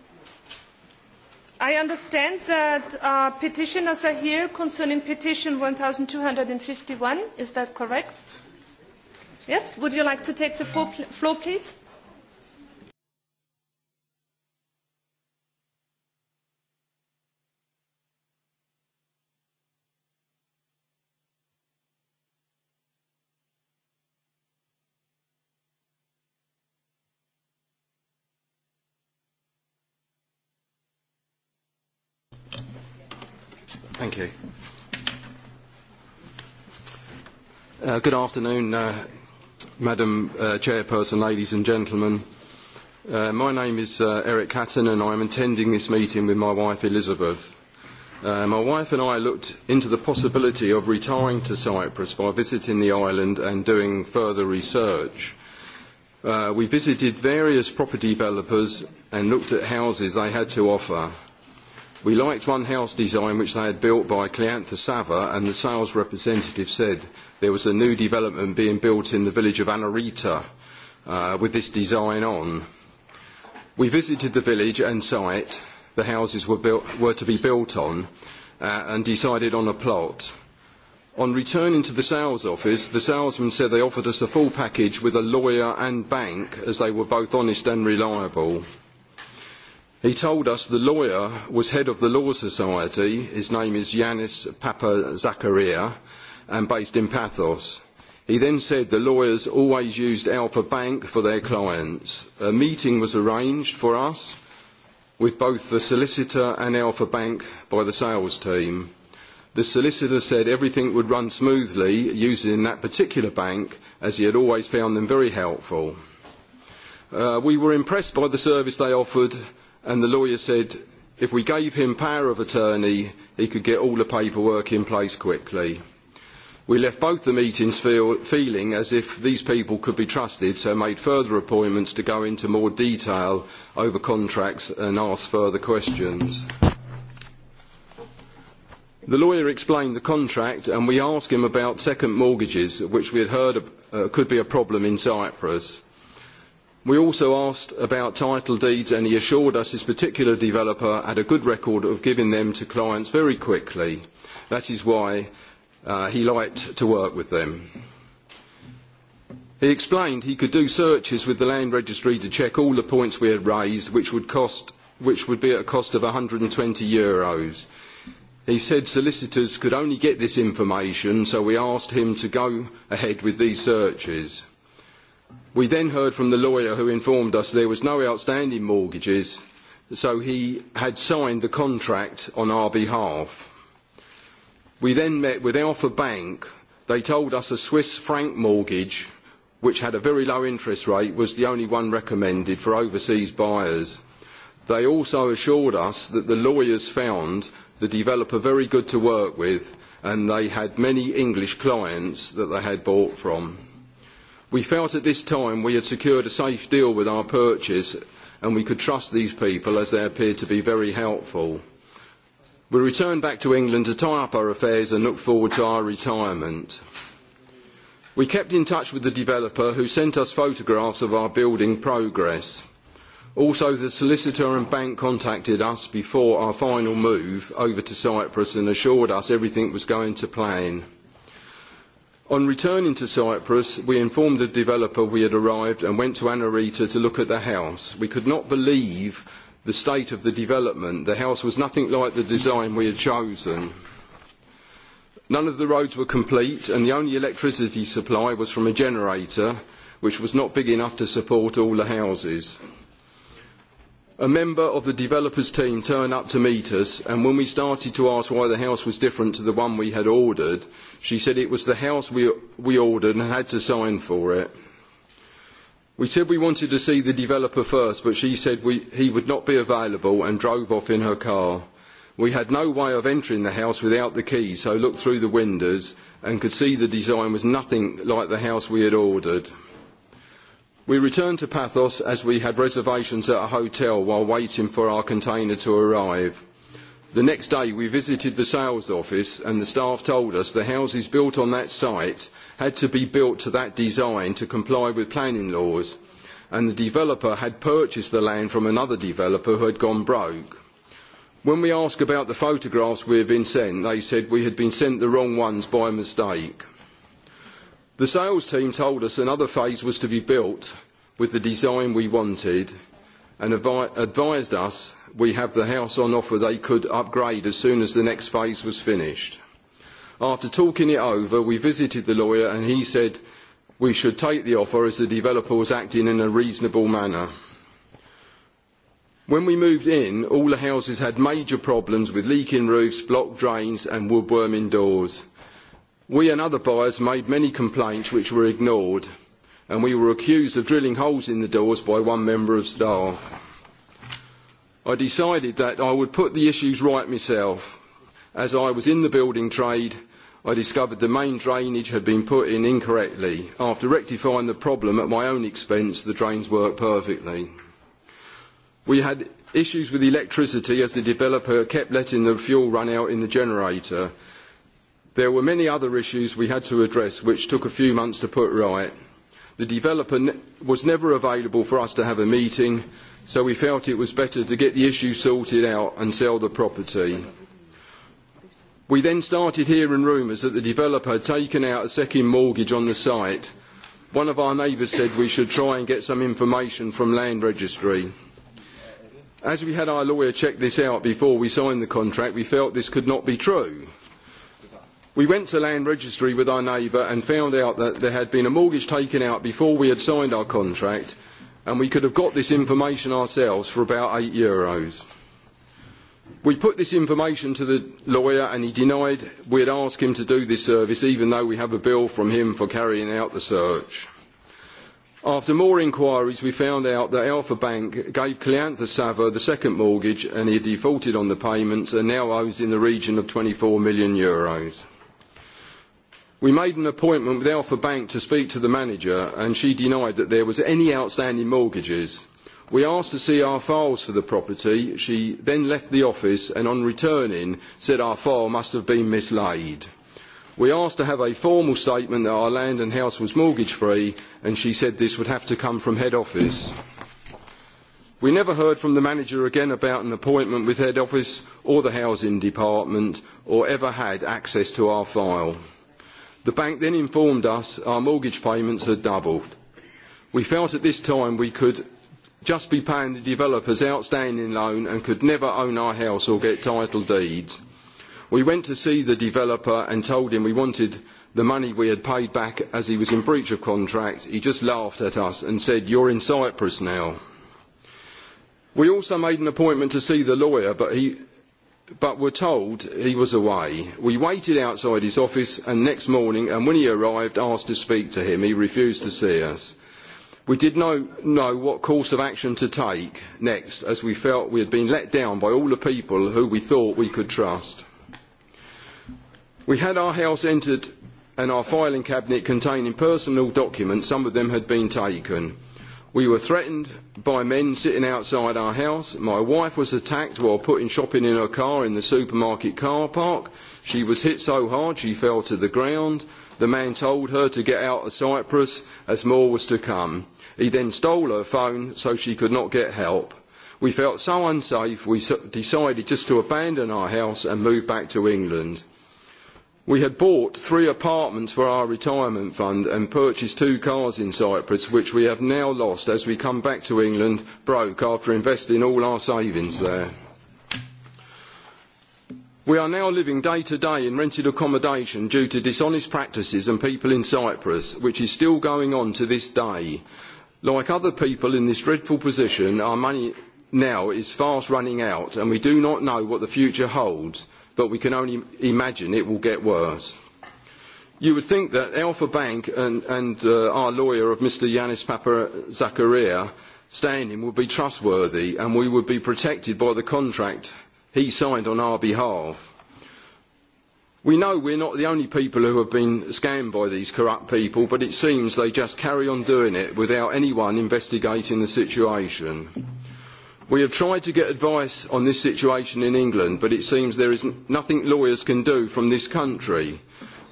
S23: I understand that uh, petitioners are here concerning petition 1251. Is that correct? Yes? Would you like to take the floor, pl floor please?
S26: Thank you. Uh, good afternoon, uh, Madam uh, Chairperson, ladies and gentlemen. Uh, my name is uh, Eric Catton and I am attending this meeting with my wife Elizabeth. Uh, my wife and I looked into the possibility of retiring to Cyprus by visiting the island and doing further research. Uh, we visited various property developers and looked at houses they had to offer. We liked one house design which they had built by Cleantha Sava, and the sales representative said there was a new development being built in the village of Anarita uh, with this design on. We visited the village and site the houses were, built, were to be built on uh, and decided on a plot. On returning to the sales office, the salesman said they offered us a full package with a lawyer and bank as they were both honest and reliable. He told us the lawyer was head of the Law Society. His name is Yanis Papazacharia and based in Pathos. He then said the lawyers always used Alpha Bank for their clients. A meeting was arranged for us with both the solicitor and Alpha Bank by the sales team. The solicitor said everything would run smoothly using that particular bank as he had always found them very helpful. Uh, we were impressed by the service they offered and the lawyer said if we gave him power of attorney, he could get all the paperwork in place quickly. We left both the meetings feel, feeling as if these people could be trusted, so made further appointments to go into more detail over contracts and ask further questions. The lawyer explained the contract, and we asked him about second mortgages, which we had heard uh, could be a problem in Cyprus. We also asked about title deeds and he assured us his particular developer had a good record of giving them to clients very quickly. That is why uh, he liked to work with them. He explained he could do searches with the land registry to check all the points we had raised, which would, cost, which would be at a cost of 120 euros. He said solicitors could only get this information, so we asked him to go ahead with these searches. We then heard from the lawyer who informed us there was no outstanding mortgages, so he had signed the contract on our behalf. We then met with Alpha Bank. They told us a Swiss franc mortgage, which had a very low interest rate, was the only one recommended for overseas buyers. They also assured us that the lawyers found the developer very good to work with and they had many English clients that they had bought from. We felt at this time we had secured a safe deal with our purchase and we could trust these people as they appeared to be very helpful. We returned back to England to tie up our affairs and look forward to our retirement. We kept in touch with the developer who sent us photographs of our building progress. Also, the solicitor and bank contacted us before our final move over to Cyprus and assured us everything was going to plan. On returning to Cyprus, we informed the developer we had arrived and went to Anarita to look at the house. We could not believe the state of the development. The house was nothing like the design we had chosen. None of the roads were complete, and the only electricity supply was from a generator, which was not big enough to support all the houses a member of the developers team turned up to meet us and when we started to ask why the house was different to the one we had ordered she said it was the house we, we ordered and had to sign for it we said we wanted to see the developer first but she said we, he would not be available and drove off in her car we had no way of entering the house without the key so looked through the windows and could see the design was nothing like the house we had ordered We returned to Pathos as we had reservations at a hotel while waiting for our container to arrive. The next day we visited the sales office and the staff told us the houses built on that site had to be built to that design to comply with planning laws and the developer had purchased the land from another developer who had gone broke. When we asked about the photographs we had been sent, they said we had been sent the wrong ones by mistake. The sales team told us another phase was to be built with the design we wanted and advi advised us we have the house on offer they could upgrade as soon as the next phase was finished. After talking it over, we visited the lawyer and he said we should take the offer as the developer was acting in a reasonable manner. When we moved in, all the houses had major problems with leaking roofs, blocked drains and woodworm indoors. doors. We and other buyers made many complaints which were ignored, and we were accused of drilling holes in the doors by one member of staff. I decided that I would put the issues right myself. As I was in the building trade, I discovered the main drainage had been put in incorrectly. After rectifying the problem at my own expense, the drains worked perfectly. We had issues with electricity as the developer kept letting the fuel run out in the generator There were many other issues we had to address which took a few months to put right. The developer ne was never available for us to have a meeting, so we felt it was better to get the issue sorted out and sell the property. We then started hearing rumours that the developer had taken out a second mortgage on the site. One of our neighbours said we should try and get some information from Land Registry. As we had our lawyer check this out before we signed the contract, we felt this could not be true We went to land registry with our neighbour and found out that there had been a mortgage taken out before we had signed our contract, and we could have got this information ourselves for about eight euros. We put this information to the lawyer and he denied we had asked him to do this service even though we have a bill from him for carrying out the search. After more inquiries, we found out that Alpha Bank gave Cleantha Sava the second mortgage and he defaulted on the payments and now owes in the region of 24 million euros. We made an appointment with Alpha Bank to speak to the manager, and she denied that there was any outstanding mortgages. We asked to see our files for the property. She then left the office and, on returning, said our file must have been mislaid. We asked to have a formal statement that our land and house was mortgage free, and she said this would have to come from head office. We never heard from the manager again about an appointment with head office or the housing department, or ever had access to our file. The bank then informed us our mortgage payments had doubled. We felt at this time we could just be paying the developer's outstanding loan and could never own our house or get title deeds. We went to see the developer and told him we wanted the money we had paid back as he was in breach of contract. He just laughed at us and said, You're in Cyprus now. We also made an appointment to see the lawyer, but he but were told he was away. We waited outside his office and next morning, and when he arrived, asked to speak to him. He refused to see us. We did not know what course of action to take next, as we felt we had been let down by all the people who we thought we could trust. We had our house entered and our filing cabinet containing personal documents, some of them had been taken. We were threatened by men sitting outside our house. My wife was attacked while putting shopping in her car in the supermarket car park. She was hit so hard she fell to the ground. The man told her to get out of Cyprus as more was to come. He then stole her phone so she could not get help. We felt so unsafe we decided just to abandon our house and move back to England. We had bought three apartments for our retirement fund and purchased two cars in Cyprus, which we have now lost as we come back to England broke after investing all our savings there. We are now living day to day in rented accommodation due to dishonest practices and people in Cyprus, which is still going on to this day. Like other people in this dreadful position, our money now is fast running out and we do not know what the future holds but we can only imagine it will get worse. You would think that Alpha Bank and, and uh, our lawyer of Mr. Yanis Papazakaria standing would be trustworthy and we would be protected by the contract he signed on our behalf. We know we're not the only people who have been scammed by these corrupt people, but it seems they just carry on doing it without anyone investigating the situation. Mm-hmm. We have tried to get advice on this situation in England, but it seems there is nothing lawyers can do from this country.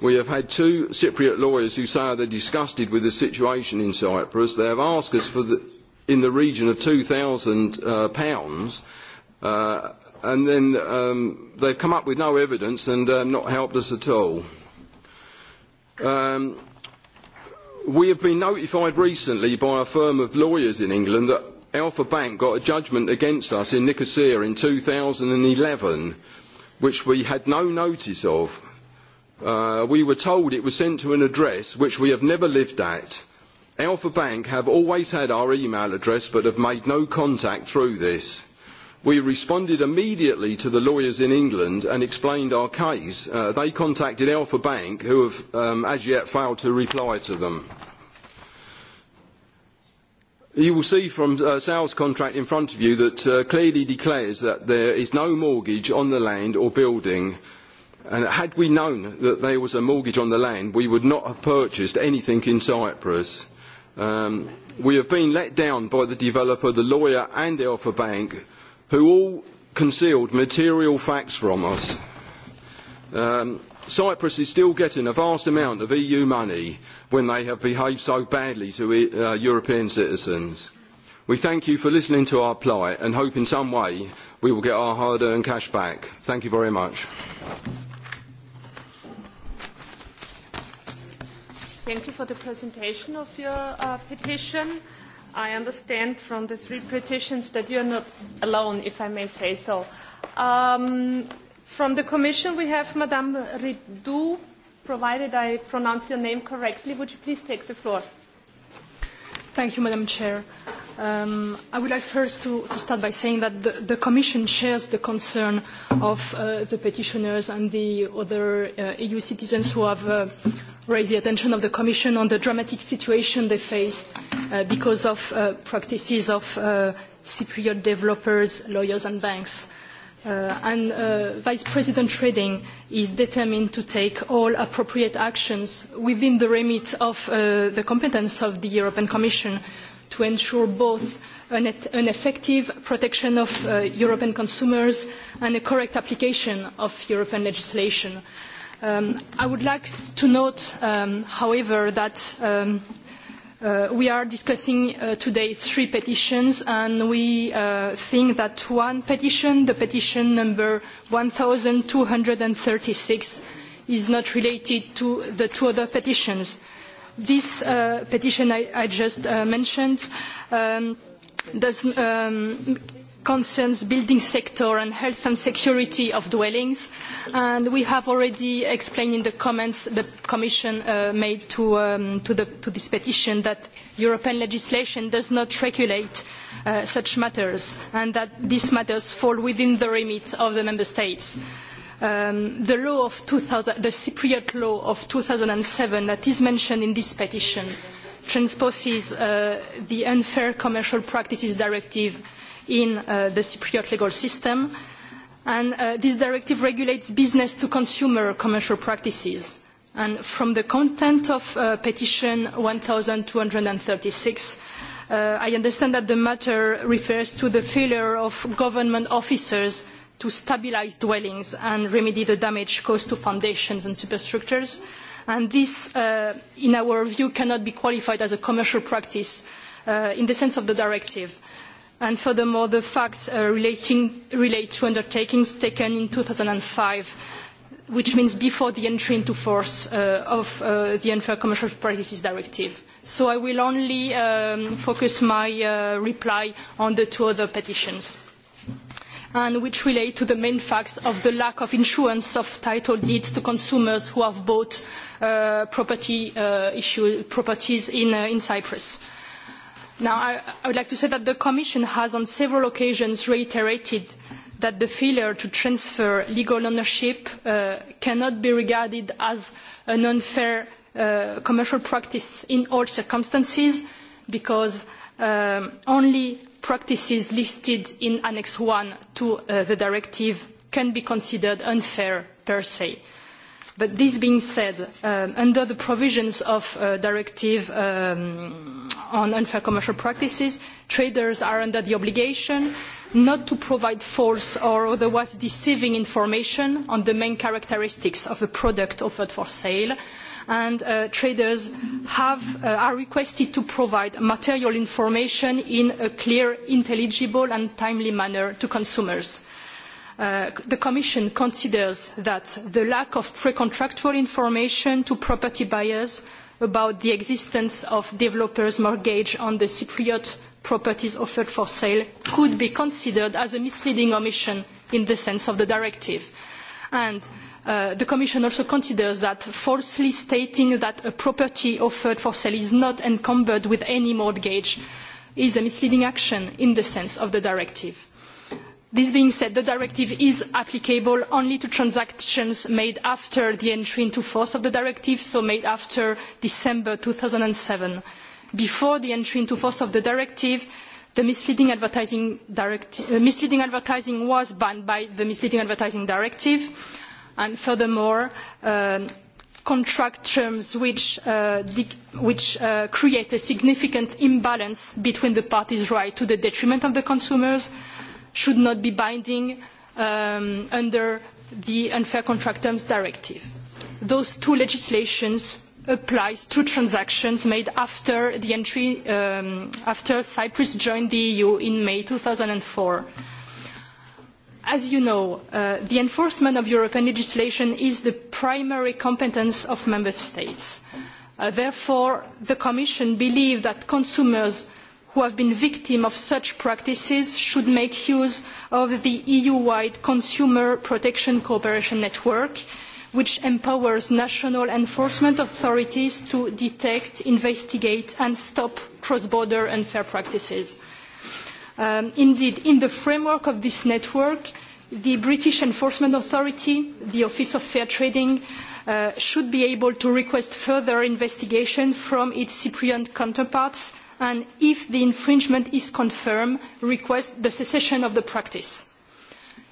S26: We have had two Cypriot lawyers who say they're disgusted with the situation in Cyprus. They have asked us for the, in the region of £2,000, uh, pounds, uh, and then um, they've come up with no evidence and um, not helped us at all. Um, we have been notified recently by a firm of lawyers in England that Alpha Bank got a judgment against us in Nicosia in 2011, which we had no notice of. Uh, we were told it was sent to an address which we have never lived at. Alpha Bank have always had our email address but have made no contact through this. We responded immediately to the lawyers in England and explained our case. Uh, they contacted Alpha Bank, who have um, as yet failed to reply to them. You will see from a uh, sales contract in front of you that uh, clearly declares that there is no mortgage on the land or building. And had we known that there was a mortgage on the land, we would not have purchased anything in Cyprus. Um, we have been let down by the developer, the lawyer and the offer bank, who all concealed material facts from us. Um, Cyprus is still getting a vast amount of EU money when they have behaved so badly to uh, European citizens. We thank you for listening to our plight and hope in some way we will get our hard-earned cash back. Thank you very much.
S23: Thank you for the presentation of your uh, petition. I understand from the three petitions that you're not alone, if I may say so. Um, From the Commission, we have Madame Ridou, provided I pronounce your name correctly. Would you please take the floor?
S27: Thank you, Madam Chair. Um, I would like first to, to start by saying that the, the Commission shares the concern of uh, the petitioners and the other uh, EU citizens who have uh, raised the attention of the Commission on the dramatic situation they faced uh, because of uh, practices of uh, Cypriot developers, lawyers and banks. Uh, and uh, Vice President Reding is determined to take all appropriate actions within the remit of uh, the competence of the European Commission to ensure both an, e, an effective protection of uh, European consumers and a correct application of European legislation. Um, I would like to note, um, however, that um, uh, Uh, we are discussing uh, today three petitions, and we uh, think that one petition, the petition number 1236, is not related to the two other petitions. This uh, petition I, I just uh, mentioned um, does, um, concerns building sector and health and security of dwellings. And we have already explained in the comments the Commission uh, made to, um, to, the, to this petition that European legislation does not regulate uh, such matters and that these matters fall within the remit of the Member States. Um, the, law of 2000, the Cypriot law of 2007 that is mentioned in this petition transposes uh, the Unfair Commercial Practices Directive in uh, the Cypriot legal system. And uh, this directive regulates business-to-consumer commercial practices. And from the content of uh, petition 1236, uh, I understand that the matter refers to the failure of government officers to stabilize dwellings and remedy the damage caused to foundations and superstructures. And this, uh, in our view, cannot be qualified as a commercial practice uh, in the sense of the directive. Uh, And furthermore, the facts uh, relating, relate to undertakings taken in 2005, which means before the entry into force uh, of uh, the Unfair Commercial Practices Directive. So I will only um, focus my uh, reply on the two other petitions and which relate to the main facts of the lack of insurance of title deeds to consumers who have bought uh, property, uh, issue, properties in, uh, in Cyprus. Uh, Now, I, I would like to say that the Commission has on several occasions reiterated that the failure to transfer legal ownership uh, cannot be regarded as an unfair uh, commercial practice in all circumstances because um, only practices listed in Annex 1 to uh, the directive can be considered unfair per se. Uh, But this being said, um, under the provisions of uh, Directive um, on Unfair Commercial Practices, traders are under the obligation not to provide false or otherwise deceiving information on the main characteristics of a product offered for sale, and uh, traders have, uh, are requested to provide material information in a clear, intelligible and timely manner to consumers. Uh, Uh, the Commission considers that the lack of pre-contractual information to property buyers about the existence of developers' mortgage on the Cypriot properties offered for sale could be considered as a misleading omission in the sense of the directive. And uh, the Commission also considers that falsely stating that a property offered for sale is not encumbered with any mortgage is a misleading action in the sense of the directive. This being said, the directive is applicable only to transactions made after the entry into force of the directive, so made after December 2007. Before the entry into force of the directive, the misleading advertising, direct, uh, misleading advertising was banned by the misleading advertising directive. And furthermore, uh, contract terms which, uh, which uh, create a significant imbalance between the parties' right to the detriment of the consumers should not be binding um, under the Unfair Contract Terms Directive. Those two legislations applies to transactions made after the entry um, after Cyprus joined the EU in May 2004. As you know, uh, the enforcement of European legislation is the primary competence of member states. Uh, therefore, the Commission believed that consumers who have been victims of such practices should make use of the EU-wide Consumer Protection Cooperation Network, which empowers national enforcement authorities to detect, investigate and stop cross-border unfair practices. Um, indeed, in the framework of this network, the British Enforcement Authority, the Office of Fair Trading, uh, should be able to request further investigation from its Cypriot counterparts and if the infringement is confirmed, request the cessation of the practice.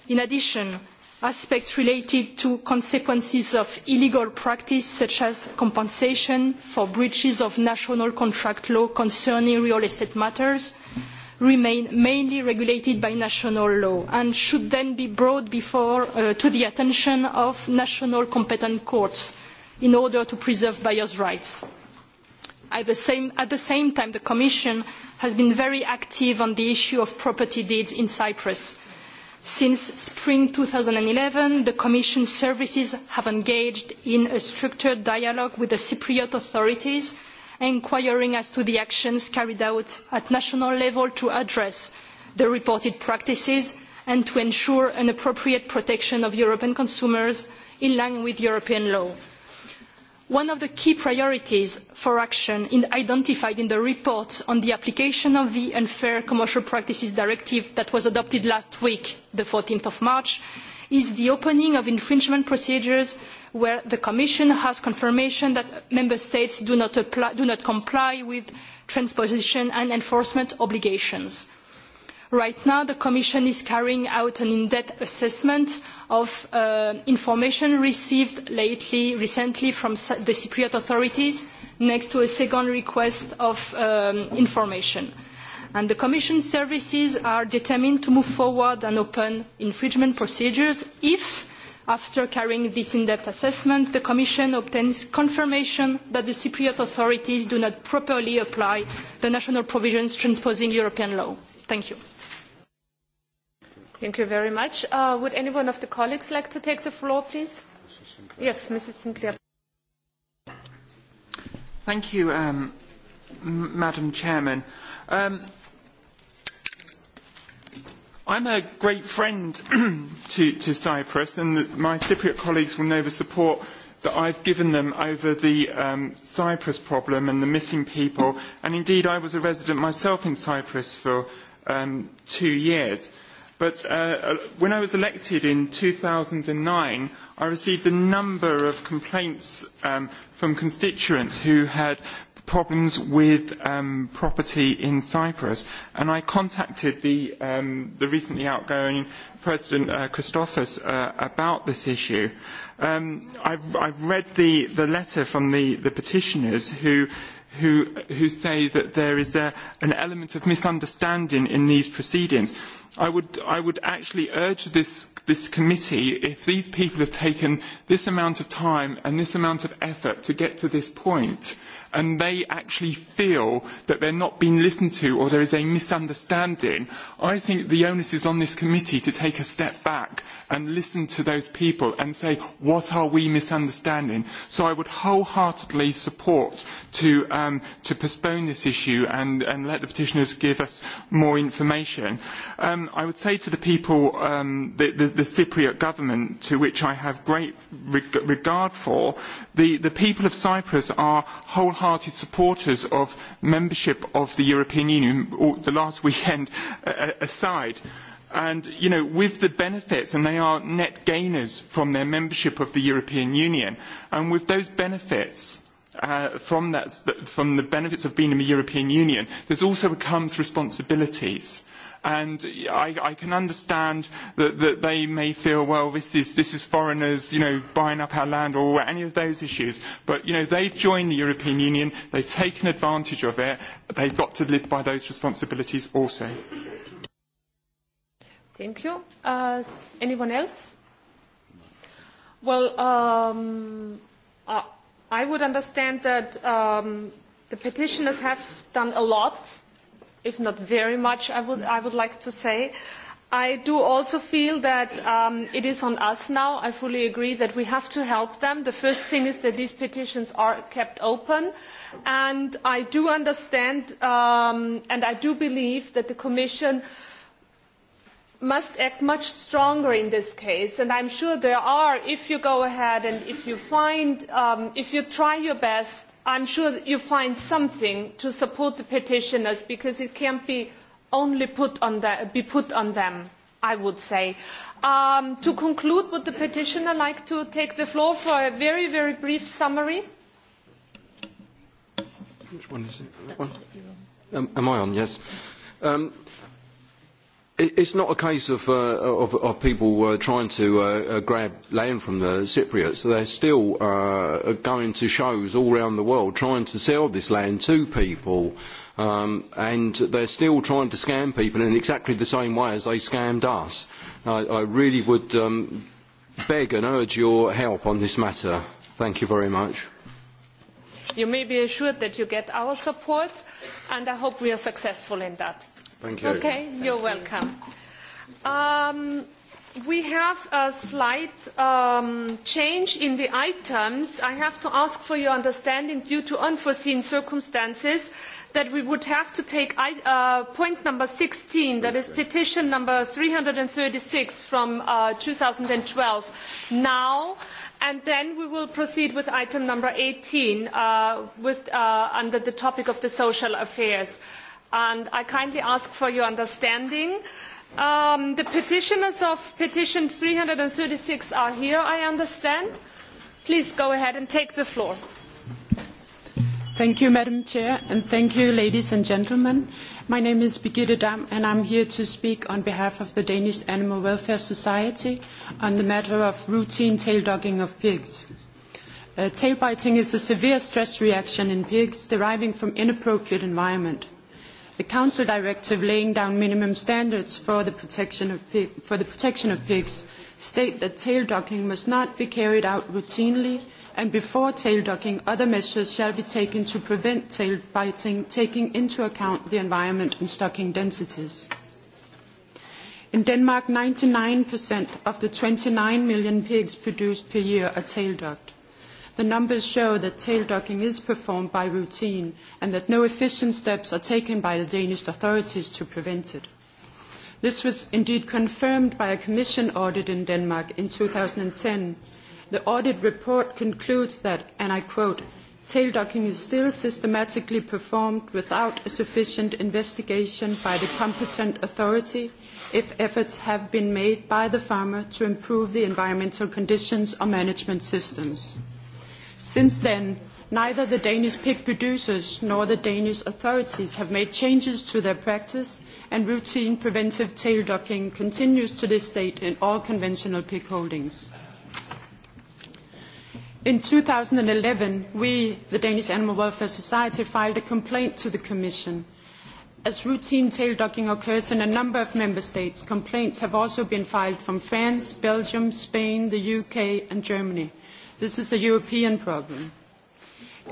S27: In addition, aspects related to consequences of illegal practice such as compensation for breaches of national contract law concerning real estate matters remain mainly regulated by national law and should then be brought before, uh, to the attention of national competent courts in order to preserve buyers' rights. At the, same, at the same time, the Commission has been very active on the issue of property deeds in Cyprus. Since spring 2011, the Commission services have engaged in a structured dialogue with the Cypriot authorities, inquiring as to the actions carried out at national level to address the reported practices and to ensure an appropriate protection of European consumers in line with European law. One of the key priorities for action in, identified in the report on the application of the Unfair Commercial Practices Directive that was adopted last week, the 14th of March, is the opening of infringement procedures where the Commission has confirmation that Member States do not, apply, do not comply with transposition and enforcement obligations. Right now, the Commission is carrying out an in-depth assessment of uh, information received lately, recently from the Cypriot authorities, next to a second request of um, information. And the Commission services are determined to move forward and open infringement procedures if, after carrying this in-depth assessment, the Commission obtains confirmation that the Cypriot authorities do not properly apply the national provisions transposing European law. Thank you.
S23: Thank you very much. Uh, would anyone of the colleagues like to take the floor, please? Mrs. Sinclair. Yes, Mrs. Sinclair.
S14: Thank you, um, Madam Chairman. Um, I'm a great friend (clears throat) to, to Cyprus, and my Cypriot colleagues will know the support that I've given them over the um, Cyprus problem and the missing people. And indeed, I was a resident myself in Cyprus for um, two years. But uh, uh, when I was elected in 2009, I received a number of complaints um, from constituents who had problems with um, property in Cyprus. And I contacted the, um, the recently outgoing President uh, Christophas uh, about this issue. Um, I've, I've read the, the letter from the, the petitioners who who, who say that there is a, an element of misunderstanding in these proceedings I would, I would actually urge this, this committee, if these people have taken this amount of time and this amount of effort to get to this point, and they actually feel that they're not being listened to or there is a misunderstanding, I think the onus is on this committee to take a step back and listen to those people and say, what are we misunderstanding? So I would wholeheartedly support to, um, to postpone this issue and, and let the petitioners give us more information. Um, I would say to the people, um, the, the, the Cypriot government, to which I have great reg regard for, the, the people of Cyprus are wholeheartedly wholehearted supporters of membership of the European Union, or the last weekend uh, (laughs) aside. And, you know, with the benefits, and they are net gainers from their membership of the European Union, and with those benefits, uh, from, that, from the benefits of being in the European Union, there's also comes responsibilities. Uh, and I, I can understand that, that they may feel, well, this is, this is foreigners, you know, buying up our land or any of those issues. But, you know, they've joined the European Union, they've taken advantage of it, they've got to live by those responsibilities also.
S23: Thank you. Uh, anyone else? Well, um, uh, I would understand that um, the petitioners have done a lot if not very much, I would, I would like to say. I do also feel that um, it is on us now. I fully agree that we have to help them. The first thing is that these petitions are kept open. And I do understand um, and I do believe that the Commission must act much stronger in this case. And I'm sure there are, if you go ahead and if you find, um, if you try your best, I'm sure you find something to support the petitioners because it can't be only put on the, be put on them, I would say. Um, to conclude, would the petitioner like to take the floor for a very, very brief summary?
S26: Which one is it? That's one? It, um, am I on? Yes. Um, It's not a case of, uh, of, of people uh, trying to uh, uh, grab land from the Cypriots. They're still uh, going to shows all around the world trying to sell this land to people. Um, and they're still trying to scam people in exactly the same way as they scammed us. I, I really would um, beg and urge your help on this matter. Thank you very much.
S23: You may be assured that you get our support, and I hope we are successful in that.
S26: Thank you. Okay,
S23: you're welcome. Um, we have a slight um, change in the items. I have to ask for your understanding due to unforeseen circumstances that we would have to take uh, point number 16, that is petition number 336 from uh, 2012, now, and then we will proceed with item number 18 uh, with, uh, under the topic of the social affairs. Uh, and I kindly ask for your understanding. Um, the petitioners of petition 336 are here, I understand. Please go ahead and take the floor.
S28: Thank you, Madam Chair, and thank you, ladies and gentlemen. My name is Birgitte Dam, and I'm here to speak on behalf of the Danish Animal Welfare Society on the matter of routine tail dogging of pigs. Uh, tail biting is a severe stress reaction in pigs deriving from inappropriate environment the Council Directive laying down minimum standards for the protection of, pig, for the protection of pigs state that tail docking must not be carried out routinely and before tail docking other measures shall be taken to prevent tail biting taking into account the environment and stocking densities. In Denmark, 99% of the 29 million pigs produced per year are tail docked. The numbers show that tail docking is performed by routine and that no efficient steps are taken by the Danish authorities to prevent it. This was indeed confirmed by a commission audit in Denmark in 2010. The audit report concludes that, and I quote, tail docking is still systematically performed without a sufficient investigation by the competent authority if efforts have been made by the farmer to improve the environmental conditions or management systems. Mm-hmm. Since then, neither the Danish pig producers nor the Danish authorities have made changes to their practice, and routine preventive tail docking continues to this date in all conventional pig holdings. In 2011, we, the Danish Animal Welfare Society, filed a complaint to the Commission. As routine tail docking occurs in a number of member states, complaints have also been filed from France, Belgium, Spain, the UK and Germany – This is a European problem.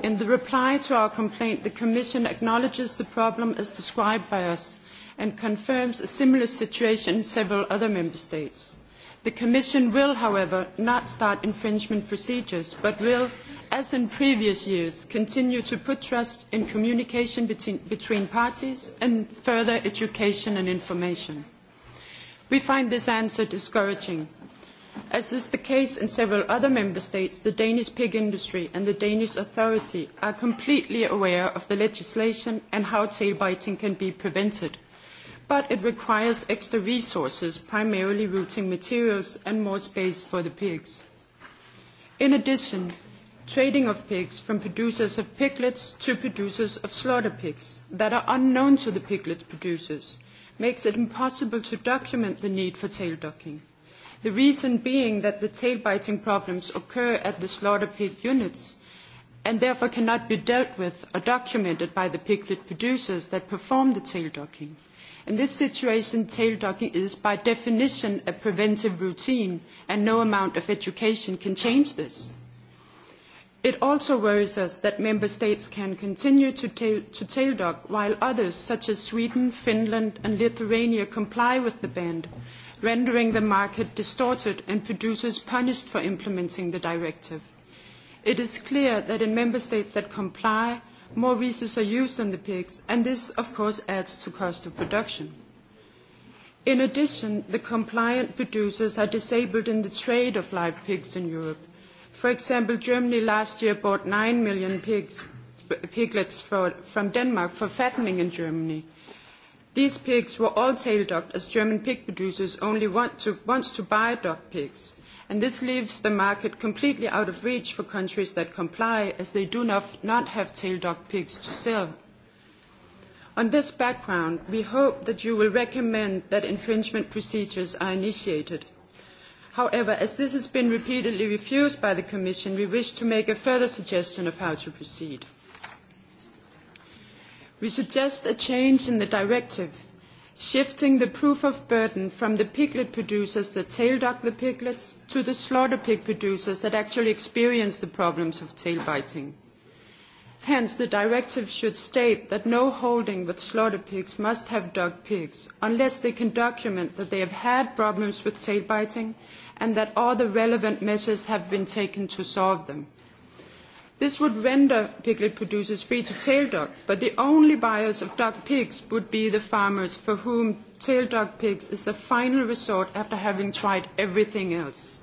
S28: In the reply to our complaint, the Commission acknowledges the problem as described by us and confirms a similar situation in several other Member States. The Commission will, however, not start infringement procedures, but will, as in previous years, continue to put trust in communication between, between parties and further education and information. We find this answer discouraging. As is the case in several other member states, the Danish pig industry and the Danish authority are completely aware of the legislation and how tail biting can be prevented. But it requires extra resources, primarily routing materials and more space for the pigs. In addition, trading of pigs from producers of piglets to producers of slaughter pigs that are unknown to the piglet producers makes it impossible to document the need for tail ducking. The reason being that the tail biting problems occur at the slaughter pig units and therefore cannot be dealt with or documented by the piglet producers that perform the tail docking. In this situation, tail docking is by definition a preventive routine, and no amount of education can change this. It also worries us that member states can continue to, ta- to tail dog while others, such as Sweden, Finland, and Lithuania, comply with the ban. Mm-hmm rendering the market distorted and producers punished for implementing the directive. It is clear that in member states that comply, more resources are used on the pigs, and this, of course, adds to cost of production. In addition, the compliant producers are disabled in the trade of live pigs in Europe. For example, Germany last year bought 9 million pigs, piglets for, from Denmark for fattening in Germany. These pigs were all tail docked as German pig producers only want to, wants to buy docked pigs, and this leaves the market completely out of reach for countries that comply as they do not, not have tail docked pigs to sell. On this background, we hope that you will recommend that infringement procedures are initiated. However, as this has been repeatedly refused by the Commission, we wish to make a further suggestion of how to proceed we suggest a change in the directive, shifting the proof of burden from the piglet producers that tail dock the piglets to the slaughter pig producers that actually experience the problems of tail biting. Hence, the directive should state that no holding with slaughter pigs must have dog pigs unless they can document that they have had problems with tail biting and that all the relevant measures have been taken to solve them. This would render piglet producers free to tail dog, but the only buyers of dog pigs would be the farmers for whom tail dog pigs is a final resort after having tried everything else.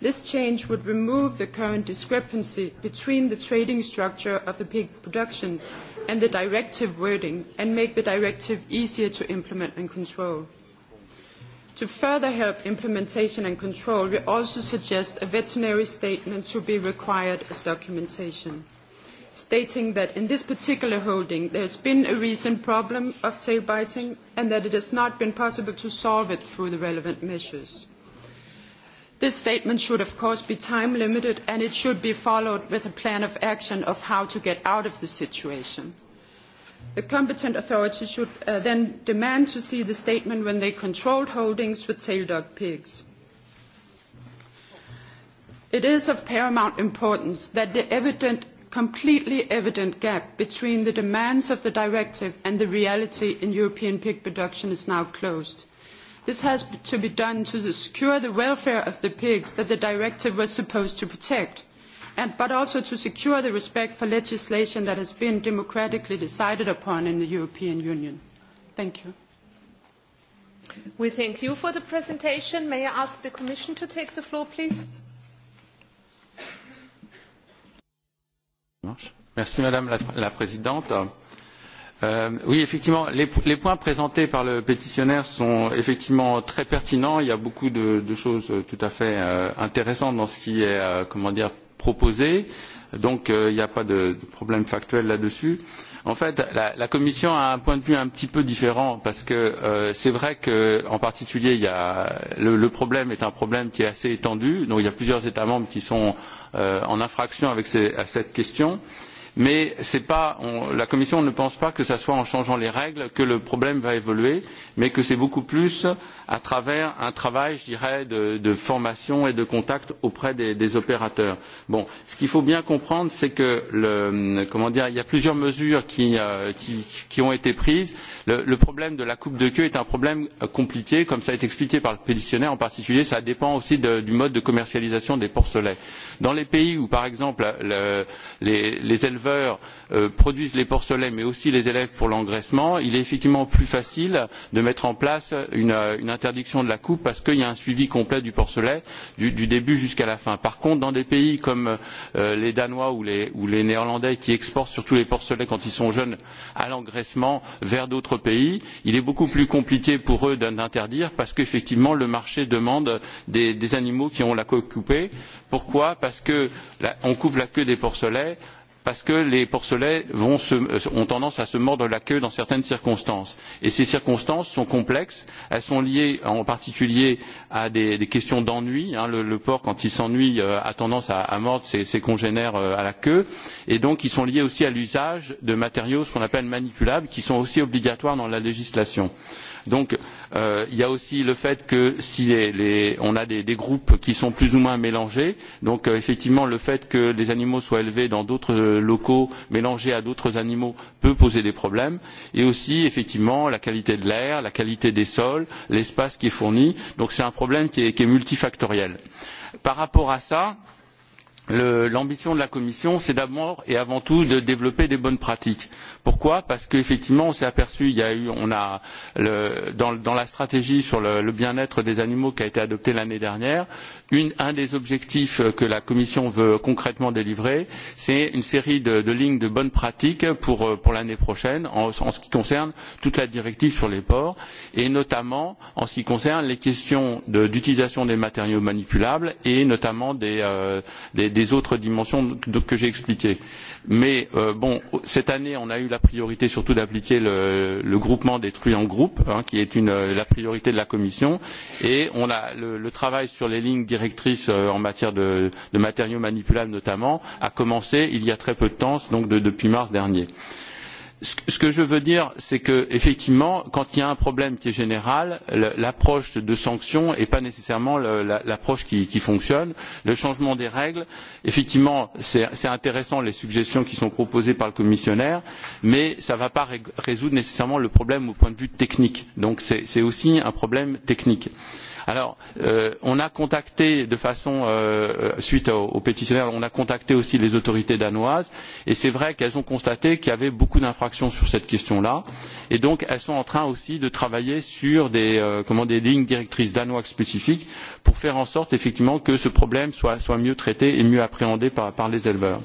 S28: This change would remove the current discrepancy between the trading structure of the pig production and the directive wording and make the directive easier to implement and control. To further help implementation and control, we also suggest a veterinary statement to be required as documentation, stating that in this particular holding there has been a recent problem of tail biting and that it has not been possible to solve it through the relevant measures. This statement should of course be time limited and it should be followed with a plan of action of how to get out of the situation. The competent authority should uh, then demand to see the statement when they controlled holdings with tail dog pigs. It is of paramount importance that the evident, completely evident gap between the demands of the directive and the reality in European pig production is now closed. This has to be done to secure the welfare of the pigs that the directive was supposed to protect and, but also to secure the respect for legislation that has been democratically decided upon in the European Union. Thank you.
S23: We thank you for the presentation. May I ask the Commission to take the floor, please?
S29: Merci Madame la, la Présidente. Euh, oui, effectivement, les, les points présentés par le pétitionnaire sont effectivement très pertinents. Il y a beaucoup de, de choses tout à fait euh, intéressantes dans ce qui est, euh, comment dire, proposé. Donc euh, il euh, n'y a pas de, de problème factuel là-dessus. En fait, la, la Commission a un point de vue un petit peu différent parce que euh, c'est vrai qu'en particulier, y a, le, le problème est un problème qui est assez étendu. Donc il y a plusieurs États membres qui sont euh, en infraction avec ces, à cette question. Mais pas, on, la Commission ne pense pas que ce soit en changeant les règles que le problème va évoluer, mais que c'est beaucoup plus à travers un travail, je dirais, de, de formation et de contact auprès des, des opérateurs. Bon, ce qu'il faut bien comprendre, c'est que le, comment dire, il y a plusieurs mesures qui, euh, qui, qui ont été prises. Le, le problème de la coupe de queue est un problème euh, compliqué, comme ça a été expliqué par le pétitionnaire en particulier. Ça dépend aussi de, du mode de commercialisation des porcelets. Dans les pays où, par exemple, le, les, les éleveurs euh, produisent les porcelets, mais aussi les élèves pour l'engraissement, il est effectivement plus facile de mettre en place une, une l'interdiction de la coupe parce qu'il y a un suivi complet du porcelet du, du début jusqu'à la fin. Par contre, dans des pays comme euh, les Danois ou les, ou les Néerlandais qui exportent surtout les porcelets quand ils sont jeunes à l'engraissement vers d'autres pays, il est beaucoup plus compliqué pour eux d'interdire parce qu'effectivement le marché demande des, des animaux qui ont la queue coupée. Pourquoi Parce que là, on coupe la queue des porcelets parce que les porcelets vont se, euh, ont tendance à se mordre la queue dans certaines circonstances. Et ces circonstances sont complexes. Elles sont liées en particulier à des, des questions d'ennui. Hein. Le, le porc, quand il s'ennuie, euh, a tendance à, à mordre ses, ses congénères euh, à la queue. Et donc, ils sont liés aussi à l'usage de matériaux, ce qu'on appelle manipulables, qui sont aussi obligatoires dans la législation. Euh, Donc euh, il y a aussi le fait que si les, les, on a des, des groupes qui sont plus ou moins mélangés, donc euh, effectivement le fait que les animaux soient élevés dans d'autres euh, locaux mélangés à d'autres animaux peut poser des problèmes, et aussi effectivement la qualité de l'air, la qualité des sols, l'espace qui est fourni. Donc c'est un problème qui est, qui est multifactoriel. Par rapport à ça, euh, l'ambition de la commission c'est d'abord et avant tout de développer des bonnes pratiques. pourquoi? parce qu'effectivement on s'est aperçu il y a eu on a le, dans, dans la stratégie sur le, le bien être des animaux qui a été adoptée l'année dernière une, un des objectifs que la commission veut concrètement délivrer c'est une série de, de lignes de bonnes pratiques pour, pour l'année prochaine en, en ce qui concerne toute la directive sur les porcs et notamment en ce qui concerne les questions d'utilisation de, des matériaux manipulables et notamment des, euh, des des autres dimensions de, que j'ai expliquées. Mais euh, bon, cette année, on a eu la priorité surtout d'appliquer le, le groupement détruit en groupe, hein, qui est une, euh, la priorité de la Commission, et on a le, le travail sur les lignes directrices euh, en matière de, de matériaux manipulables notamment a commencé il y a très peu de temps, donc de, depuis mars dernier. Euh, ce que je veux dire, c'est que effectivement, quand il y a un problème qui est général, l'approche de sanction n'est pas nécessairement l'approche qui, qui fonctionne. Le changement des règles, effectivement, c'est intéressant les suggestions qui sont proposées par le commissionnaire, mais ça ne va pas résoudre nécessairement le problème au point de vue technique. Donc c'est aussi un problème technique. Euh, Alors, euh, on a contacté de façon euh, suite au, au pétitionnaire, on a contacté aussi les autorités danoises, et c'est vrai qu'elles ont constaté qu'il y avait beaucoup d'infractions sur cette question-là, et donc elles sont en train aussi de travailler sur des, euh, comment, des lignes directrices danoises spécifiques pour faire en sorte effectivement que ce problème soit, soit mieux traité et mieux appréhendé par, par les éleveurs.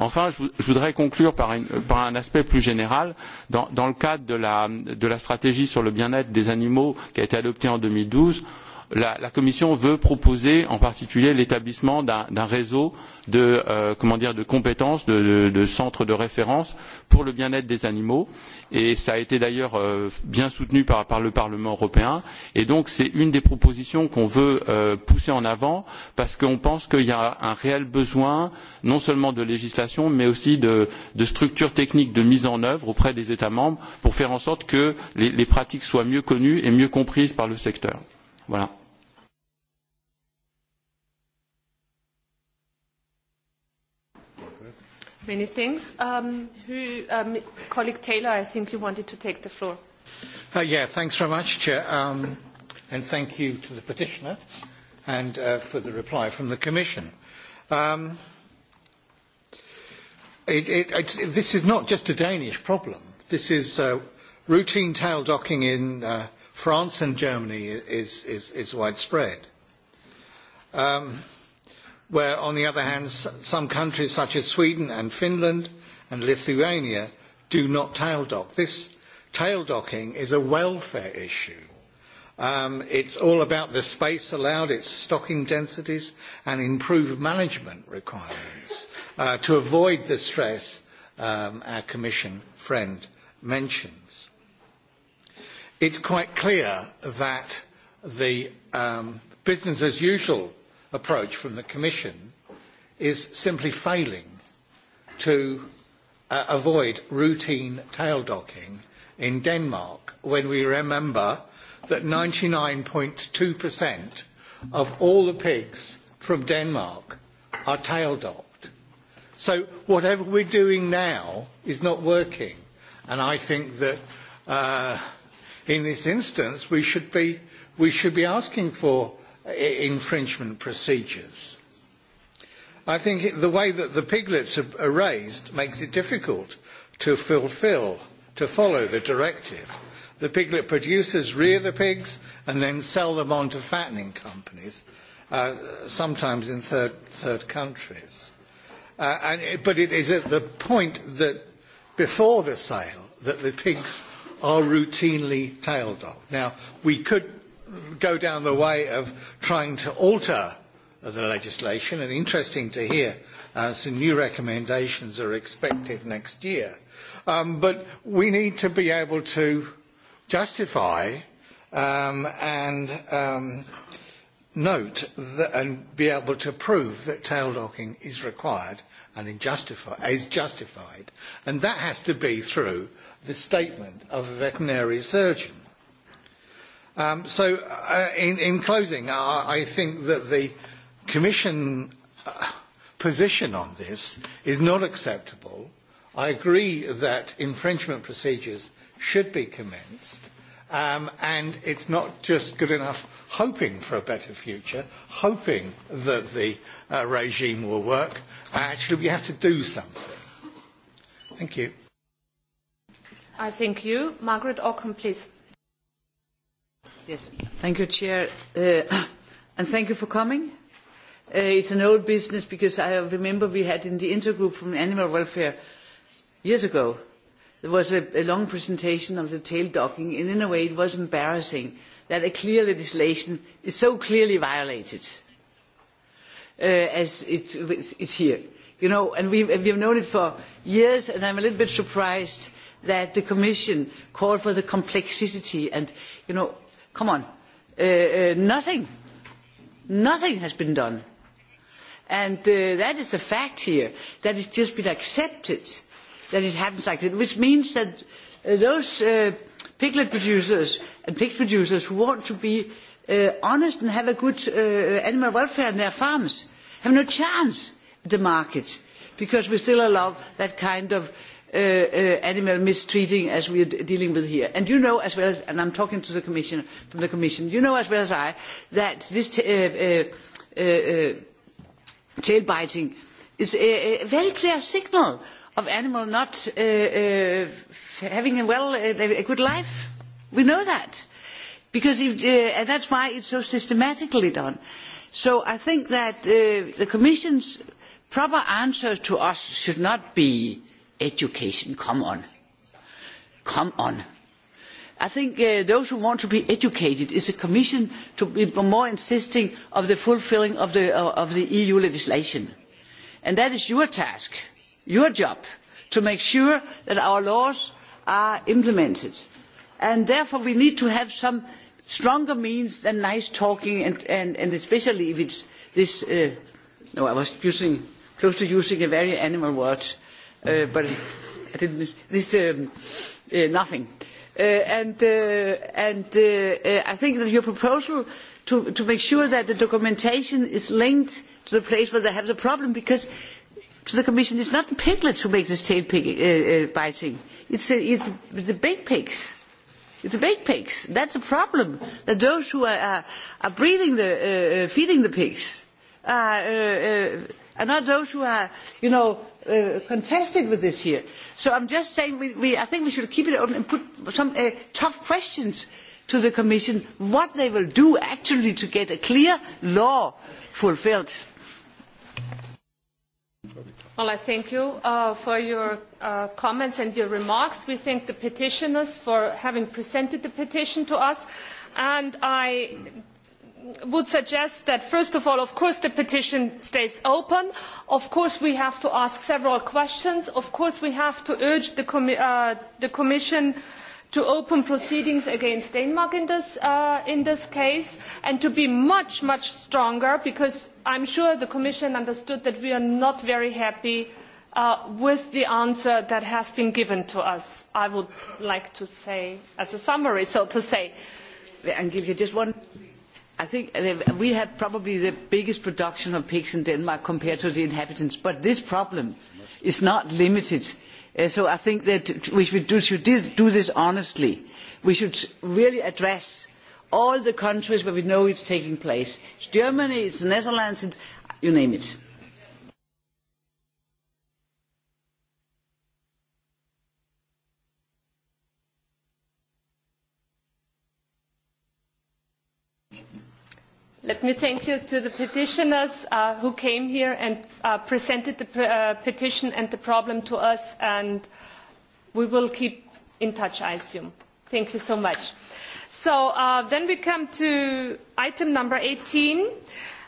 S29: Enfin, je, je voudrais conclure par, une, par un aspect plus général. Dans, dans le cadre de la, de la stratégie sur le bien-être des animaux qui a été adoptée en 2012, la, la Commission veut proposer en particulier l'établissement d'un réseau de, euh, comment dire, de compétences, de, de, de centres de référence pour le bien-être des animaux. Et ça a été d'ailleurs euh, bien soutenu par, par le Parlement européen. Et donc c'est une des propositions qu'on veut euh, pousser en avant parce qu'on pense qu'il y a un réel besoin non seulement de législation mais aussi de, de structures techniques de mise en œuvre auprès des États membres pour faire en sorte que les, les pratiques soient mieux connues et mieux comprises par le secteur. Voilà.
S23: Many thanks. Um, who, um, colleague Taylor, I think you wanted to take the floor.
S25: Uh, yeah, thanks very much, Chair. Um, and thank you to the petitioner and uh, for the reply from the Commission. Um, it, it, it's, this is not just a Danish problem. This is uh, routine tail docking in uh, France and Germany is, is, is widespread. Um, where, on the other hand, some countries such as Sweden and Finland and Lithuania do not tail dock. This tail docking is a welfare issue. Um, it's all about the space allowed, its stocking densities, and improved management requirements uh, to avoid the stress um, our Commission friend mentioned it's quite clear that the um, business as usual approach from the Commission is simply failing to uh, avoid routine tail docking in Denmark when we remember that 99.2% of all the pigs from Denmark are tail docked. So whatever we're doing now is not working. And I think that uh, in this instance, we should be, we should be asking for uh, infringement procedures. I think the way that the piglets are raised makes it difficult to fulfill, to follow the directive. The piglet producers rear the pigs and then sell them on to fattening companies, uh, sometimes in third, third countries. Uh, and it, but it is at the point that before the sale that the pigs are routinely tailed off. Now, we could go down the way of trying to alter the legislation, and interesting to hear uh, some new recommendations are expected next year. Um, but we need to be able to justify um, and um, note that, and be able to prove that tail docking is required and in justify, is justified. And that has to be through the statement of a veterinary surgeon. Um, so, uh, in, in closing, uh, I think that the Commission uh, position on this is not acceptable. I agree that infringement procedures should be commenced, um, and it's not just good enough hoping for a better future, hoping that the uh, regime will work. Actually, we have to do something. Thank you.
S23: I thank you. Margaret Auken, please. Yes,
S30: thank you, Chair. Uh, (coughs) and thank you for coming. Uh, it's an old business because I remember we had in the intergroup from animal welfare years ago, there was a, a long presentation of the tail docking, and in a way it was embarrassing that a clear legislation is so clearly violated uh, as it, it's here. You know, and we've, we've known it for years, and I'm a little bit surprised uh, that the Commission called for the complexity and, you know, come on, uh, uh, nothing, nothing has been done. And uh, that is a fact here, that it's just been accepted that it happens like that, which means that uh, those uh, piglet producers and pig producers who want to be uh, honest and have a good uh, animal welfare in their farms have no chance at the market because we still allow that kind of uh, uh, animal mistreating as we are d- dealing with here. And you know as well, as, and I'm talking to the Commission, from the Commission, you know as well as I, that this t- uh, uh, uh, uh, tail biting is a, a very clear signal of animal not uh, uh, having a, well, uh, a, a good life. We know that. Because if, uh, and that's why it's so systematically done. So I think that uh, the Commission's proper answer to us should not be education. Come on. Come on. I think uh, those who want to be educated is a commission to be more insisting of the fulfilling of the, uh, of the EU legislation. And that is your task, your job, to make sure that our laws are implemented. And therefore we need to have some stronger means than nice talking and, and, and especially if it's this, uh, no, I was using, close to using a very animal word, uh, uh, but I didn't, this um, uh, nothing. Uh, and uh, and uh, uh, I think that your proposal to, to make sure that the documentation is linked to the place where they have the problem, because to the Commission it's not the piglets who make this tail pig, uh, uh, biting. It's, uh, it's the big pigs. It's the big pigs. That's a problem. That those who are, are, are breeding the, uh, uh feeding the pigs
S9: are, uh, uh,
S30: are not those who are, you know, uh, contested with this here. So I'm just saying, we, we, I think we should keep it open and put some uh, tough questions to the Commission, what they will do actually to get a clear law fulfilled.
S23: Well, I thank you uh, for your uh, comments and your remarks. We thank the petitioners for having presented the petition to us. And I would suggest that first of all of course the petition stays open of course we have to ask several questions of course we have to urge the, com uh, the commission to open proceedings against denmark in this, uh, in this case and to be much much stronger because i am sure the commission understood that we are not very happy uh, with the answer that has been given to us i would like to say as a summary so to say. angelica just one
S30: I think uh, we have probably the biggest production of pigs in Denmark compared to the inhabitants, but this problem is not limited. Uh, so I think that we should do, should do this honestly. We should really address all the countries where we know it's taking place. It's Germany, it's the Netherlands, it's, you name it.
S23: Let me thank you to the petitioners uh, who came here and uh, presented the pre uh, petition and the problem to us, and we will keep in touch, I assume. Thank you so much. So uh, then we come to item number 18.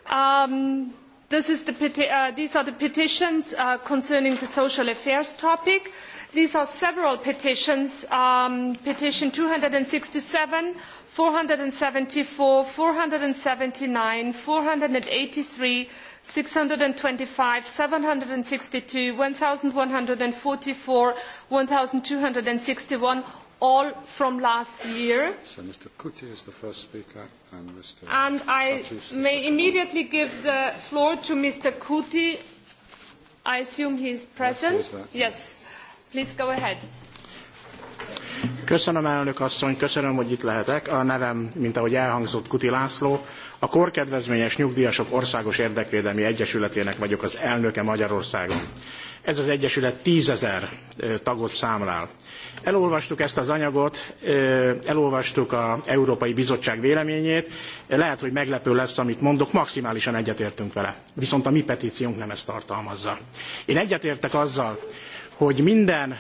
S23: Um, this is the peti uh, these are the petitions uh, concerning the social affairs topic. These are several petitions, um, petition 267, 474, 479, 483, 625, 762, 1144, 1261, all from last year.
S25: So Mr. Kuti is the first speaker and Mr.
S23: And I Batus may immediately give the floor to Mr. Kuti. I assume he is present. Yes,
S26: that, yes. yes.
S23: please go ahead.
S31: Köszönöm, elnök asszony, köszönöm, hogy itt lehetek. A nevem, mint ahogy elhangzott, Kuti László. A Korkedvezményes Nyugdíjasok Országos Érdekvédelmi Egyesületének vagyok az elnöke Magyarországon. Ez az egyesület tízezer tagot számlál. Elolvastuk ezt az anyagot, elolvastuk az Európai Bizottság véleményét. Lehet, hogy meglepő lesz, amit mondok, maximálisan egyetértünk vele. Viszont a mi petíciónk nem ezt tartalmazza. Én egyetértek azzal, hogy minden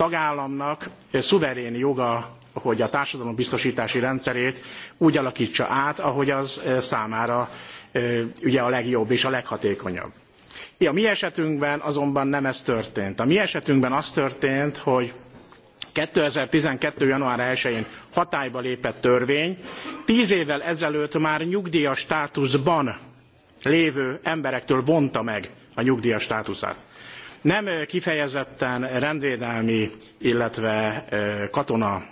S31: tagállamnak szuverén joga, hogy a társadalombiztosítási rendszerét úgy alakítsa át, ahogy az eh, számára eh, ugye a legjobb és a leghatékonyabb. A mi esetünkben azonban nem ez történt. A mi esetünkben az történt, hogy 2012. január 1-én hatályba lépett törvény, tíz évvel ezelőtt már nyugdíjas státuszban lévő emberektől vonta meg a nyugdíjas státuszát. Nem kifejezetten rendvédelmi, illetve katona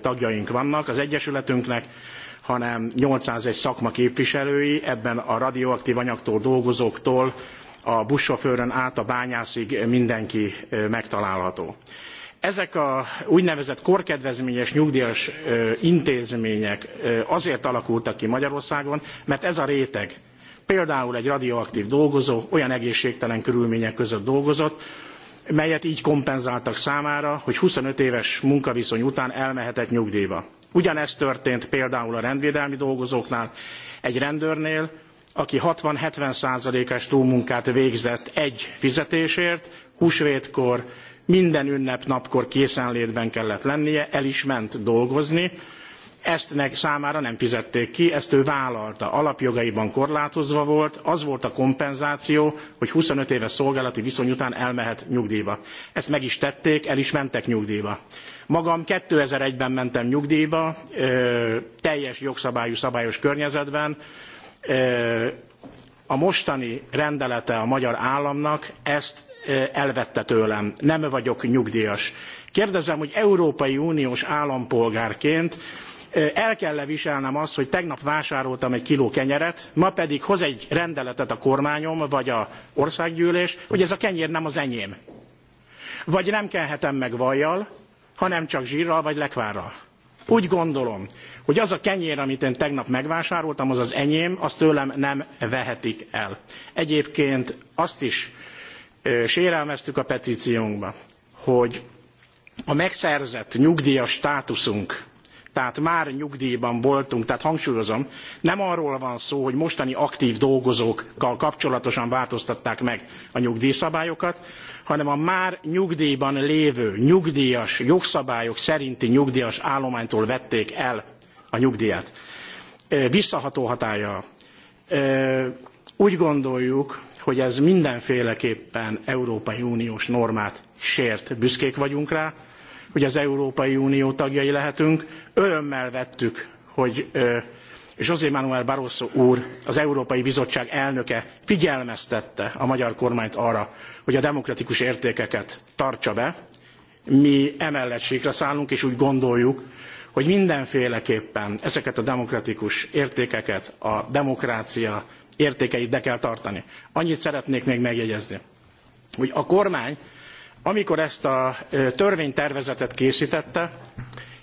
S31: tagjaink vannak az Egyesületünknek, hanem 801 szakma képviselői, ebben a radioaktív anyagtól dolgozóktól a buszsofőrön át a bányászig mindenki megtalálható. Ezek a úgynevezett korkedvezményes nyugdíjas intézmények azért alakultak ki Magyarországon, mert ez a réteg Például egy radioaktív dolgozó olyan egészségtelen körülmények között dolgozott, melyet így kompenzáltak számára, hogy 25 éves munkaviszony után elmehetett nyugdíjba. Ugyanez történt például a rendvédelmi dolgozóknál, egy rendőrnél, aki 60-70 százalékos túlmunkát végzett egy fizetésért, húsvétkor, minden ünnepnapkor készenlétben kellett lennie, el is ment dolgozni, ezt nek számára nem fizették ki, ezt ő vállalta, alapjogaiban korlátozva volt, az volt a kompenzáció, hogy 25 éves szolgálati viszony után elmehet nyugdíjba. Ezt meg is tették, el is mentek nyugdíjba. Magam 2001-ben mentem nyugdíjba, teljes jogszabályú szabályos környezetben, a mostani rendelete a magyar államnak ezt elvette tőlem. Nem vagyok nyugdíjas. Kérdezem, hogy Európai Uniós állampolgárként el kell -e viselnem azt, hogy tegnap vásároltam egy kiló kenyeret, ma pedig hoz egy rendeletet a kormányom, vagy a országgyűlés, hogy ez a kenyér nem az enyém. Vagy nem kenhetem meg vajjal, hanem csak zsírral vagy lekvárral. Úgy gondolom, hogy az a kenyér, amit én tegnap megvásároltam, az az enyém, azt tőlem nem vehetik el. Egyébként azt is ö, sérelmeztük a petíciónkba, hogy a megszerzett nyugdíjas státuszunk tehát már nyugdíjban voltunk, tehát hangsúlyozom, nem arról van szó, hogy mostani aktív dolgozókkal kapcsolatosan változtatták meg a nyugdíjszabályokat, hanem a már nyugdíjban lévő nyugdíjas jogszabályok szerinti nyugdíjas állománytól vették el a nyugdíjat. Visszaható hatája. Úgy gondoljuk, hogy ez mindenféleképpen Európai Uniós normát sért, büszkék vagyunk rá, hogy az Európai Unió tagjai lehetünk. Örömmel vettük, hogy José Manuel Barroso úr, az Európai Bizottság elnöke figyelmeztette a magyar kormányt arra, hogy a demokratikus értékeket tartsa be. Mi emellett síkra szállunk, és úgy gondoljuk, hogy mindenféleképpen ezeket a demokratikus értékeket, a demokrácia értékeit be kell tartani. Annyit szeretnék még megjegyezni, hogy a kormány amikor ezt a törvénytervezetet készítette,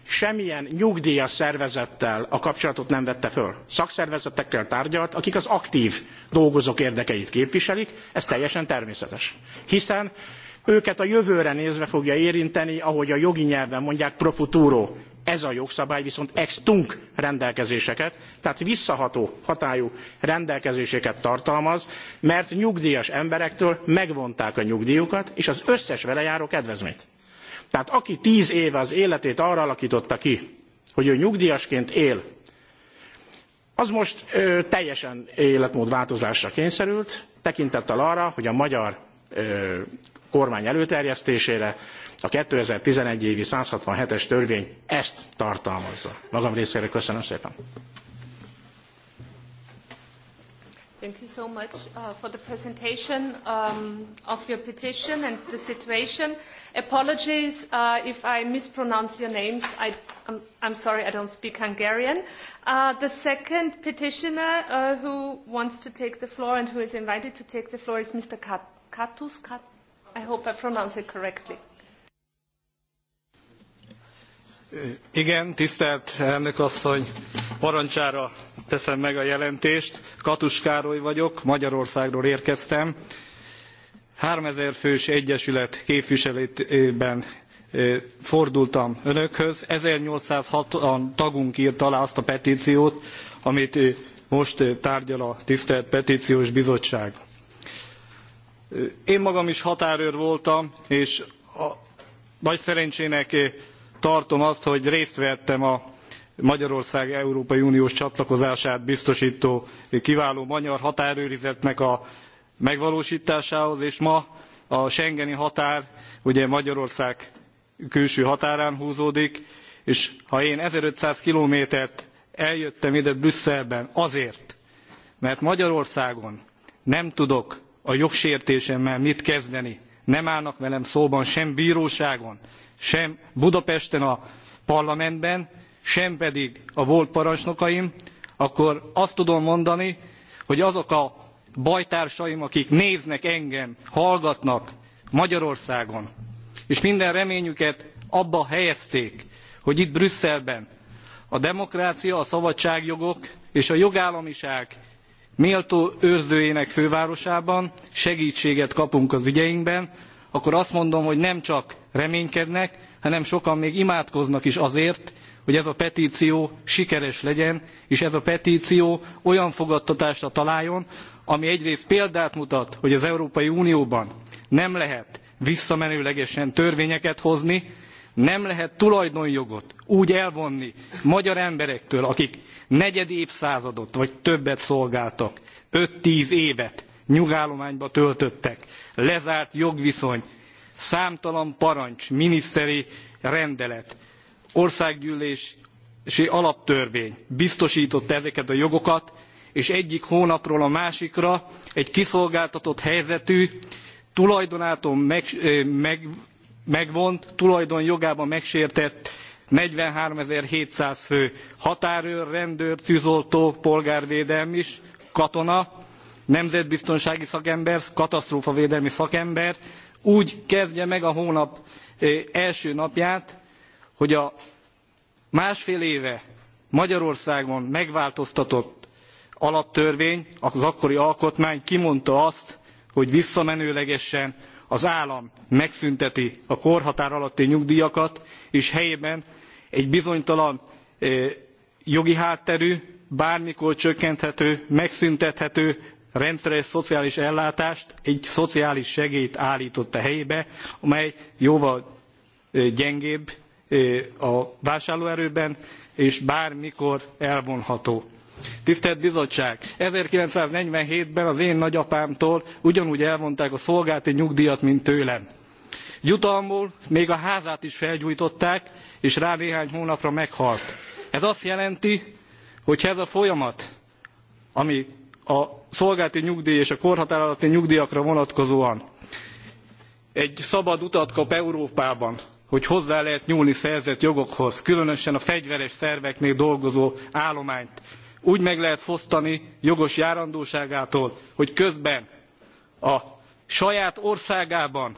S31: semmilyen nyugdíjas szervezettel a kapcsolatot nem vette föl. Szakszervezetekkel tárgyalt, akik az aktív dolgozók érdekeit képviselik, ez teljesen természetes. Hiszen őket a jövőre nézve fogja érinteni, ahogy a jogi nyelven mondják, pro futuro ez a jogszabály viszont ex tunc rendelkezéseket, tehát visszaható hatályú rendelkezéseket tartalmaz, mert nyugdíjas emberektől megvonták a nyugdíjukat és az összes vele járó kedvezményt. Tehát aki tíz éve az életét arra alakította ki, hogy ő nyugdíjasként él, az most ö, teljesen életmódváltozásra kényszerült, tekintettel arra, hogy a magyar ö, kormány előterjesztésére A 2011 évi 167-es törvény ezt tartalmazza. Magam részéről köszönöm szépen.
S23: Thank you so much uh, for the presentation um, of your petition and the situation. Apologies uh, if I mispronounce your names. I, I'm, um, I'm sorry, I don't speak Hungarian. Uh, the second petitioner uh, who wants to take the floor and who is invited to take the floor is Mr. Kat- Katus. Kat- I hope I pronounce it correctly.
S32: Igen, tisztelt elnök asszony, parancsára teszem meg a jelentést. Katus Károly vagyok, Magyarországról érkeztem. 3000 fős egyesület képviseletében fordultam önökhöz. 1860 tagunk írt alá azt a petíciót, amit most tárgyal a tisztelt petíciós bizottság. Én magam is határőr voltam, és a nagy szerencsének tartom azt, hogy részt vettem a Magyarország Európai Uniós csatlakozását biztosító kiváló magyar határőrizetnek a megvalósításához, és ma a Schengeni határ ugye Magyarország külső határán húzódik, és ha én 1500 kilométert eljöttem ide Brüsszelben azért, mert Magyarországon nem tudok a jogsértésemmel mit kezdeni, nem állnak velem szóban sem bíróságon, sem Budapesten a parlamentben, sem pedig a volt parancsnokaim, akkor azt tudom mondani, hogy azok a bajtársaim, akik néznek engem, hallgatnak Magyarországon, és minden reményüket abba helyezték, hogy itt Brüsszelben a demokrácia, a szabadságjogok és a jogállamiság méltó őrzőjének fővárosában segtséget kapunk az ügyeinkben akkor azt mondom hogy nem csak reménykednek hanem sokan még imádkoznak is azért hogy ez a petció sikeres legyen és ez a petció olyan fogadtatásra találjon ami egyrészt példát mutat hogy az európai unióban nem lehet visszamenőlegesen törvényeket hozni Nem lehet tulajdonjogot úgy elvonni magyar emberektől, akik negyed évszázadot vagy többet szolgáltak, 5-10 évet nyugállományba töltöttek, lezárt jogviszony, számtalan parancs, miniszteri rendelet, országgyűlési alaptörvény biztosította ezeket a jogokat, és egyik hónapról a másikra egy kiszolgáltatott helyzetű, tulajdonától meg, meg megvont, tulajdonjogában megsértett 43.700 fő határőr, rendőr, tűzoltó, polgárvédelm is, katona, nemzetbiztonsági szakember, katasztrófavédelmi szakember úgy kezdje meg a hónap első napját, hogy a másfél éve Magyarországon megváltoztatott alaptörvény, az akkori alkotmány kimondta azt, hogy visszamenőlegesen az állam megszünteti a korhatár alatti nyugdíjakat, és helyében egy bizonytalan jogi hátterű, bármikor csökkenthető, megszüntethető rendszeres szociális ellátást, egy szociális segélyt állított a helyébe, amely jóval gyengébb a vásárlóerőben, és bármikor elvonható. Tisztelt Bizottság, 1947-ben az én nagyapámtól ugyanúgy elmondták a szolgálti nyugdíjat, mint tőlem. Jutalmul még a házát is felgyújtották, és rá néhány hónapra meghalt. Ez azt jelenti, hogy ez a folyamat, ami a szolgálti nyugdíj és a korhatár alatti nyugdíjakra vonatkozóan egy szabad utat kap Európában, hogy hozzá lehet nyúlni szerzett jogokhoz, különösen a fegyveres szerveknél dolgozó állományt úgy meg lehet fosztani jogos járandóságától, hogy közben a saját országában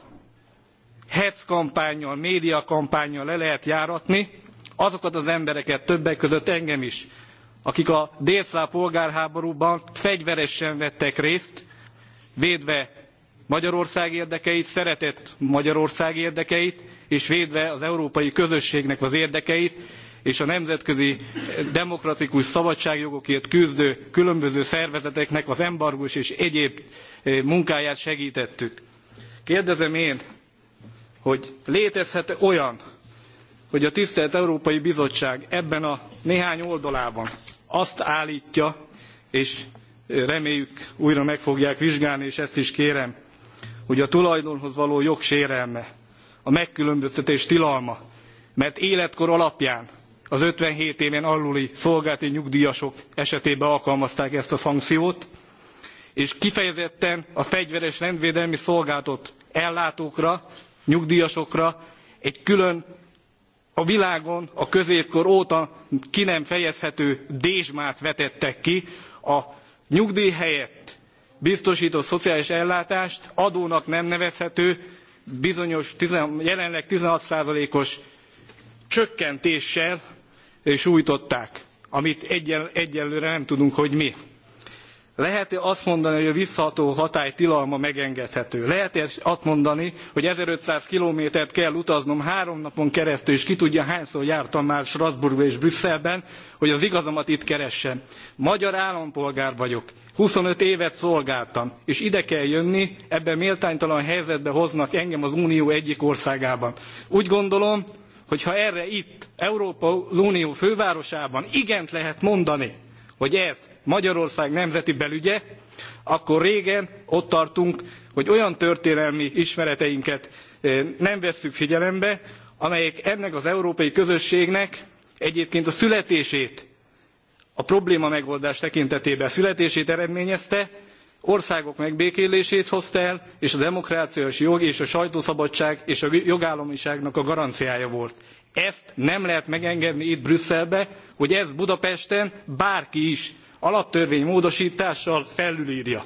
S32: hetz kampányjal, médiakampányjal le lehet járatni azokat az embereket, többek között engem is, akik a délszláv polgárháborúban fegyveresen vettek részt, védve Magyarország érdekeit, szeretett Magyarország érdekeit, és védve az európai közösségnek az érdekeit, és a nemzetközi demokratikus szabadságjogokért küzdő különböző szervezeteknek az embargós és egyéb eh, munkáját segítettük. Kérdezem én, hogy létezhet -e olyan, hogy a tisztelt Európai Bizottság ebben a néhány oldalában azt állítja, és eh, reméljük újra meg fogják vizsgálni, és ezt is kérem, hogy a tulajdonhoz való jog sérelme, a megkülönböztetés tilalma, mert életkor alapján az 57 éven aluli szolgálati nyugdíjasok esetében alkalmazták ezt a szankciót, és kifejezetten a fegyveres rendvédelmi szolgálatot ellátókra, nyugdíjasokra egy külön a világon a középkor óta ki nem fejezhető dézsmát vetettek ki, a nyugdíj helyett biztosított szociális ellátást adónak nem nevezhető, bizonyos jelenleg 16%-os csökkentéssel sújtották, amit egyen, egyelőre nem tudunk, hogy mi. Lehet-e azt mondani, hogy a visszható hatály tilalma megengedhető? Lehet-e azt mondani, hogy 1500 kilométert kell utaznom három napon keresztül, és ki tudja hányszor jártam már Strasbourgba és Brüsszelben, hogy az igazamat itt keressem? Magyar állampolgár vagyok, 25 évet szolgáltam, és ide kell jönni, ebben méltánytalan helyzetbe hoznak engem az Unió egyik országában. Úgy gondolom, hogyha erre itt Európa Unió fővárosában igent lehet mondani, hogy ez Magyarország nemzeti belügye, akkor régen ott tartunk, hogy olyan történelmi ismereteinket eh, nem vesszük figyelembe, amelyek ennek az európai közösségnek egyébként a születését, a probléma megoldás tekintetében születését eredményezte, országok megbékélését hozta el, és a demokrácia és jog és a sajtószabadság és a jogállamiságnak a garanciája volt. Ezt nem lehet megengedni itt Brüsszelbe, hogy ez Budapesten bárki is alaptörvény módosítással felülírja.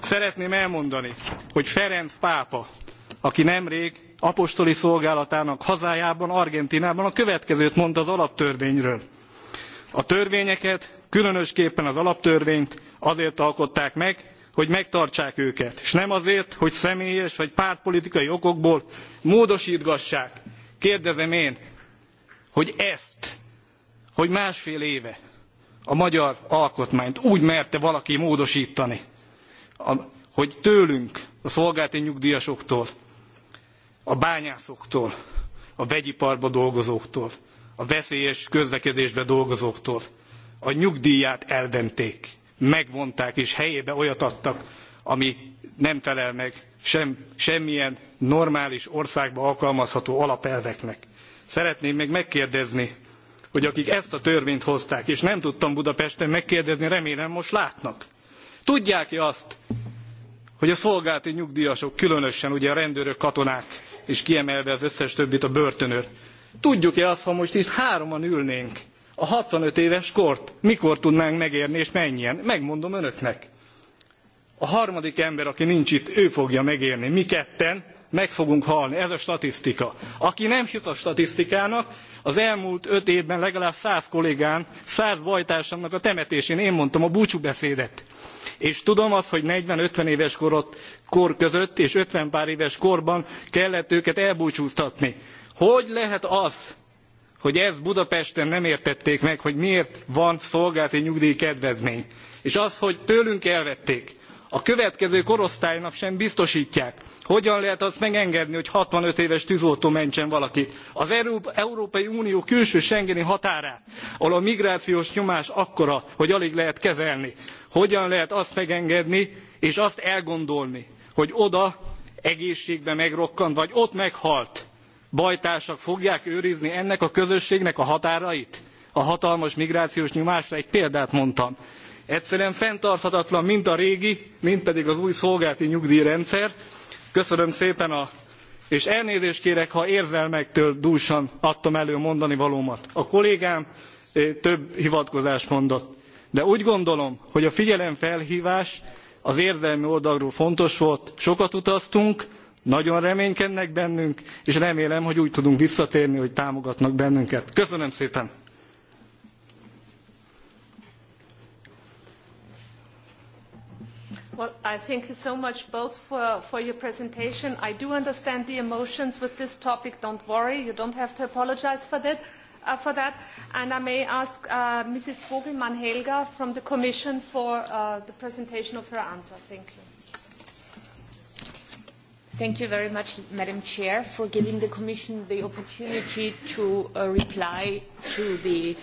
S32: Szeretném elmondani, hogy Ferenc pápa, aki nemrég apostoli szolgálatának hazájában, Argentinában a következőt mondta az alaptörvényről. A törvényeket, különösképpen az alaptörvényt azért alkották meg, hogy megtartsák őket, és nem azért, hogy személyes vagy pártpolitikai okokból módosítgassák. Kérdezem én, hogy ezt, hogy másfél éve a magyar alkotmányt úgy merte valaki módosítani, hogy tőlünk, a szolgálti nyugdíjasoktól, a bányászoktól, a vegyiparba dolgozóktól, a veszélyes közlekedésbe dolgozóktól a nyugdíját elventék megvonták és helyébe olyat adtak, ami nem felel meg sem, semmilyen normális országba alkalmazható alapelveknek. Szeretném még megkérdezni, hogy akik ezt a törvényt hozták, és nem tudtam Budapesten megkérdezni, remélem most látnak. Tudják-e azt, hogy a szolgálati nyugdíjasok, különösen ugye a rendőrök, katonák, és kiemelve az összes többit a börtönőr, tudjuk-e azt, ha most itt hároman ülnénk, a 65 éves kort mikor tudnánk megérni, és mennyien? Megmondom önöknek. A harmadik ember, aki nincs itt, ő fogja megérni. Mi ketten meg fogunk halni. Ez a statisztika. Aki nem hisz a statisztikának, az elmúlt öt évben legalább száz kollégán, száz bajtársamnak a temetésén én mondtam a búcsúbeszédet. És tudom azt, hogy 40-50 éves korot, kor között és 50 pár éves korban kellett őket elbúcsúztatni. Hogy lehet az, hogy ezt Budapesten nem értették meg, hogy miért van szolgálti nyugdíjkedvezmény. És az, hogy tőlünk elvették, a következő korosztálynak sem biztosítják. Hogyan lehet azt megengedni, hogy 65 éves tűzoltó mentsen valakit? Az Európai Unió külső Schengeni határát, ahol a migrációs nyomás akkora, hogy alig lehet kezelni. Hogyan lehet azt megengedni, és azt elgondolni, hogy oda egészségben megrokkant, vagy ott meghalt bajtársak fogják őrizni ennek a közösségnek a határait? A hatalmas migrációs nyomásra egy példát mondtam. Egyszerűen fenntarthatatlan mind a régi, mind pedig az új szolgálti nyugdíjrendszer. Köszönöm szépen a és elnézést kérek, ha érzelmektől dúsan adtam elő mondani valómat. A kollégám eh, több hivatkozást mondott. De úgy gondolom, hogy a figyelemfelhívás az érzelmi oldalról fontos volt. Sokat utaztunk, Nagyon reménykednek bennünk, és remélem, hogy úgy tudunk visszatérni, hogy támogatnak bennünket. Köszönöm szépen!
S23: Well, I thank you so much both for, for your presentation. I do understand the emotions with this topic. Don't worry, you don't have to apologize for that. Uh, for that. And I may ask uh, Mrs. Vogelmann-Helga from the Commission for uh, the presentation of her answer. Thank you.
S33: Thank you very much, Madam Chair, for giving the Commission the opportunity to uh, reply to the,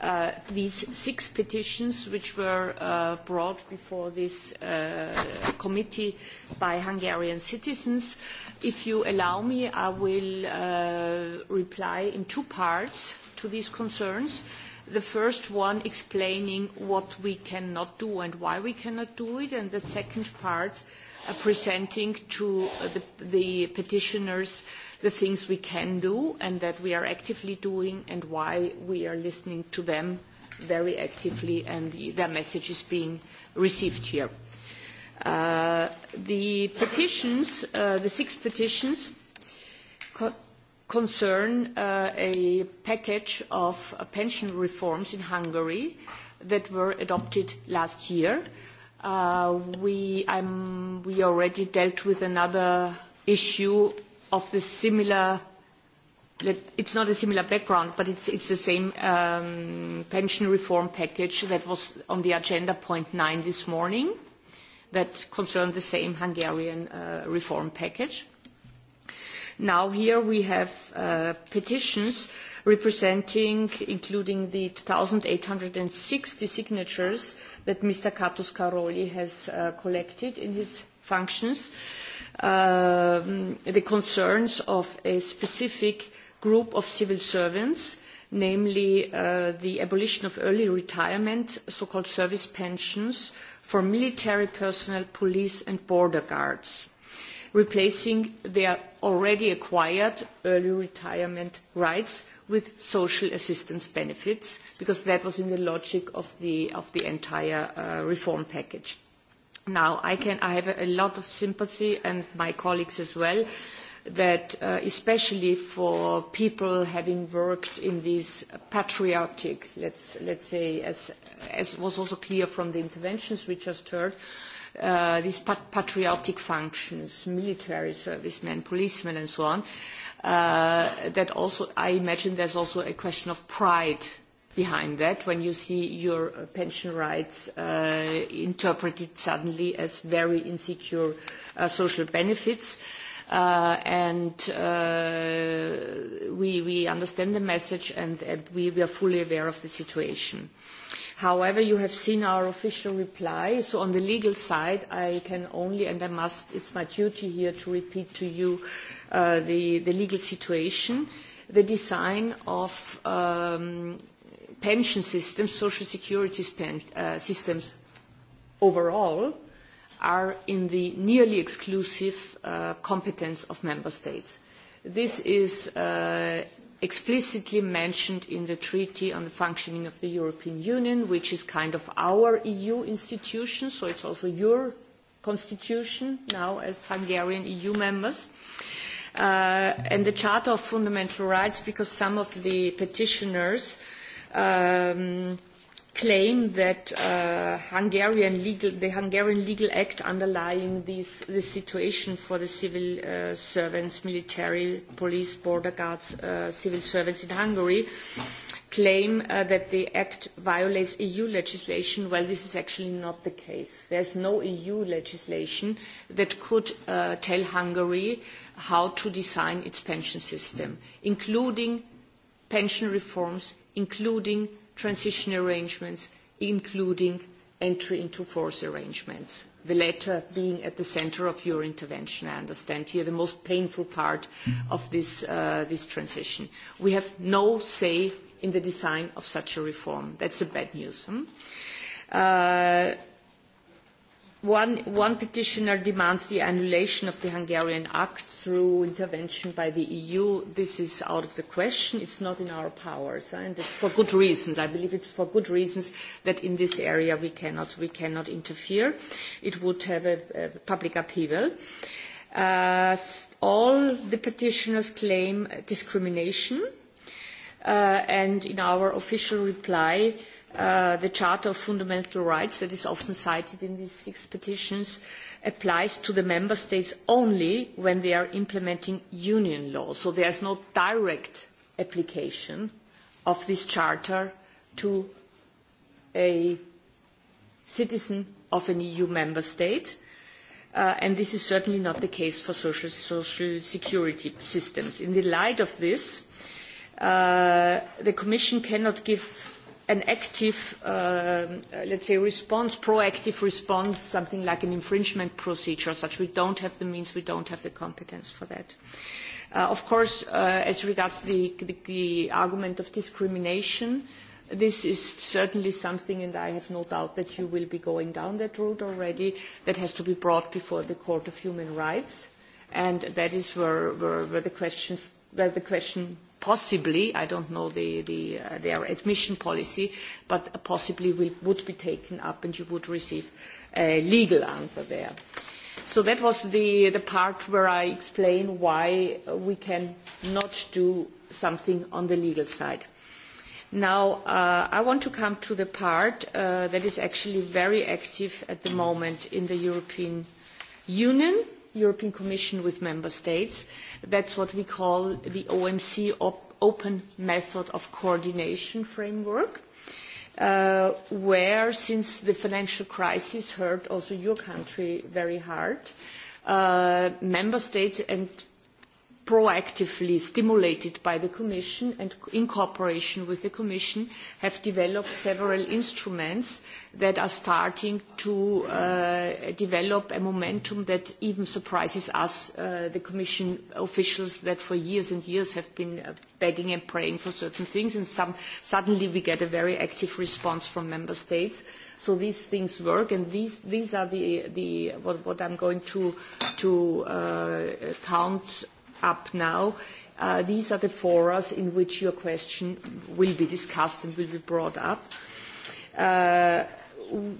S33: uh, these six petitions which were uh, brought before this uh, committee by Hungarian citizens. If you allow me, I will uh, reply in two parts to these concerns. The first one explaining what we cannot do and why we cannot do it, and the second part uh, uh, presenting to uh, the, the petitioners the things we can do and that we are actively doing and why we are listening to them very actively and the, their message is being received here. Uh, the petitions, uh, the six petitions, co concern uh, a package of uh, pension reforms in Hungary that were adopted last year. Uh, Uh, we, um, we already dealt with another issue of the similar it's not a similar background, but it's, it's the same um, pension reform package that was on the agenda point nine this morning that concerned the same Hungarian uh, reform package. Now here we have uh, petitions representing, including the 2,860 signatures uh, that Mr. Katus Karoli has uh, collected in his functions, uh, the concerns of a specific group of civil servants, namely uh, the abolition of early retirement, so-called service pensions, for military personnel, police and border guards, replacing their already acquired early retirement rights with social assistance benefits, because that was in the logic of the, of the entire uh, reform package. Now, I, can, I have a lot of sympathy, and my colleagues as well, that uh, especially for people having worked in these patriotic, let's, let's say, as, as was also clear from the interventions we just heard, uh, uh, these pat- patriotic functions, military servicemen, policemen, and so on, uh, that also, I imagine there's also a question of pride behind that when you see your pension rights uh, interpreted suddenly as very insecure uh, social benefits. Uh, and uh, we, we understand the message and, and we, we are fully aware of the situation. Uh, However, you have seen our official reply. So on the legal side, I can only, and I must, it's my duty here to repeat to you uh, the, the legal situation. The design of um, pension systems, social security pen, uh, systems overall, are in the nearly exclusive uh, competence of member states. This is uh, explicitly mentioned in the Treaty on the Functioning of the European Union, which is kind of our EU institution, so it's also your constitution now as Hungarian EU members, uh, and the Charter of Fundamental Rights, because some of the petitioners um, claim that uh, Hungarian legal, the Hungarian Legal Act underlying this, this situation for the civil uh, servants, military, police, border guards, uh, civil servants in Hungary claim uh, that the act violates EU legislation. Well, this is actually not the case. There's no EU legislation that could uh, tell Hungary how to design its pension system, including pension reforms, including transition arrangements, including entry into force arrangements, the latter being at the center of your intervention, I understand here, the most painful part of this, uh, this transition. We have no say in the design of such a reform. That's the bad news. Hmm? Uh, One, one petitioner demands the annulation of the Hungarian Act through intervention by the EU. This is out of the question. It's not in our powers, eh? and for good reasons. I believe it's for good reasons that in this area we cannot, we cannot interfere. It would have a, a public upheaval. Uh, all the petitioners claim discrimination, uh, and in our official reply, uh, Uh, the Charter of Fundamental Rights that is often cited in these six petitions applies to the member states only when they are implementing union law. So there is no direct application of this charter to a citizen of an EU member state. Uh, and this is certainly not the case for social, social security systems. In the light of this, uh, the Commission cannot give an active, uh, let's say, response, proactive response, something like an infringement procedure, such we don't have the means, we don't have the competence for that. Uh, of course, uh, as regards the, the, the argument of discrimination, this is certainly something, and I have no doubt that you will be going down that road already, that has to be brought before the Court of Human Rights. And that is where, where, where the questions, where the question possibly, I don't know the, the, uh, their admission policy, but possibly will, would be taken up and you would receive a legal answer there. So that was the, the part where I explain why we can not do something on the legal side. Now, uh, I want to come to the part uh, that is actually very active at the moment in the European Union. Uh, European Commission with member states. That's what we call the OMC op Open Method of Coordination Framework, uh, where since the financial crisis hurt also your country very hard, uh, member states and proactively stimulated by the Commission and in cooperation with the Commission have developed several instruments that are starting to uh, develop a momentum that even surprises us, uh, the Commission officials that for years and years have been uh, begging and praying for certain things and some, suddenly we get a very active response from Member States. So these things work and these, these are the, the, what, what I'm going to, to uh, count up now. Uh, these are the forums in which your question will be discussed and will be brought up. Uh,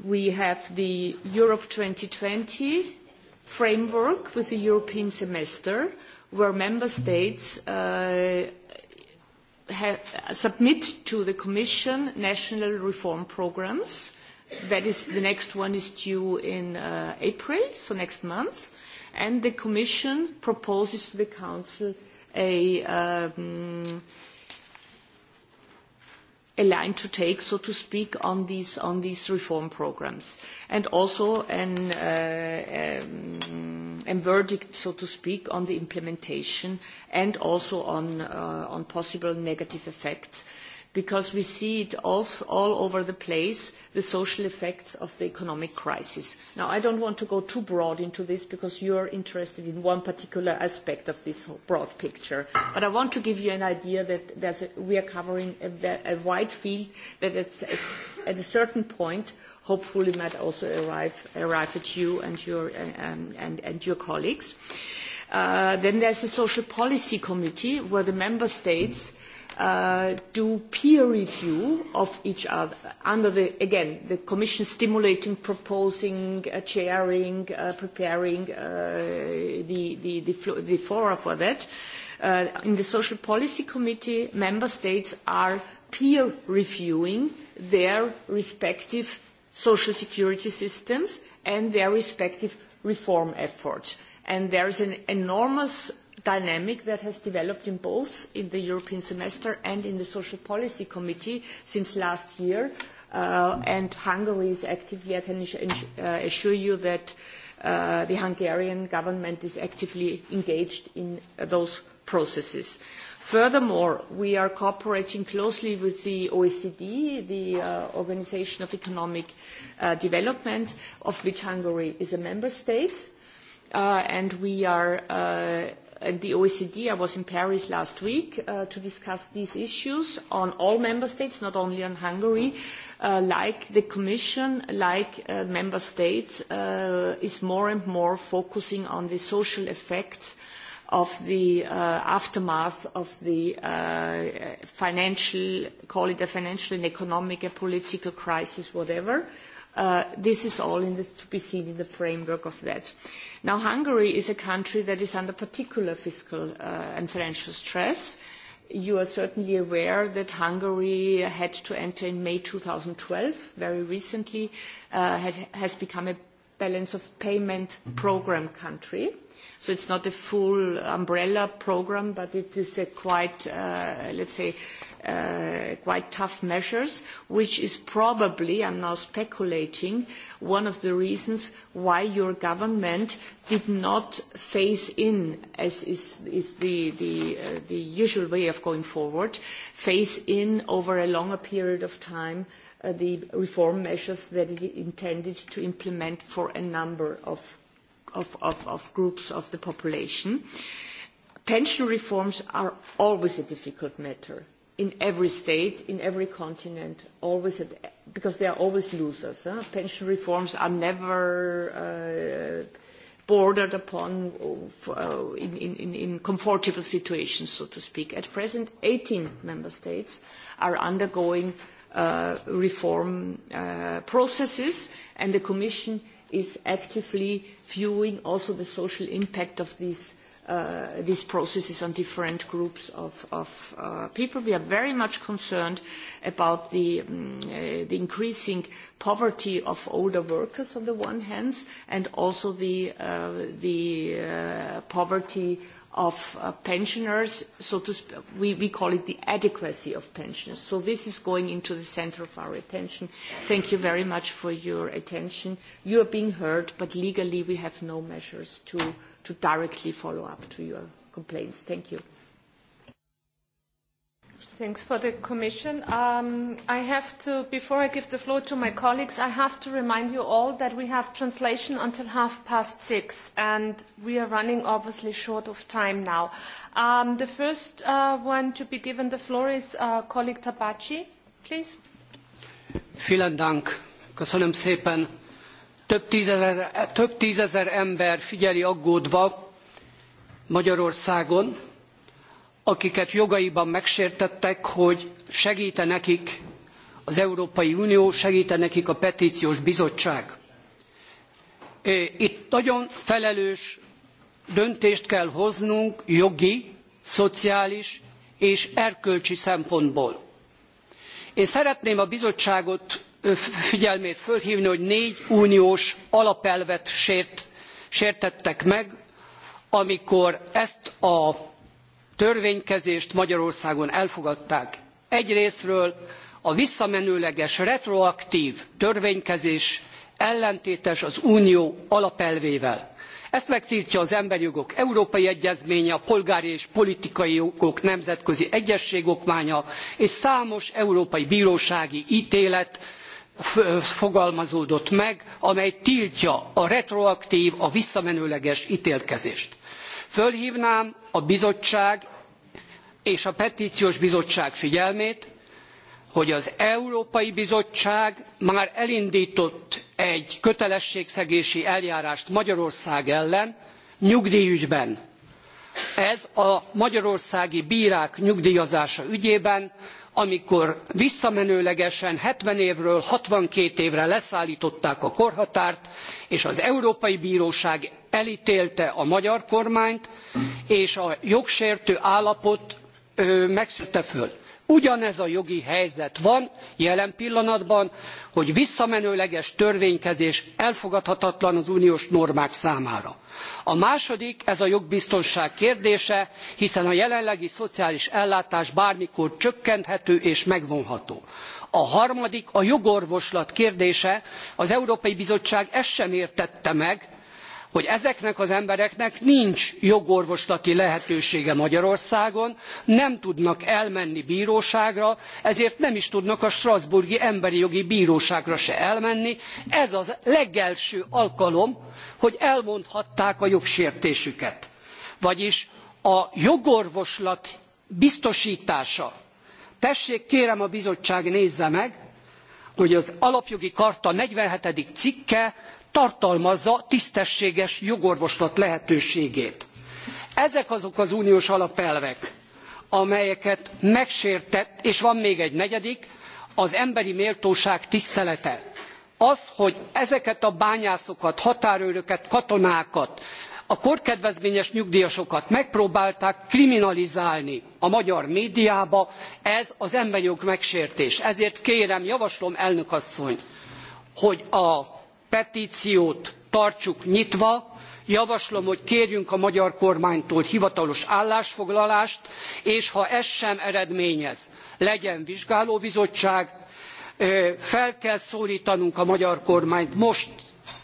S33: we have the Europe 2020 framework with the European semester, where member states uh, have, submit to the Commission national reform programs. That is, the next one is due in uh, April, so next month and the Commission proposes to the Council a, um, a line to take, so to speak, on these, on these reform programs, and also an, uh, um, a verdict, so to speak, on the implementation and also on, uh, on possible negative effects uh, because we see it also all over the place, the social effects of the economic crisis. Now, I don't want to go too broad into this because you are interested in one particular aspect of this broad picture. But I want to give you an idea that there's a, we are covering a, a wide field that it's, it's at a certain point hopefully might also arrive, arrive at you and your, um, and, and your colleagues. Uh, then there's a social policy committee where the member states mm-hmm uh, do peer review of each other under the, again, the Commission stimulating, proposing, uh, chairing, uh, preparing uh, the, the, the, flo- the fora for that. Uh, in the Social Policy Committee, member states are peer reviewing their respective social security systems and their respective reform efforts. And there is an enormous dynamic that has developed in both in the European semester and in the Social Policy Committee since last year. Uh, and Hungary is actively, I can uh, assure you that uh, the Hungarian government is actively engaged in uh, those processes. Furthermore, we are cooperating closely with the OECD, the uh, Organization of Economic uh, Development, of which Hungary is a member state. Uh, and we are uh, and the OECD. I was in Paris last week uh, to discuss these issues on all member states, not only on Hungary. Uh, like the Commission, like uh, member states, uh, is more and more focusing on the social effects of the uh, aftermath of the uh, financial, call it a financial and economic, a political crisis, whatever. Uh, Uh, this is all in the, to be seen in the framework of that. Now, Hungary is a country that is under particular fiscal uh, and financial stress. You are certainly aware that Hungary had to enter in May 2012, very recently, uh, had, has become a balance of payment program country. So it's not a full umbrella program, but it is a quite, uh, let's say, uh, uh, quite tough measures, which is probably, I'm now speculating, one of the reasons why your government did not phase in, as is, is the, the, uh, the usual way of going forward, phase in over a longer period of time uh, the reform measures that it intended to implement for a number of, of, of, of groups of the population. Pension reforms are always a difficult matter in every state, in every continent, always at, because they are always losers. Huh? Pension reforms are never uh, bordered upon uh, in, in, in comfortable situations, so to speak. At present, 18 member states are undergoing uh, reform uh, processes, and the Commission is actively viewing also the social impact of these uh, these processes on different groups of, of uh, people. We are very much concerned about the, um, uh, the increasing poverty of older workers on the one hand, and also the, uh, the uh, poverty of uh, pensioners, so to sp- we, we call it the adequacy of pensions. So this is going into the center of our attention. Thank you very much for your attention. You are being heard, but legally we have no measures to to directly follow up to your complaints. Thank you.
S23: Thanks for the commission. Um, I have to, before I give the floor to my colleagues, I have to remind you all that we have translation until half past six, and we are running obviously short of time now. Um, the first uh, one to be given the floor is uh, colleague Tabachi, please.
S34: Vielen Dank. Köszönöm szépen Több tízezer, több tízezer ember figyeli aggódva Magyarországon, akiket jogaiban megsértettek, hogy segíte nekik az Európai Unió, segíte nekik a Petíciós Bizottság. Itt nagyon felelős döntést kell hoznunk jogi, szociális és erkölcsi szempontból. Én szeretném a bizottságot figyelmét fölhívni, hogy négy uniós alapelvet sért, sértettek meg, amikor ezt a törvénykezést Magyarországon elfogadták. Egyrésztről a visszamenőleges, retroaktív törvénykezés ellentétes az unió alapelvével. Ezt megtiltja az Emberi Jogok Európai Egyezménye, a Polgári és Politikai Jogok Nemzetközi Egyességokmánya és számos európai bírósági ítélet, fogalmazódott meg, amely tiltja a retroaktív, a visszamenőleges ítélkezést. Fölhívnám a bizottság és a petíciós bizottság figyelmét, hogy az Európai Bizottság már elindított egy kötelességszegési eljárást Magyarország ellen nyugdíjügyben. Ez a magyarországi bírák nyugdíjazása ügyében amikor visszamenőlegesen seventy évről sixty two évre leszálltották a korhatárt és az európai bróság eltélte a magyar kormányt és a jogsértő állapot megszűnte föl ugyanez a jogi helyzet van jelen pillanatban hogy visszamenőleges törvénykezés elfogadhatatlan az uniós normák számára. a második ez a jogbiztonság kérdése hiszen a jelenlegi szociális ellátás bármikor csökkenthető és megvonható. a harmadik a jogorvoslat kérdése az európai bizottság ezt sem értette meg hogy ezeknek az embereknek nincs jogorvoslati lehetősége Magyarországon, nem tudnak elmenni bíróságra, ezért nem is tudnak a Strasburgi Emberi Jogi Bíróságra se elmenni. Ez a legelső alkalom, hogy elmondhatták a jogsértésüket. Vagyis a jogorvoslat biztosítása. Tessék, kérem a bizottság nézze meg, hogy az alapjogi karta 47. cikke tartalmazza tisztességes jogorvoslat lehetőségét. ezek azok az uniós alapelvek amelyeket megsértett és van még egy negyedik az emberi méltóság tisztelete. az hogy ezeket a bányászokat határőröket katonákat a korkedvezményes nyugdjasokat megpróbálták kriminalizálni a magyar médiában ez az emberi jog megsértés. ezért kérem javaslom elnök asszony hogy a petciót tartsuk nyitva, javaslom, hogy kérjünk a magyar kormánytól hivatalos állásfoglalást, és ha ez sem eredményez, legyen vizsgálóbizottság, fel kell szólítanunk a magyar kormányt most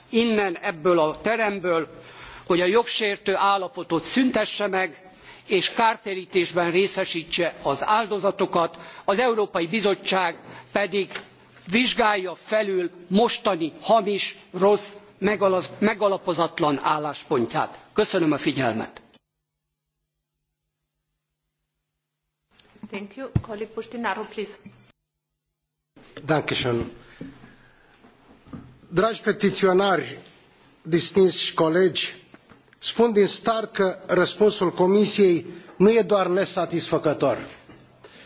S34: innen ebből a teremből, hogy a jogsértő állapotot szüntesse meg, és kártértésben részesítse az áldozatokat, az Európai Bizottság pedig vizsgálja felül mostani hamis, rossz, megalaz, megalapozatlan álláspontját. Köszönöm a figyelmet!
S23: Thank you. Colleague Pustinaro, please.
S7: Dankeschön. Dragi petiționari, distinși colegi, spun din start că răspunsul Comisiei nu e doar nesatisfăcător.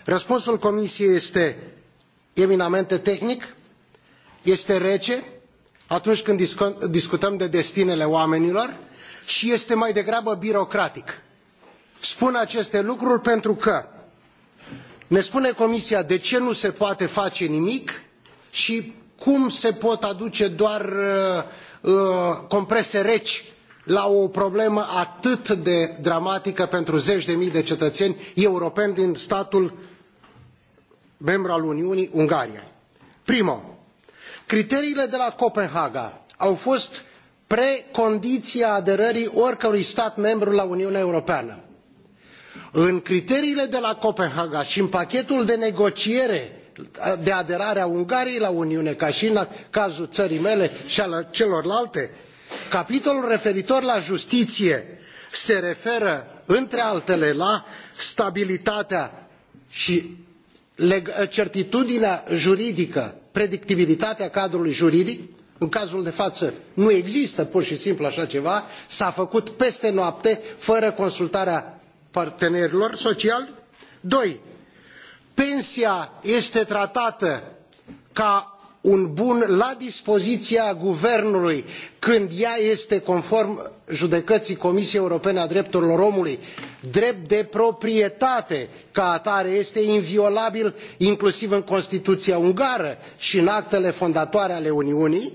S7: Răspunsul Comisiei este eminamente tehnic, este rece atunci când discutăm de destinele oamenilor și este mai degrabă birocratic. Spun aceste lucruri pentru că ne spune Comisia de ce nu se poate face nimic și cum se pot aduce doar uh, uh comprese reci la o problemă atât de dramatică pentru zeci de mii de cetățeni europeni din statul membru al Uniunii, Ungaria. Primă, criteriile de la Copenhaga au fost precondiția aderării oricărui stat membru la Uniunea Europeană. În criteriile de la Copenhaga și în pachetul de negociere de aderare a Ungariei la Uniune, ca și în cazul țării mele și al celorlalte, capitolul referitor la justiție se referă, între altele, la stabilitatea și certitudinea juridică, predictibilitatea cadrului juridic, în cazul de față nu există pur și simplu așa ceva, s-a făcut peste noapte, fără consultarea partenerilor sociali. Doi, pensia este tratată ca un bun la dispoziția guvernului când ea este conform judecății Comisiei Europene a Drepturilor Omului, drept de proprietate ca atare este inviolabil inclusiv în Constituția ungară și în actele fondatoare ale Uniunii.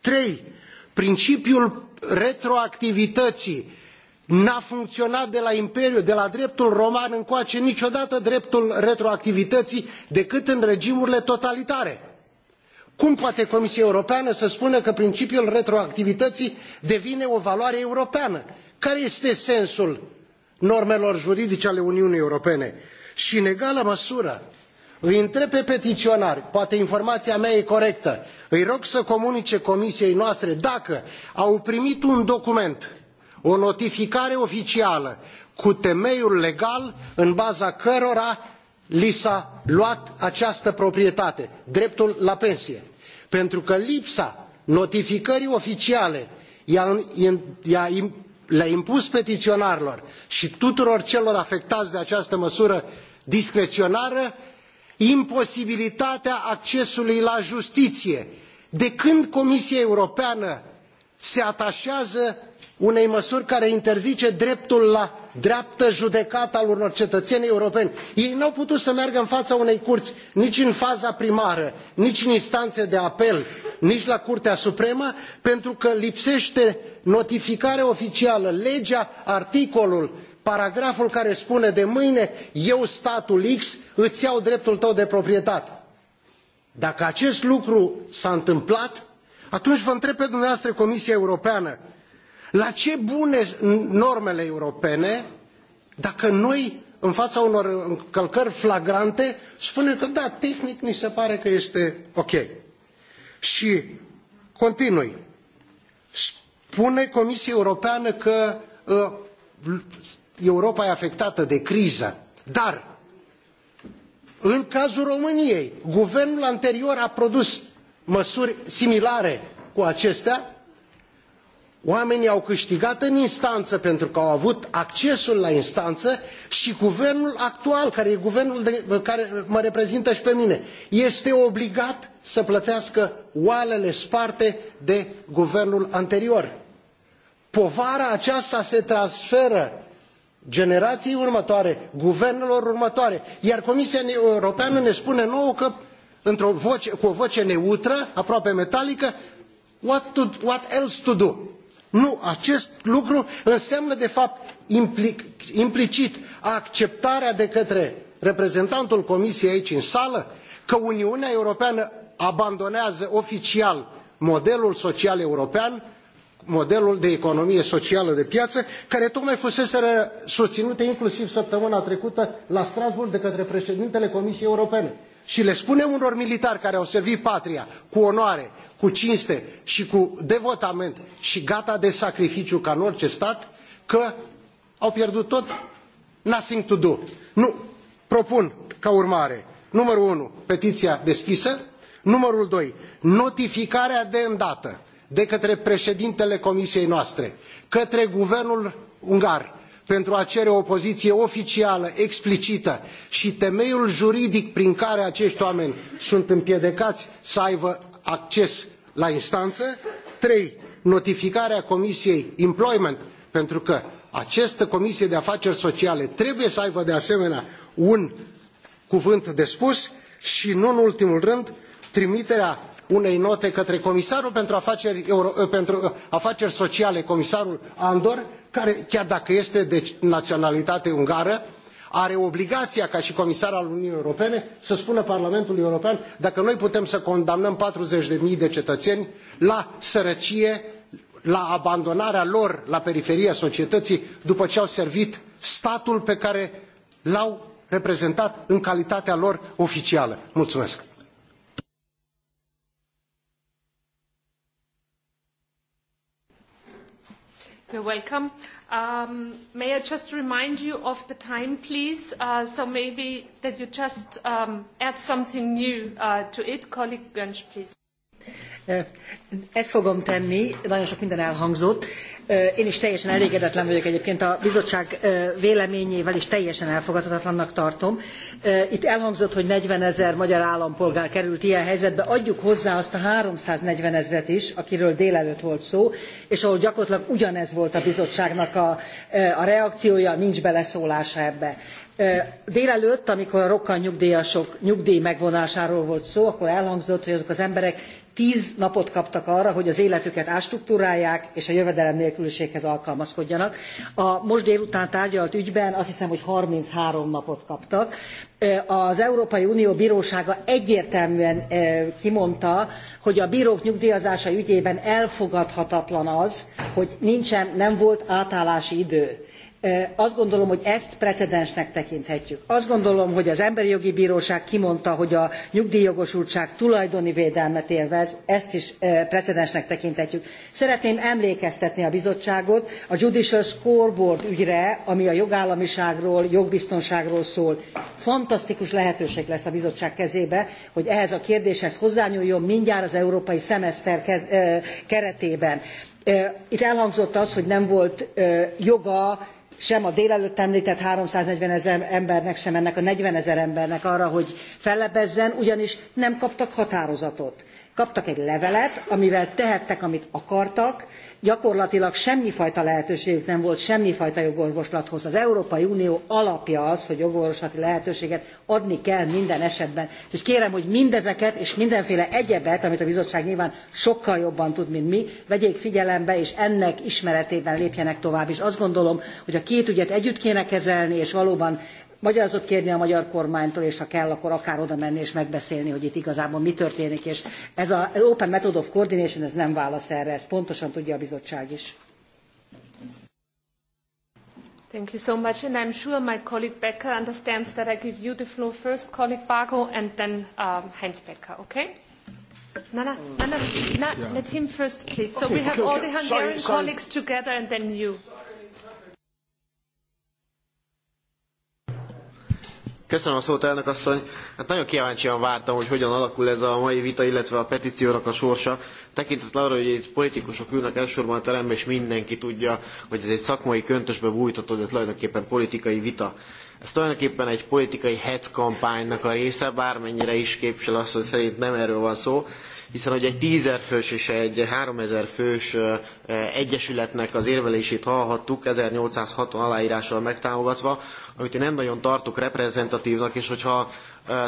S7: Trei, principiul retroactivității n-a funcționat de la imperiu, de la dreptul roman încoace niciodată dreptul retroactivității decât în regimurile totalitare Cum poate Comisia Europeană să spună că principiul retroactivității devine o valoare europeană? Care este sensul normelor juridice ale Uniunii Europene? Și în egală măsură, îi întreb pe petiionari poate informaia mea e corectă îi rog să comunice comisiei noastre dacă au primit un document o notificare oficială cu temeiul legal în baza cărora li s-a luat această proprietate, dreptul la pensie, pentru că lipsa notificării oficiale le a impus petiionarilor i tuturor celor afectai de această măsură discreionară imposibilitatea accesului la justiie de când comisia europeană se ataează unei măsuri care interzice dreptul la dreaptă judecată al unor cetățeni europeni. Ei n-au putut să meargă în fața unei curți, nici în faza primară, nici în instanțe de apel, nici la Curtea Supremă, pentru că lipsește notificarea oficială, legea, articolul, paragraful care spune de mâine eu, statul X, îți iau dreptul tău de proprietate. Dacă acest lucru s-a întâmplat, atunci vă întreb pe dumneavoastră Comisia Europeană, La ce bune normele europene dacă noi, în fața unor încălcări flagrante, spunem că da, tehnic ni se pare că este ok. Și continui. Spune Comisia Europeană că uh, Europa e afectată de criză, dar în cazul României, guvernul anterior a produs măsuri similare cu acestea Oamenii au câștigat în instanță pentru că au avut accesul la instanță și guvernul actual, care e guvernul de, care mă reprezintă și pe mine, este obligat să plătească oalele sparte de guvernul anterior. Povara aceasta se transferă generației următoare, guvernelor următoare, iar Comisia Europeană ne spune nouă că într-o voce, cu o voce neutră, aproape metalică, what, to, what else to do? Nu, acest lucru înseamnă de fapt implic, implicit acceptarea de către reprezentantul Comisiei aici în sală că Uniunea Europeană abandonează oficial modelul social european, modelul de economie socială de piață, care tocmai fusese susținute inclusiv săptămâna trecută la Strasbourg de către președintele Comisiei Europene. Și le spunem unor militari care au servit patria cu onoare cu cinste și cu devotament și gata de sacrificiu ca în orice stat că au pierdut tot nothing to do. Nu. Propun ca urmare numărul unu petiția deschisă, numărul doi notificarea de îndată de către președintele comisiei noastre către guvernul ungar pentru a cere o poziție oficială, explicită și temeiul juridic prin care acești oameni sunt împiedicați să aibă acces la instanță. Trei, notificarea Comisiei Employment, pentru că această Comisie de Afaceri Sociale trebuie să aibă de asemenea un cuvânt de spus și, nu în ultimul rând, trimiterea unei note către comisarul pentru afaceri, Euro, eh, pentru eh, afaceri sociale, comisarul Andor, care, chiar dacă este de naționalitate ungară, are obligația ca și comisar al Uniunii Europene să spună Parlamentului European dacă noi putem să condamnăm 40.000 de cetățeni la sărăcie, la abandonarea lor la periferia societății după ce au servit statul pe care l-au reprezentat în calitatea lor oficială. Mulțumesc!
S23: You're welcome. Um, may I just remind you of the time, please? Uh, so maybe that you just um, add something new uh, to it. Colleague Gönsch, please.
S35: Ezt fogom tenni, nagyon sok minden elhangzott. Én is teljesen elégedetlen vagyok egyébként a bizottság véleményével, és teljesen elfogadhatatlannak tartom. Itt elhangzott, hogy 40 ezer magyar állampolgár került ilyen helyzetbe. Adjuk hozzá azt a 340 ezret is, akiről délelőtt volt szó, és ahol gyakorlatilag ugyanez volt a bizottságnak a, a reakciója, nincs beleszólása ebbe Délelőtt, amikor a rokkantnyugdíjasok nyugdíj megvonásáról volt szó, akkor elhangzott, hogy azok az emberek tíz napot kaptak arra, hogy az életüket ástruktúrálják és a jövedelem nélküliséghez alkalmazkodjanak. A most délután tárgyalt ügyben azt hiszem, hogy 33 napot kaptak. Az Európai Unió Bírósága egyértelműen kimondta, hogy a bírók nyugdíjazása ügyében elfogadhatatlan az, hogy nincsen, nem volt átállási idő Azt gondolom, hogy ezt precedensnek tekinthetjük. Azt gondolom, hogy az Emberi Jogi Bíróság kimondta, hogy a nyugdíjjogosultság tulajdoni védelmet élvez, ezt is precedensnek tekinthetjük. Szeretném emlékeztetni a bizottságot a Judicial Scoreboard ügyre, ami a jogállamiságról, jogbiztonságról szól. Fantasztikus lehetőség lesz a bizottság kezébe, hogy ehhez a kérdéshez hozzányúljon mindjárt az európai szemeszter kez, keretében. Itt elhangzott az, hogy nem volt joga sem a délelőtt említett 340 ezer embernek, sem ennek a 40 ezer embernek arra, hogy fellebezzen, ugyanis nem kaptak határozatot. Kaptak egy levelet, amivel tehettek, amit akartak, gyakorlatilag semmifajta lehetőségük nem volt semmifajta jogorvoslathoz. Az Európai Unió alapja az, hogy jogorvoslati lehetőséget adni kell minden esetben. És kérem, hogy mindezeket és mindenféle egyebet, amit a bizottság nyilván sokkal jobban tud, mint mi, vegyék figyelembe, és ennek ismeretében lépjenek tovább. És azt gondolom, hogy a két ügyet együtt kéne kezelni, és valóban magyarázatot kérni a magyar kormánytól, és ha kell, akkor akár oda menni és megbeszélni, hogy itt igazából mi történik, és ez az Open Method of Coordination, ez nem válasz erre, ezt pontosan tudja a bizottság is.
S23: Thank you so much, and I'm sure my colleague Becker understands that I give you the floor first, colleague Bargo, and then um, Heinz Becker, okay? No, no, no, no, no, let him first, please. So okay, we have okay, all okay. the Hungarian sorry, sorry. colleagues together, and then you. Sorry.
S36: Köszönöm a szót, elnök asszony. Hát nagyon kíváncsian vártam, hogy hogyan alakul ez a mai vita, illetve a petíciónak a sorsa. Tekintetlen arra, hogy itt politikusok ülnek elsősorban a teremben, és mindenki tudja, hogy ez egy szakmai köntösbe bújtatott, de tulajdonképpen politikai vita. Ez tulajdonképpen egy politikai hetz kampánynak a része, bármennyire is képvisel azt, hogy szerint nem erről van szó hiszen hogy egy tízer fős és egy háromezer fős egyesületnek az érvelését hallhattuk, 1860 aláírással megtámogatva, amit én nem nagyon tartok reprezentatívnak, és hogyha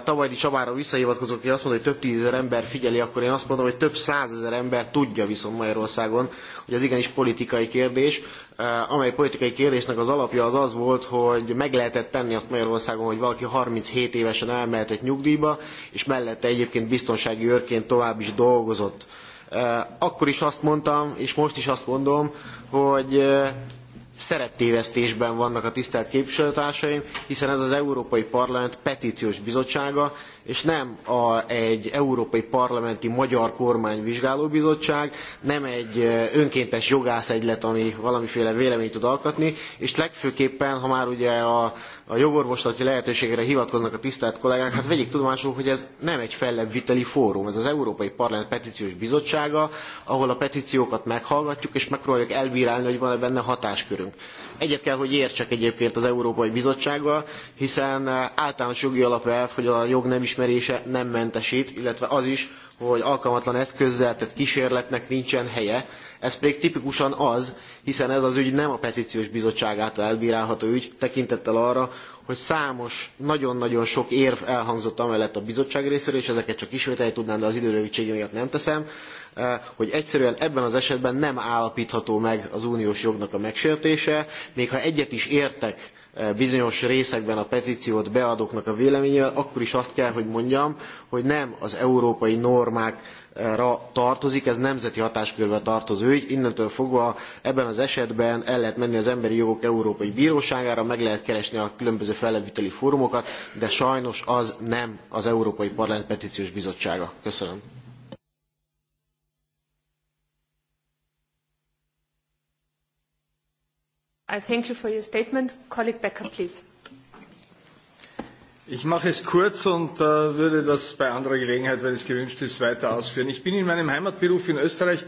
S36: tavalyi Csabára visszahivatkozok, aki azt mondta, hogy több tízezer ember figyeli, akkor én azt mondom, hogy több százezer ember tudja viszont Magyarországon, hogy ez igenis politikai kérdés, amely politikai kérdésnek az alapja az az volt, hogy meg lehetett tenni azt Magyarországon, hogy valaki 37 évesen elmehetett nyugdíjba, és mellette egyébként biztonsági őrként tovább is dolgozott. Akkor is azt mondtam, és most is azt mondom, hogy szereptévesztésben vannak a tisztelt képviselőtársaim, hiszen ez az Európai Parlament petíciós bizottsága, és nem a, egy Európai Parlamenti Magyar Kormány Vizsgálóbizottság, nem egy önkéntes jogászegylet, ami valamiféle véleményt tud alkotni, és legfőképpen, ha már ugye a a jogorvoslati lehetőségre hivatkoznak a tisztelt kollégák, hát vegyék tudomásul, hogy ez nem egy fellebbviteli fórum, ez az Európai Parlament Petíciós Bizottsága, ahol a petíciókat meghallgatjuk és megpróbáljuk elbírálni, hogy van-e benne hatáskörünk. Egyet kell, hogy értsek egyébként az Európai Bizottsággal, hiszen általános jogi alapelv, hogy a jog nem ismerése nem mentesít, illetve az is, hogy alkalmatlan eszközzel, tehát kísérletnek nincsen helye Ez pedig tipikusan az, hiszen ez az ügy nem a petíciós bizottság által elbírálható ügy, tekintettel arra, hogy számos, nagyon-nagyon sok érv elhangzott amellett a bizottság részéről, és ezeket csak ismételni tudnám, de az időrövidsége miatt nem teszem, eh, hogy egyszerűen ebben az esetben nem állapítható meg az uniós jognak a megsértése, még ha egyet is értek eh, bizonyos részekben a petíciót beadóknak a véleményével, akkor is azt kell, hogy mondjam, hogy nem az európai normák tartozik, ez nemzeti hatáskörbe tartozó ügy, innentől fogva ebben az esetben el lehet menni az Emberi Jogok Európai Bíróságára, meg lehet keresni a különböző felleviteli fórumokat, de sajnos az nem az Európai Parlament Petíciós Bizottsága. Köszönöm.
S23: I thank you for your statement. Colleague Becker, please.
S37: Ich mache es kurz und äh, würde das bei anderer Gelegenheit, wenn es gewünscht ist, weiter ausführen. Ich bin in meinem Heimatberuf in Österreich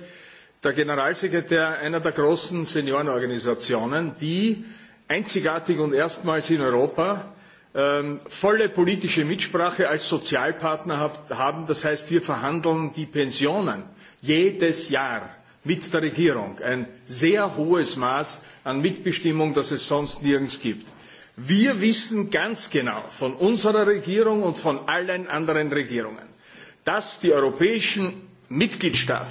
S37: der Generalsekretär einer der großen Seniorenorganisationen, die einzigartig und erstmals in Europa ähm, volle politische Mitsprache als Sozialpartner hab, haben. Das heißt, wir verhandeln die Pensionen jedes Jahr mit der Regierung. Ein sehr hohes Maß an Mitbestimmung, das es sonst nirgends gibt. Wir wissen ganz genau von unserer Regierung und von allen anderen Regierungen, dass die europäischen Mitgliedstaaten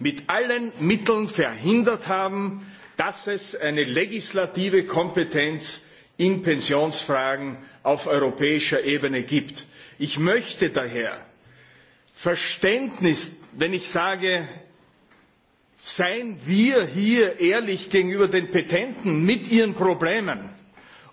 S37: mit allen Mitteln verhindert haben, dass es eine legislative Kompetenz in Pensionsfragen auf europäischer Ebene gibt. Ich möchte daher Verständnis, wenn ich sage, seien wir hier ehrlich gegenüber den Petenten mit ihren Problemen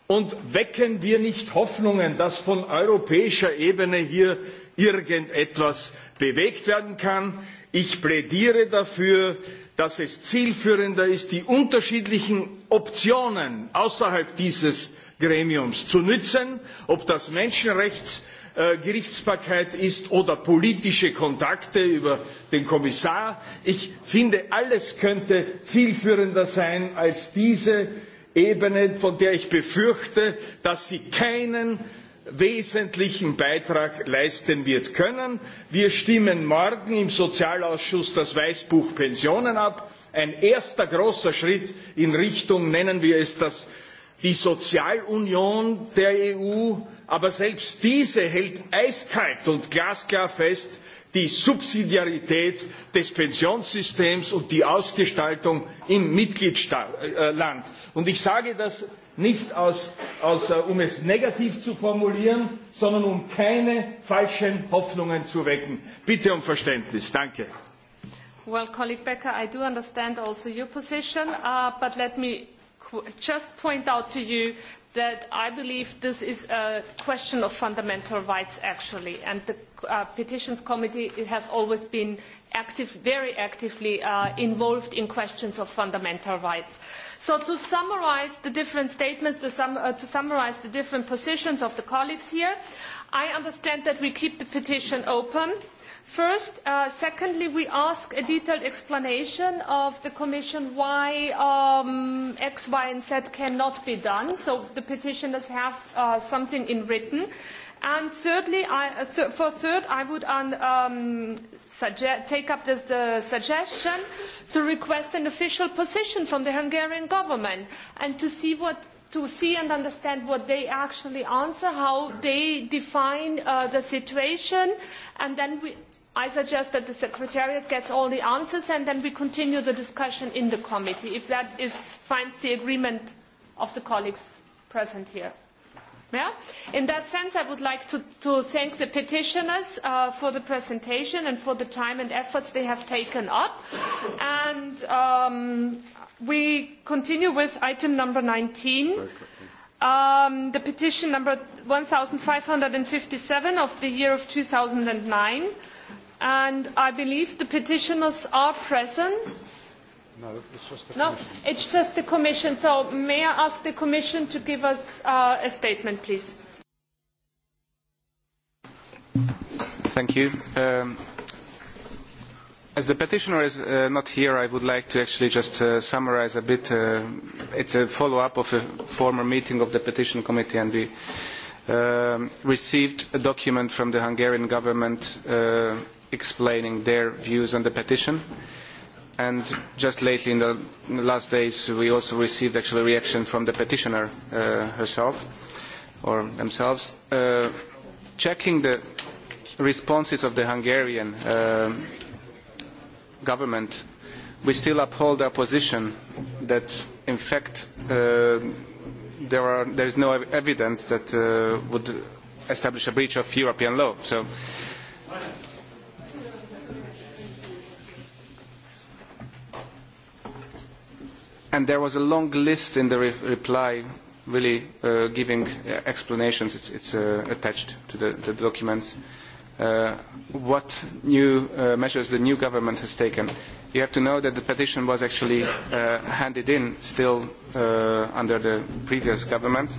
S37: Und wecken wir nicht Hoffnungen, dass von europäischer Ebene hier irgendetwas bewegt werden kann. Ich plädiere dafür, dass es zielführender ist, die unterschiedlichen Optionen außerhalb dieses Gremiums zu nützen, ob das Menschenrechtsgerichtsbarkeit äh, ist oder politische Kontakte über den Kommissar. Ich finde, alles könnte zielführender sein als diese Ebene, von der ich befürchte, dass sie keinen wesentlichen Beitrag leisten wird können. Wir stimmen morgen im Sozialausschuss das Weißbuch Pensionen ab. Ein erster großer Schritt in Richtung, nennen wir es das, die Sozialunion der EU. Aber selbst diese hält eiskalt und glasklar fest, die Subsidiarität des Pensionssystems und die Ausgestaltung im Mitgliedsland. Äh, äh, und ich sage das nicht aus, aus, äh, um es negativ zu formulieren, sondern um keine falschen Hoffnungen zu wecken. Bitte um Verständnis. Danke.
S23: Well, colleague Becker, I do understand also your position, uh, but let me qu just point out to you that I believe this is a question of fundamental rights, actually. And the uh, Petitions Committee it has always been active, very actively uh, involved in questions of fundamental rights. So to summarize the different statements, the sum, uh, to summarize the different positions of the colleagues here, I understand that we keep the petition open. Mm-hmm First, uh, secondly, we ask a detailed explanation of the Commission why um, X, Y, and Z cannot be done. So the petitioners have uh, something in written. And thirdly, I, uh, th for third, I would um, suggest, take up the, the suggestion to request an official position from the Hungarian government and to see what to see and understand what they actually answer, how they define uh, the situation, and then we, I suggest that the Secretariat gets all the answers and then we continue the discussion in the committee, if that is, finds the agreement of the colleagues present here. Yeah? In that sense, I would like to, to thank the petitioners uh, for the presentation and for the time and efforts they have taken up. And um, we continue with item number 19. Um, the petition number 1557 of the year of 2009 and I believe the petitioners are present.
S34: No, it's just the no,
S23: Commission. No, it's just the Commission. So may I ask the Commission to give us uh, a statement, please?
S38: Thank you. Um, As the petitioner is uh, not here, I would like to actually just uh, summarize a bit. Uh, it's a follow-up of a former meeting of the petition committee, and we um, uh, received a document from the Hungarian government uh, explaining their views on the petition. And just lately, in the, in the last days, we also received actually a reaction from the petitioner uh, herself or themselves, uh, checking the responses of the Hungarian uh, government. We still uphold our position that, in fact, uh, there, are, there is no evidence that uh, would establish a breach of European law. So and there was a long list in the re reply really uh, giving uh, explanations, it's, it's uh, attached to the, the documents, uh, what new uh, measures the new government has taken. You have to know that the petition was actually uh, handed in still uh, under the previous government,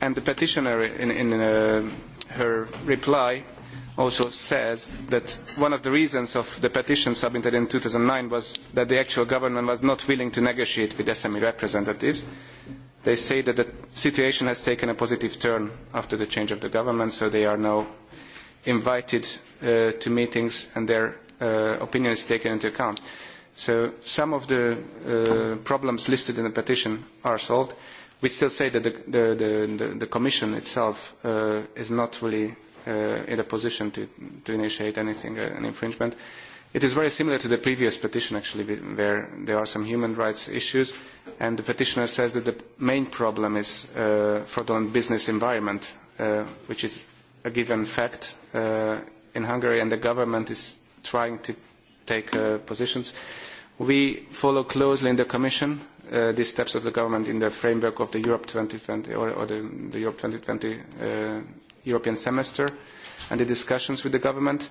S38: and the petitioner in, in uh, her reply uh, also says that one of the reasons of the petition submitted in 2009 was that the actual government was not willing to negotiate with SME representatives. They say that the situation has taken a positive turn after the change of the government, so they are now invited uh, to meetings and their uh, opinion is taken into account. So some of the uh, problems listed in the petition are solved. We still say that the, the, the, the Commission itself uh, is not really uh, in a position to, to initiate anything, uh, an infringement. It is very similar to the previous petition, actually, where there are some human rights issues, and the petitioner says that the main problem is uh, fraudulent business environment, uh, which is a given fact uh, in Hungary, and the government is trying to take uh, positions. We follow closely in the Commission uh, the steps of the government in the framework of the Europe 2020 or, or the, the Europe 2020 uh, European semester and the discussions with the government.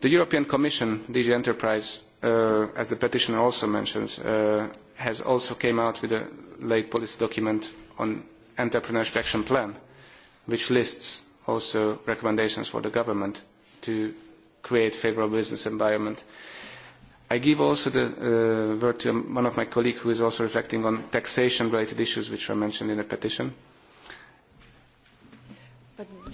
S38: The European Commission, DG Enterprise, uh, as the petitioner also mentions, uh, has also came out with a late policy document on entrepreneurship action plan, which lists also recommendations for the government to create favorable business environment. I give also the uh, word to one of my colleagues who is also reflecting on taxation-related issues which were mentioned in the petition. Uh,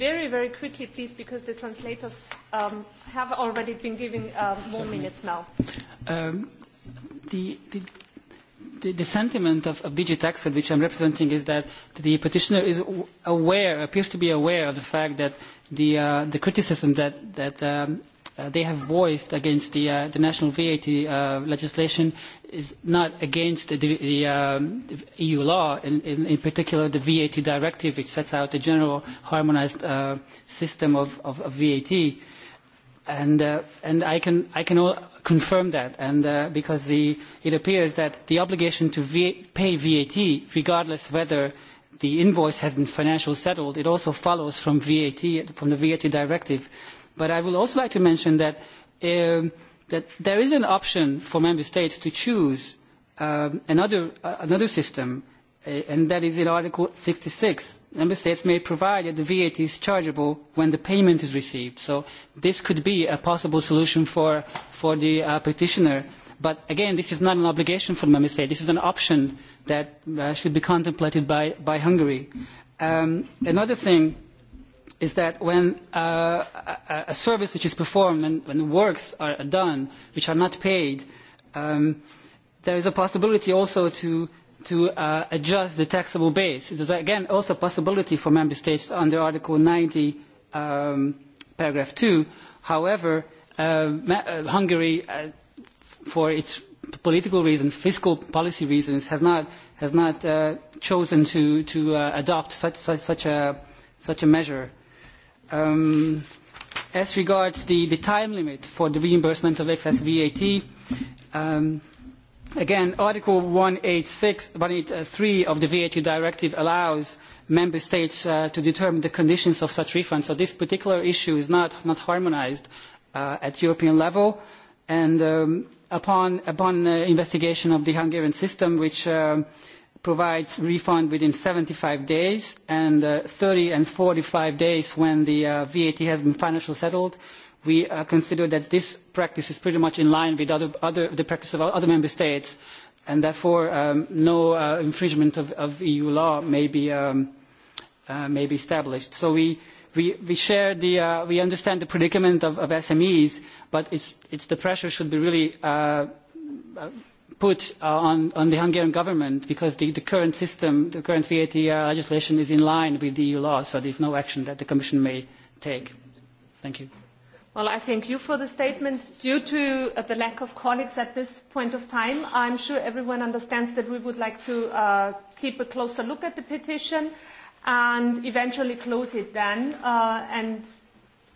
S23: very, very quickly, please, because the translators um, have already been giving uh, more Certainly. minutes now.
S38: Um,
S39: the, the, the, the sentiment of, of DigiTaxel, which I'm representing, is that the petitioner is aware, appears to be aware of the fact that the, uh, the criticism that, that um, uh, they have voiced against the, uh, the national VAT uh, legislation is not against the, the um, EU e law, in, in, in particular the VAT directive, which sets out a general harmonized uh, system of, of, of VAT. And, uh, and I can, I can all confirm that, and, uh, because the, it appears that the obligation to v pay VAT, regardless whether the invoice has been financially settled, it also follows from VAT, from the VAT directive But I would also like to mention that, um, that there is an option for member states to choose um, another, uh, another system, uh, and that is in Article 66. Member states may provide that the VAT is chargeable when the payment is received. So this could be a possible solution for, for the uh, petitioner. But again, this is not an obligation for the member state. This is an option that uh, should be contemplated by, by Hungary. Um, another thing is that when uh, a, a service which is performed and when works are done which are not paid, um, there is a possibility also to, to uh, adjust the taxable base. There's again also a possibility for member states under Article 90, um, paragraph 2. However, uh, uh, Hungary, uh, for its political reasons, fiscal policy reasons, has not, has not uh, chosen to, to uh, adopt such, such, such, a, such a measure. Um, as regards the, the time limit for the reimbursement of excess VAT, um, again, Article 186, 183 of the VAT Directive allows member states uh, to determine the conditions of such refunds. So this particular issue is not, not harmonized uh, at European level. And um, upon, upon uh, investigation of the Hungarian system, which um, uh, provides refund within 75 days and uh, 30 and 45 days when the uh, VAT has been financially settled. We uh, consider that this practice is pretty much in line with other, other, the practice of other member states and therefore um, no uh, infringement of, of EU law may be, um, uh, may be established. So we, we, we share the, uh, we understand the predicament of, of SMEs, but it's, it's the pressure should be really uh, uh put uh, on, on the Hungarian government because the, the current system, the current VAT uh, legislation is in line with the EU law, so there's no action that the Commission may take. Thank you.
S23: Well, I thank you for the statement. Due to uh, the lack of colleagues at this point of time, I'm sure everyone understands that we would like to uh, keep a closer look at the petition and eventually close it then uh, and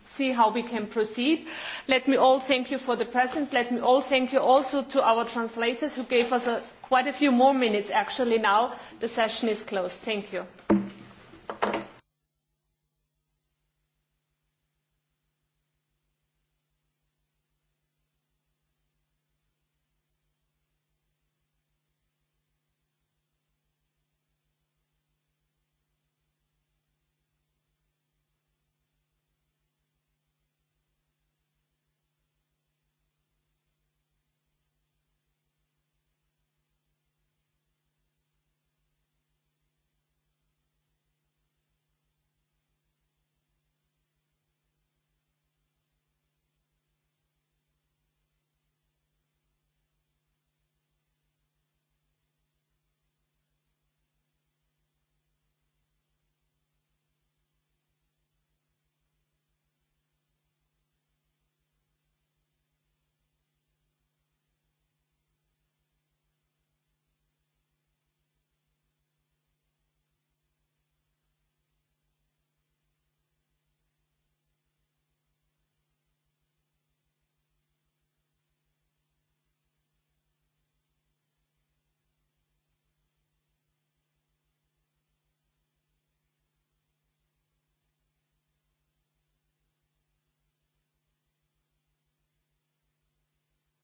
S23: see how we can proceed. Let me all thank you for the presence. Let me all thank you also to our translators who gave us a, quite a few more minutes actually now. The session is closed. Thank you. Thank you.